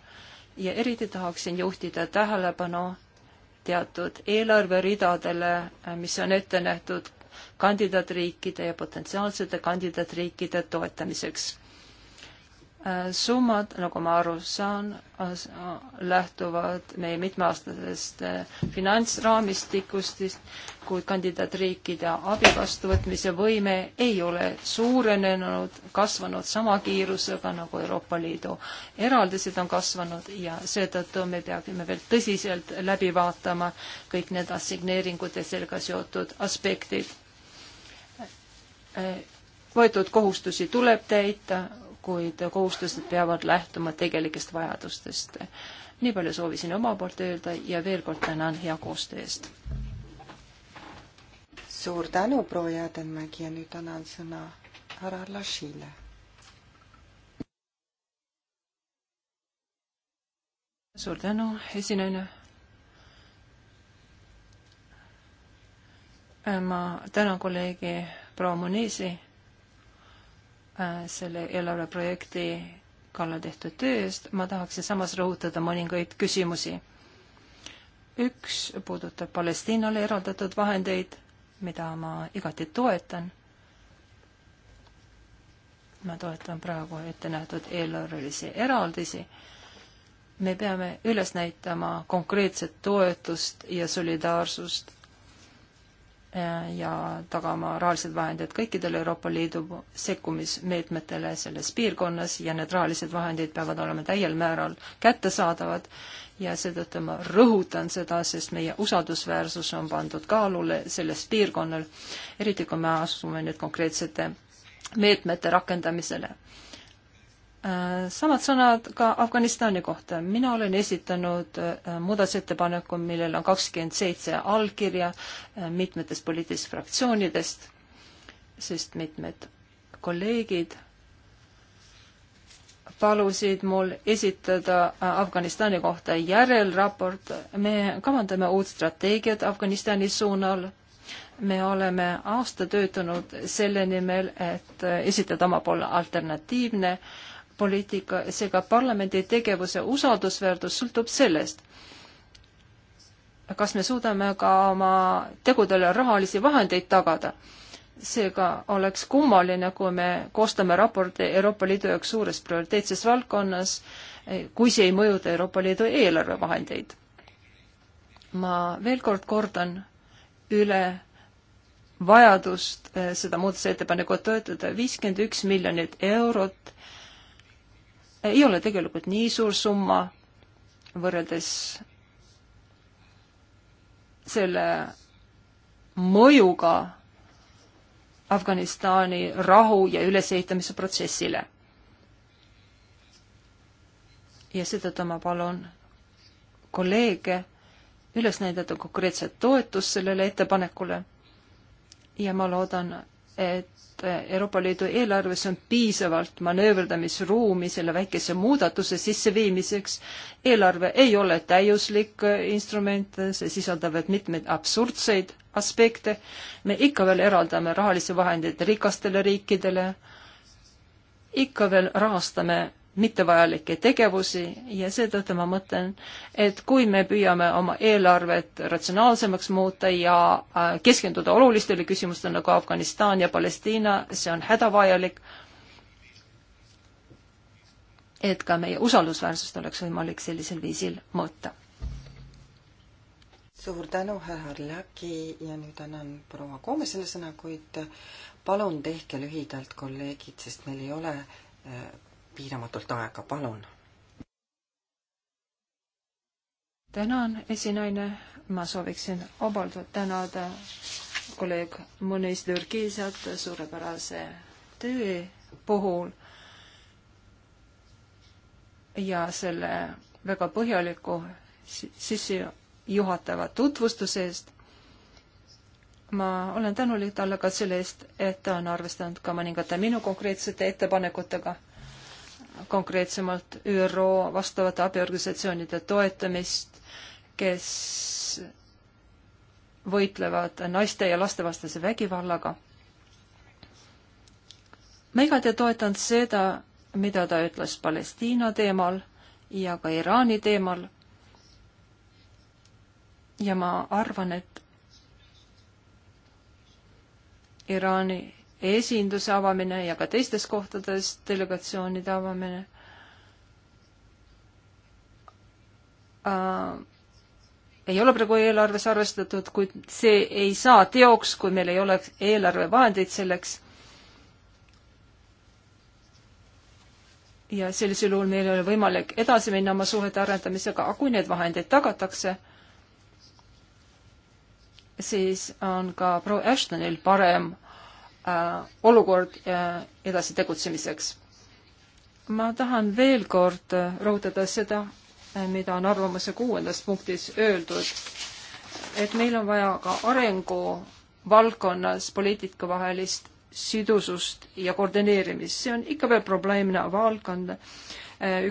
ja eriti tahaksin juhtida tähelepanu teatud eelarveridadele, äh, mis on ette nähtud kandidaatriikide ja potentsiaalsete kandidaatriikide toetamiseks Äh, summad, nagu ma aru saan, lähtuvad meie mitmeaastasest äh, finantsraamistikustist, kuid kandidaatriikide abi vastuvõtmise võime ei ole suurenenud, kasvanud sama kiirusega, nagu Euroopa Liidu eraldised on kasvanud ja seetõttu me peaksime veel tõsiselt läbi vaatama kõik need assigneeringud ja sellega seotud aspektid. Äh, võetud kohustusi tuleb täita kuid kohustused peavad lähtuma tegelikest vajadustest. nii palju soovisin oma poolt öelda ja veel kord tänan hea koostöö eest. suur tänu, proua Jäädenmägi ja nüüd annan sõna härra Lašile. suur tänu, esinejana ma tänan kolleegi proua Munisi Äh, selle eelarveprojekti kallal tehtud töö eest, ma tahaksin samas rõhutada mõningaid küsimusi. üks puudutab Palestiinale eraldatud vahendeid, mida ma igati toetan. ma toetan praegu ette nähtud eelarvelisi eraldisi. me peame üles näitama konkreetset toetust ja solidaarsust Äh, ja tagama rahalised vahendid kõikidele Euroopa Liidu sekkumismeetmetele selles piirkonnas ja need rahalised vahendid peavad olema täiel määral kättesaadavad ja seetõttu ma rõhutan seda, sest meie usaldusväärsus on pandud kaalule selles piirkonnal, eriti kui me asume nüüd konkreetsete meetmete rakendamisele Äh, samad sõnad ka Afganistani kohta. mina olen esitanud äh, muudatusettepaneku, millel on kakskümmend seitse allkirja äh, mitmetest poliitilistest fraktsioonidest, sest mitmed kolleegid palusid mul esitada Afganistani kohta järelraport. me kavandame uut strateegiat Afganistani suunal me oleme aasta töötanud selle nimel, et esitada omapoolne alternatiivne äh, poliitika, seega parlamendi tegevuse usaldusväärtus sõltub sellest, kas me suudame ka oma tegudele rahalisi vahendeid tagada. seega oleks kummaline, kui me koostame raporti Euroopa Liidu jaoks suures prioriteetses valdkonnas, kui see ei mõjuta Euroopa Liidu eelarvevahendeid. ma veel kord kordan üle vajadust eh, seda muudatusettepanekut toetada, viiskümmend üks miljonit eurot ei ole tegelikult nii suur summa võrreldes selle mõjuga Afganistani rahu ja ülesehitamise protsessile. ja seetõttu ma palun kolleege üles näidata konkreetset toetust sellele ettepanekule ja ma loodan, et Euroopa Liidu eelarves on piisavalt manööverdamisruumi selle väikese muudatuse sisseviimiseks. eelarve ei ole täiuslik instrument, see sisaldavad mitmeid absurdseid aspekte. me ikka veel eraldame rahalisi vahendeid rikastele riikidele, ikka veel rahastame mittevajalikke tegevusi ja seetõttu ma mõtlen, et kui me püüame oma eelarvet ratsionaalsemaks muuta ja äh, keskenduda olulistele küsimustele nagu Afganistan ja Palestiina, see on hädavajalik, et ka meie usaldusväärsust oleks võimalik sellisel viisil mõõta. suur tänu, härra Läki ja nüüd annan proua Koomesele sõna, kuid palun tehke lühidalt, kolleegid, sest meil ei ole äh, piiramatult aega, palun. tänan, esinaine. ma sooviksin vabalt tänada kolleeg Mõnis Dürgisat suurepärase töö puhul ja selle väga põhjaliku sissejuhatava tutvustuse eest ma olen tänulik talle ka selle eest, et ta on arvestanud ka mõningate minu konkreetsete ettepanekutega konkreetsemalt ÜRO vastavate abiorganisatsioonide toetamist, kes võitlevad naiste ja lastevastase vägivallaga. ma igati toetan seda, mida ta ütles Palestiina teemal ja ka Iraani teemal. ja ma arvan, et Iraani esinduse avamine ja ka teistes kohtades delegatsioonide avamine äh, ei ole praegu eelarves arvestatud, kuid see ei saa teoks, kui meil ei ole eelarvevahendeid selleks. ja sellisel juhul meil ei ole võimalik edasi minna oma suhete arendamisega, aga kui need vahendeid tagatakse, siis on ka proua Ashtonil parem Äh, olukord äh, edasi tegutsemiseks. ma tahan veel kord äh, rõhutada seda, mida on arvamuse kuuendas punktis öeldud, et meil on vaja ka arengu valdkonnas poliitikavahelist sidusust ja koordineerimist, see on ikka veel probleemne valdkond.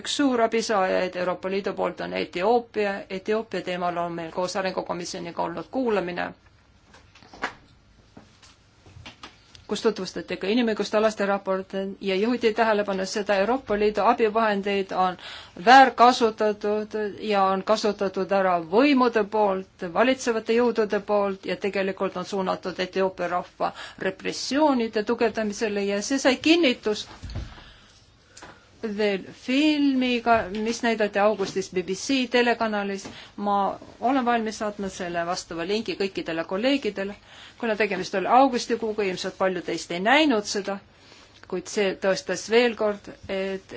üks suur abisaajaid Euroopa Liidu poolt on Etioopia, Etioopia teemal on meil koos Arengukomisjoniga olnud kuulamine kus tutvustati ka inimõiguste alaste raporteid ja juhiti tähelepanu seda, Euroopa Liidu abivahendeid on väärkasutatud ja on kasutatud ära võimude poolt, valitsevate jõudude poolt ja tegelikult on suunatud Etioopia rahva repressioonide tugevdamisele ja see sai kinnitust veel filmiga, mis näidati augustis BBC telekanalis. ma olen valmis saatma selle vastava lingi kõikidele kolleegidele, kuna tegemist oli augustikuuga, ilmselt paljud teist ei näinud seda, kuid see tõestas veel kord, et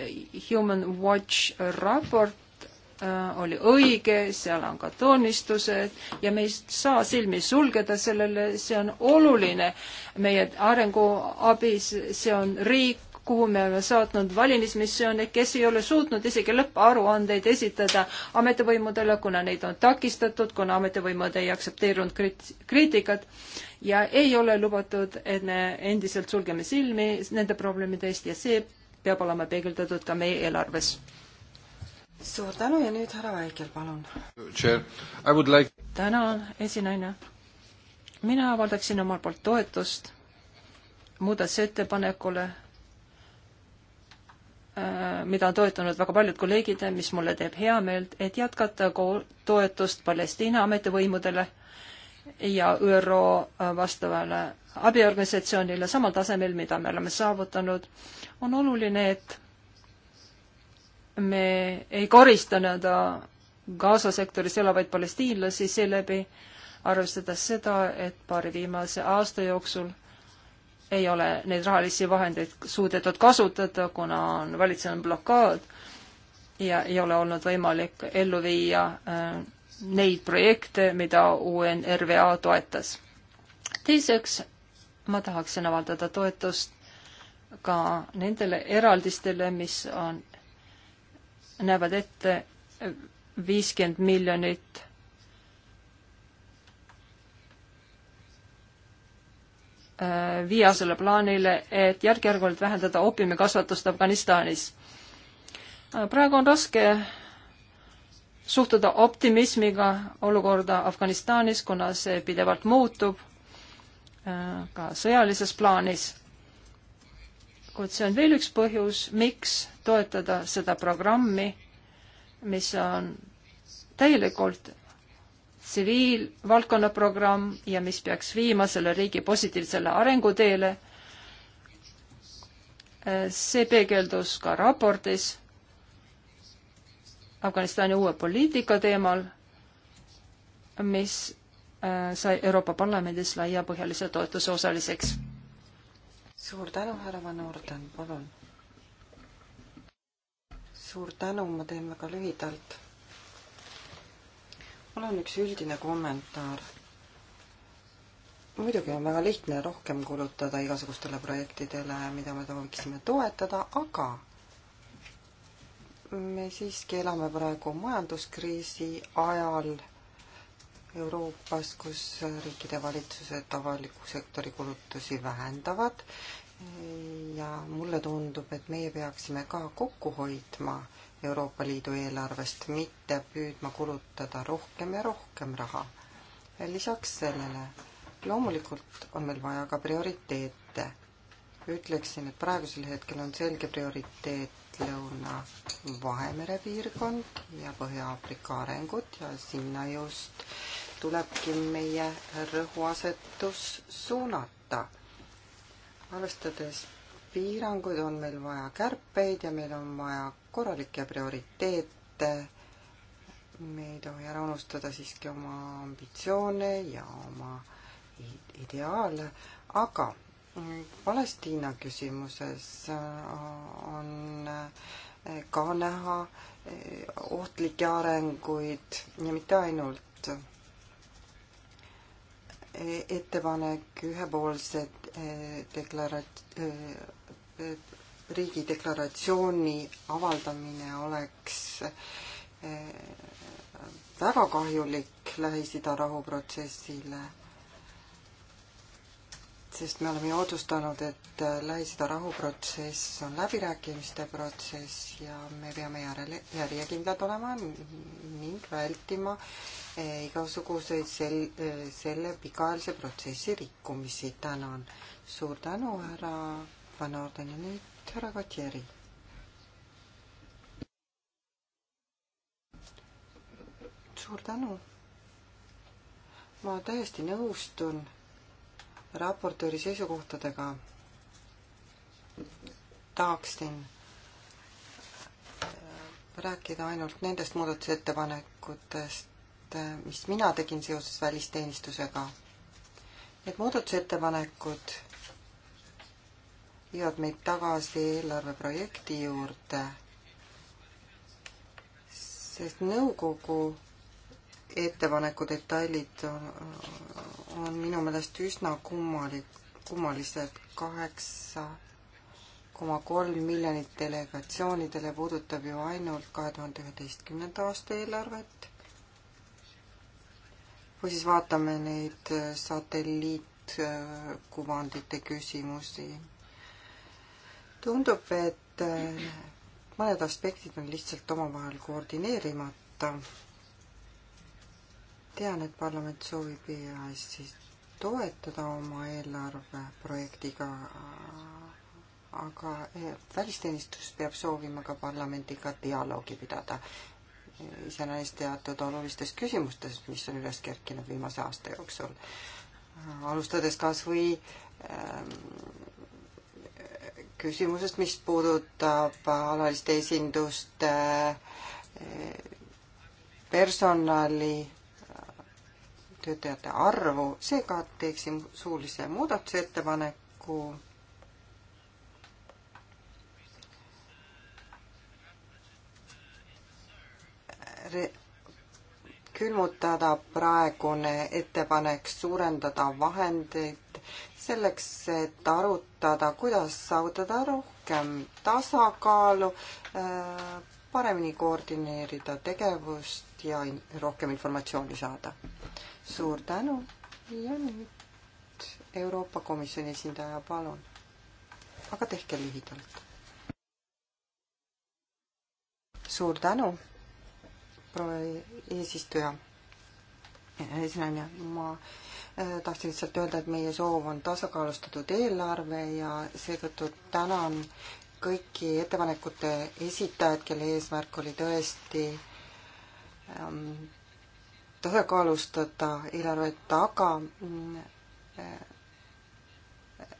Human Watch raport äh, oli õige, seal on ka tunnistused ja me ei saa silmi sulgeda sellele, see on oluline meie arenguabis, see on riik, kuhu me oleme saatnud valimismissioone, kes ei ole suutnud isegi lõpparuandeid esitada ametivõimudele, kuna neid on takistatud, kuna ametivõimud ei aktsepteerunud krit-, kriitikat ja ei ole lubatud, et me endiselt sulgeme silmi nende probleemide eest ja see peab olema peegeldatud ka meie eelarves. suur tänu ja nüüd härra Väikel, palun. Like... tänan, esinaine. mina avaldaksin omalt poolt toetust muudatusettepanekule, Äh, mida on toetanud väga paljud kolleegid, mis mulle teeb heameelt, et jätkata toetust Palestiina ametivõimudele ja ÜRO äh, vastavale abiorganisatsioonile samal tasemel, mida me oleme saavutanud, on oluline, et me ei korista nii-öelda Gaza sektoris elavaid palestiinlasi seeläbi, arvestades seda, et paari viimase aasta jooksul ei ole neid rahalisi vahendeid suudetud kasutada, kuna on valitsenud blokaad ja ei ole olnud võimalik ellu viia äh, neid projekte, mida UNRWA toetas. teiseks ma tahaksin avaldada toetust ka nendele eraldistele, mis on, näevad ette viiskümmend miljonit Äh, viia selle plaanile, et järk-järgult vähendada oopiumikasvatust Afganistanis. Äh, praegu on raske suhtuda optimismiga olukorda Afganistanis, kuna see pidevalt muutub äh, ka sõjalises plaanis. kuid see on veel üks põhjus, miks toetada seda programmi, mis on täielikult tsiviilvaldkonna programm ja mis peaks viima selle riigi positiivsele arenguteele. see peegeldus ka raportis Afganistani uue poliitika teemal, mis äh, sai Euroopa Parlamendis laiapõhjalise toetuse osaliseks. suur tänu, härra Van Orden, palun. suur tänu, ma teen väga lühidalt mul on üks üldine kommentaar. muidugi on väga lihtne rohkem kulutada igasugustele projektidele, mida me tahaksime toetada, aga me siiski elame praegu majanduskriisi ajal Euroopas, kus riikide valitsused avaliku sektori kulutusi vähendavad ja mulle tundub, et meie peaksime ka kokku hoidma Euroopa Liidu eelarvest, mitte püüdma kulutada rohkem ja rohkem raha. lisaks sellele loomulikult on meil vaja ka prioriteete. ütleksin, et praegusel hetkel on selge prioriteet Lõuna-Vahemere piirkond ja Põhja-Aafrika arengud ja sinna just tulebki meie rõhuasetus suunata. arvestades piiranguid, on meil vaja kärpeid ja meil on vaja korralikke prioriteete, me ei tohi ära unustada siiski oma ambitsioone ja oma ideaale, aga Palestiina küsimuses on ka näha ohtlikke arenguid ja mitte ainult ettepanek ühepoolsed eh, deklarat-, eh, riigideklaratsiooni avaldamine oleks eh, väga kahjulik Lähis-Ida rahuprotsessile, sest me oleme ju otsustanud, et eh, Lähis-Ida rahuprotsess on läbirääkimiste protsess ja me peame järele, järjekindlad olema ning vältima eh, igasuguseid sel-, selle pikaajalise protsessi rikkumisi. tänan. suur tänu, härra Van Ordeni, nüüd härra Gautieri. suur tänu. ma täiesti nõustun raportööri seisukohtadega. tahaksin äh, rääkida ainult nendest muudatusettepanekutest, äh, mis mina tegin seoses välisteenistusega. Need muudatusettepanekud viivad meid tagasi eelarve projekti juurde, sest nõukogu ettepaneku detailid on, on minu meelest üsna kummalik, kummalised, kaheksa koma kolm miljonit delegatsioonidele puudutab ju ainult kahe tuhande üheteistkümnenda aasta eelarvet. või siis vaatame neid satelliitkuvandite küsimusi tundub, et äh, mõned aspektid on lihtsalt omavahel koordineerimata. tean, et parlament soovib EAS-i toetada oma eelarveprojektiga, aga äh, välisteenistus peab soovima ka parlamendiga dialoogi pidada iseenesest teatud olulistes küsimustes, mis on üles kerkinud viimase aasta jooksul. Äh, alustades kas või ähm, küsimusest, mis puudutab alaliste esinduste eh, personali töötajate arvu, seega teeksin suulise muudatusettepaneku. Re-, külmutada praegune ettepanek suurendada vahendeid selleks, et arutada, kuidas saavutada rohkem tasakaalu, paremini koordineerida tegevust ja rohkem informatsiooni saada. suur tänu ja nüüd Euroopa Komisjoni esindaja, palun. aga tehke lühidalt. suur tänu, proua eesistuja, esinaine, ma äh, Äh, tahtsin lihtsalt öelda, et meie soov on tasakaalustatud eelarve ja seetõttu tänan kõiki ettepanekute esitajaid, kelle eesmärk oli tõesti ähm, tasakaalustada eelarvet, aga mm, äh,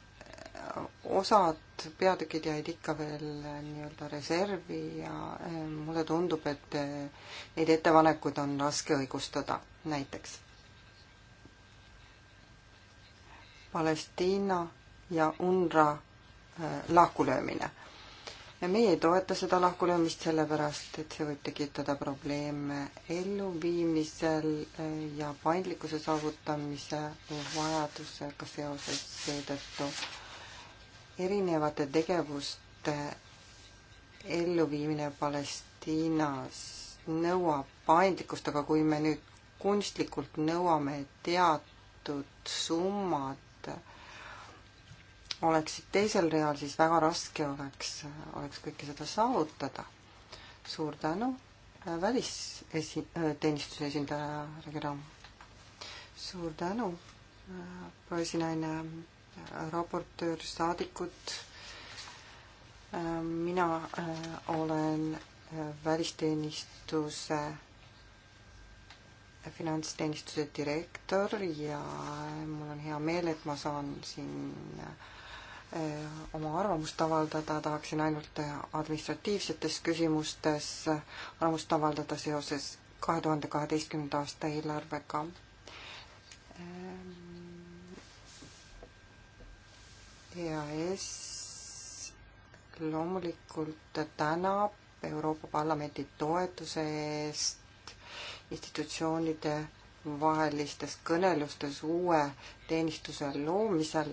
osad peatükid jäid ikka veel äh, nii-öelda reservi ja äh, mulle tundub, et neid ettepanekuid on raske õigustada, näiteks Palestiina ja UNRWA eh, lahkulöömine. meie ei toeta seda lahkulöömist sellepärast, et see võib tekitada probleeme elluviimisel eh, ja paindlikkuse saavutamise vajadusega seoses seetõttu erinevate tegevuste elluviimine Palestiinas nõuab paindlikkust, aga kui me nüüd kunstlikult nõuame teatud summad oleksid teisel real, siis väga raske oleks, oleks kõike seda saavutada. suur tänu, äh, välisi-, äh, teenistuse esindaja Regi Ramm. suur tänu, poisinaine, äh, raportöör, saadikud. mina olen välisteenistuse finantsteenistuse direktor ja mul on hea meel, et ma saan siin eh, oma arvamust avaldada, tahaksin ainult administratiivsetes küsimustes arvamust avaldada seoses kahe tuhande kaheteistkümnenda aasta eelarvega. EAS eh, e loomulikult tänab Euroopa Parlamendi toetuse eest institutsioonide vahelistes kõnelustes uue teenistuse loomisel.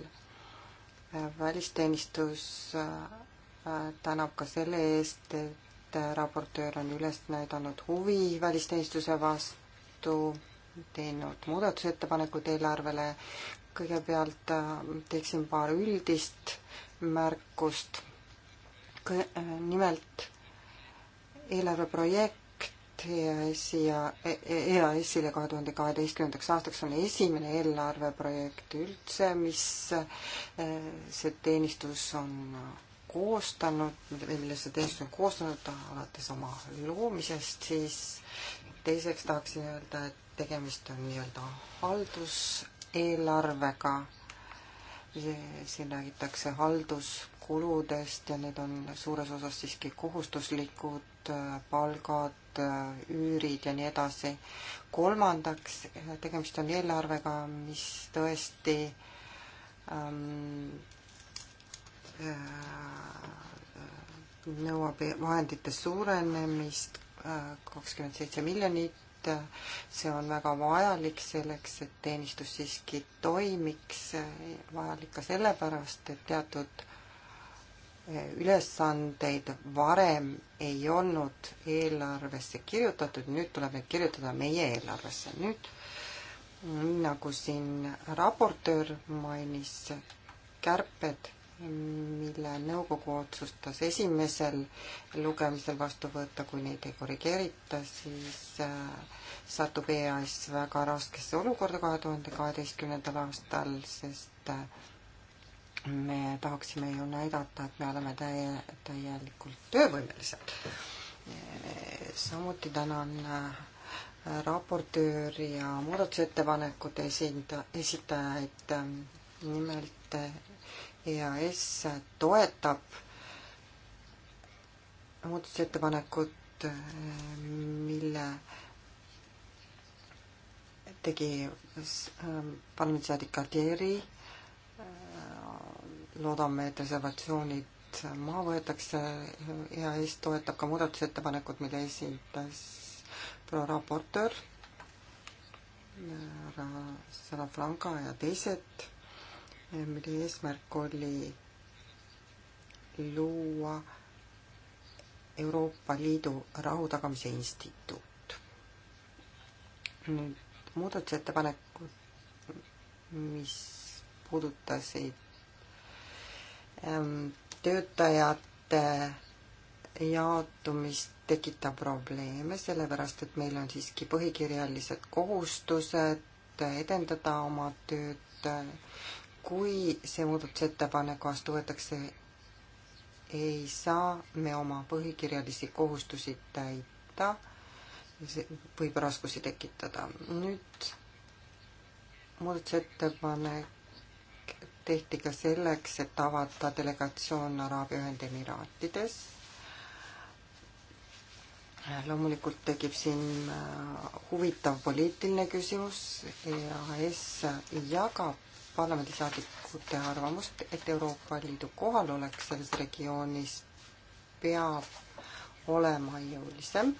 Äh, välisteenistus äh, tänab ka selle eest, et raportöör on üles näidanud huvi välisteenistuse vastu, teinud muudatusettepanekud eelarvele. kõigepealt äh, teeksin paar üldist märkust. nimelt eelarveprojekt et EAS-i ja EAS-ile e kahe tuhande kaheteistkümnendaks aastaks on esimene eelarveprojekt üldse, mis äh, see teenistus on koostanud, mille see teenistus on koostanud alates oma loomisest, siis teiseks tahaksin öelda, et tegemist on nii-öelda halduseelarvega. siin räägitakse haldus kuludest ja need on suures osas siiski kohustuslikud, palgad, üürid ja nii edasi. kolmandaks, tegemist on eelarvega, mis tõesti ähm, äh, nõuab vahendite suurenemist äh, kakskümmend seitse miljonit, see on väga vajalik selleks, et teenistus siiski toimiks, vajalik ka sellepärast, et teatud ülesandeid varem ei olnud eelarvesse kirjutatud, nüüd tuleb need kirjutada meie eelarvesse. nüüd, nagu siin raportöör mainis, kärped, mille nõukogu otsustas esimesel lugemisel vastu võtta, kui neid ei korrigeerita, siis äh, satub EAS väga raskesse olukorda kahe tuhande kaheteistkümnendal aastal, sest äh, me tahaksime ju näidata, et me oleme täie, täielikult töövõimelised. samuti tänan äh, raportööri ja muudatusettepanekute esinda-, esitajaid, nimelt äh, EAS toetab muudatusettepanekut, äh, mille tegi parlamendisaadik Kadri loodame, et reservatsioonid maha võetakse ja EAS toetab ka muudatusettepanekut, mille esitas proraportöör härra Salafranca ja teised, mille eesmärk oli luua Euroopa Liidu rahutagamise instituut. nüüd muudatusettepanekud, mis puudutasid Ehm, töötajate jaotumist tekitab probleeme, sellepärast et meil on siiski põhikirjalised kohustused edendada oma tööd. kui see muudatusettepanek vastu võetakse, ei saa me oma põhikirjalisi kohustusi täita, võib raskusi tekitada. nüüd muudatusettepanek tehti ka selleks, et avada delegatsioon Araabia Ühendemiraatides. loomulikult tekib siin äh, huvitav poliitiline küsimus, EAS jagab parlamendisaadikute arvamust, et Euroopa Liidu kohalolek selles regioonis peab olema jõulisem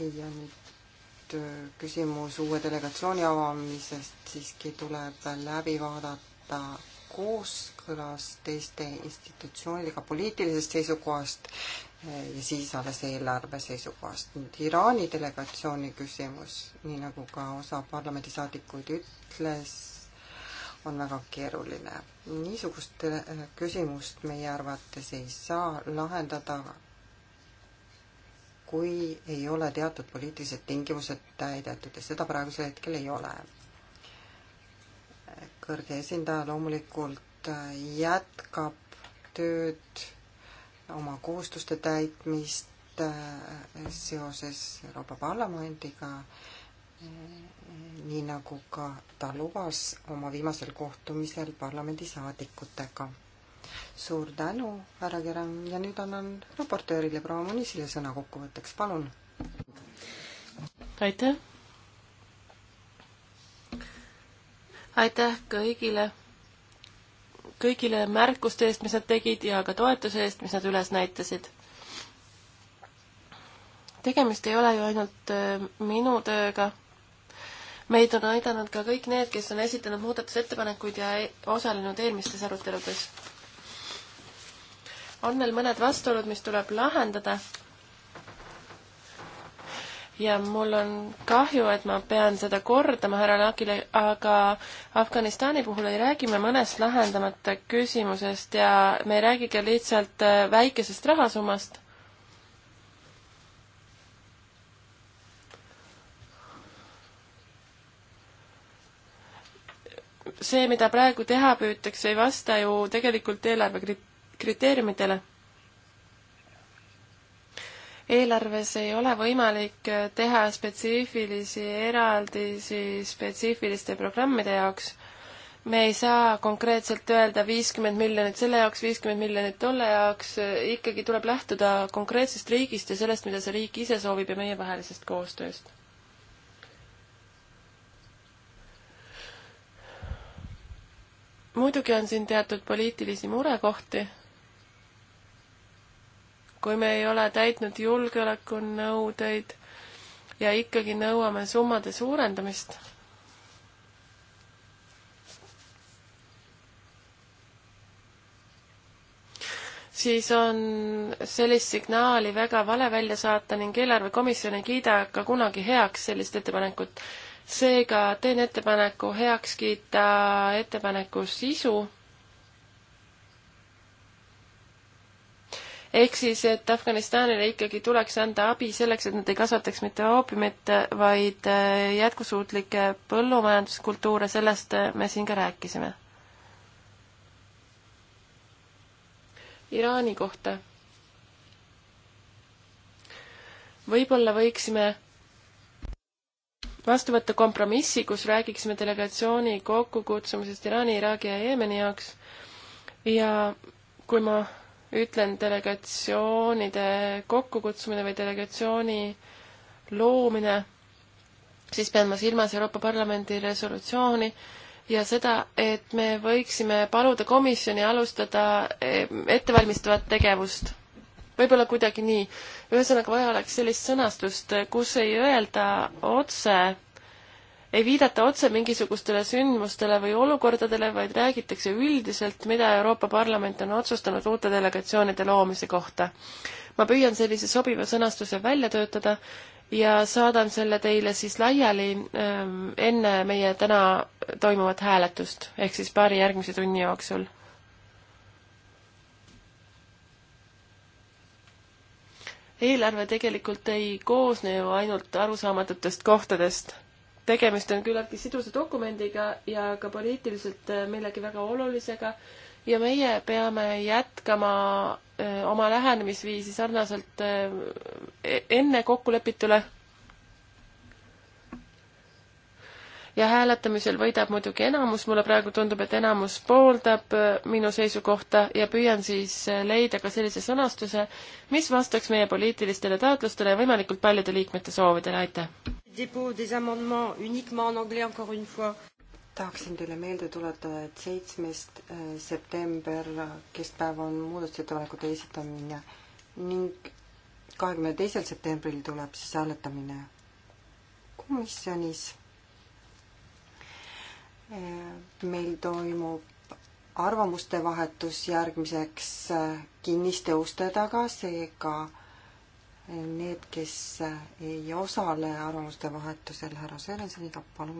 ja nüüd äh, küsimus uue delegatsiooni avamisest siiski tuleb läbi vaadata kooskõlas teiste institutsioonidega poliitilisest seisukohast eh, ja siis alles eelarve seisukohast. nüüd Iraani delegatsiooni küsimus, nii nagu ka osa parlamendisaadikuid ütles, on väga keeruline. niisugust eh, küsimust meie arvates ei saa lahendada, kui ei ole teatud poliitilised tingimused täidetud ja seda praegusel hetkel ei ole kõrge esindaja loomulikult äh, jätkab tööd, oma kohustuste täitmist äh, seoses Euroopa Parlamendiga, äh, nii nagu ka ta lubas oma viimasel kohtumisel parlamendisaadikutega. suur tänu, härra Kerem, ja nüüd annan raportöörile proua Munisile sõna kokkuvõtteks, palun. aitäh aitäh kõigile, kõigile märkuste eest, mis nad tegid ja ka toetuse eest, mis nad üles näitasid. tegemist ei ole ju ainult äh, minu tööga. meid on aidanud ka kõik need, kes on esitanud muudatusettepanekuid ja e-, osalenud eelmistes aruteludes. on veel mõned vastuolud, mis tuleb lahendada ja mul on kahju, et ma pean seda kordama härra Laakile, aga Afganistani puhul ei räägi me mõnest lahendamata küsimusest ja me ei räägi ka lihtsalt äh, väikesest rahasummast. see, mida praegu teha püütakse, ei vasta ju tegelikult eelarve kriteeriumitele eelarves ei ole võimalik teha spetsiifilisi eraldisi spetsiifiliste programmide jaoks. me ei saa konkreetselt öelda viiskümmend miljonit selle jaoks, viiskümmend miljonit tolle jaoks, ikkagi tuleb lähtuda konkreetsest riigist ja sellest, mida see riik ise soovib ja meievahelisest koostööst. muidugi on siin teatud poliitilisi murekohti kui me ei ole täitnud julgeolekunõudeid ja ikkagi nõuame summade suurendamist. siis on sellist signaali väga vale välja saata ning eelarvekomisjon ei kiida ka kunagi heaks sellist ettepanekut. seega teen ettepaneku heaks kiita ettepaneku sisu ehk siis, et Afganistanile ikkagi tuleks anda abi selleks, et nad ei kasvataks mitte oopiumit, vaid äh, jätkusuutlikke põllumajanduskultuure, sellest äh, me siin ka rääkisime. Iraani kohta. võib-olla võiksime vastu võtta kompromissi, kus räägiksime delegatsiooni kokkukutsumisest Iraani, Iraagi ja Jeemeni jaoks ja kui ma ütlen delegatsioonide kokkukutsumine või delegatsiooni loomine, siis pean ma silmas Euroopa Parlamendi resolutsiooni ja seda, et me võiksime paluda komisjoni alustada eh, ettevalmistavat tegevust. võib-olla kuidagi nii. ühesõnaga, vaja oleks sellist sõnastust, kus ei öelda otse, ei viidata otse mingisugustele sündmustele või olukordadele, vaid räägitakse üldiselt, mida Euroopa Parlament on otsustanud uute delegatsioonide loomise kohta. ma püüan sellise sobiva sõnastuse välja töötada ja saadan selle teile siis laiali ähm, enne meie täna toimuvat hääletust, ehk siis paari järgmise tunni jooksul eelarve tegelikult ei koosne ju ainult arusaamatutest kohtadest tegemist on küllaltki sidusa dokumendiga ja ka poliitiliselt äh, millegi väga olulisega ja meie peame jätkama äh, oma lähenemisviisi sarnaselt äh, e-, enne kokkulepitule. ja hääletamisel võidab muidugi enamus, mulle praegu tundub, et enamus pooldab minu seisukohta ja püüan siis leida ka sellise sõnastuse, mis vastaks meie poliitilistele taotlustele ja võimalikult paljude liikmete soovidele, aitäh! dépôt des amendements uniquement en anglais encore une fois. tahaksin teile meelde tuletada, et seitsmest äh, september keskpäev on muudatusettepanekute esitamine ning kahekümne teisel septembril tuleb siis hääletamine komisjonis. Äh, meil toimub arvamuste vahetus järgmiseks äh, kinniste uste taga, seega ka need, kes ei osale arvamuste vahetusel härra Sörenseniga, palun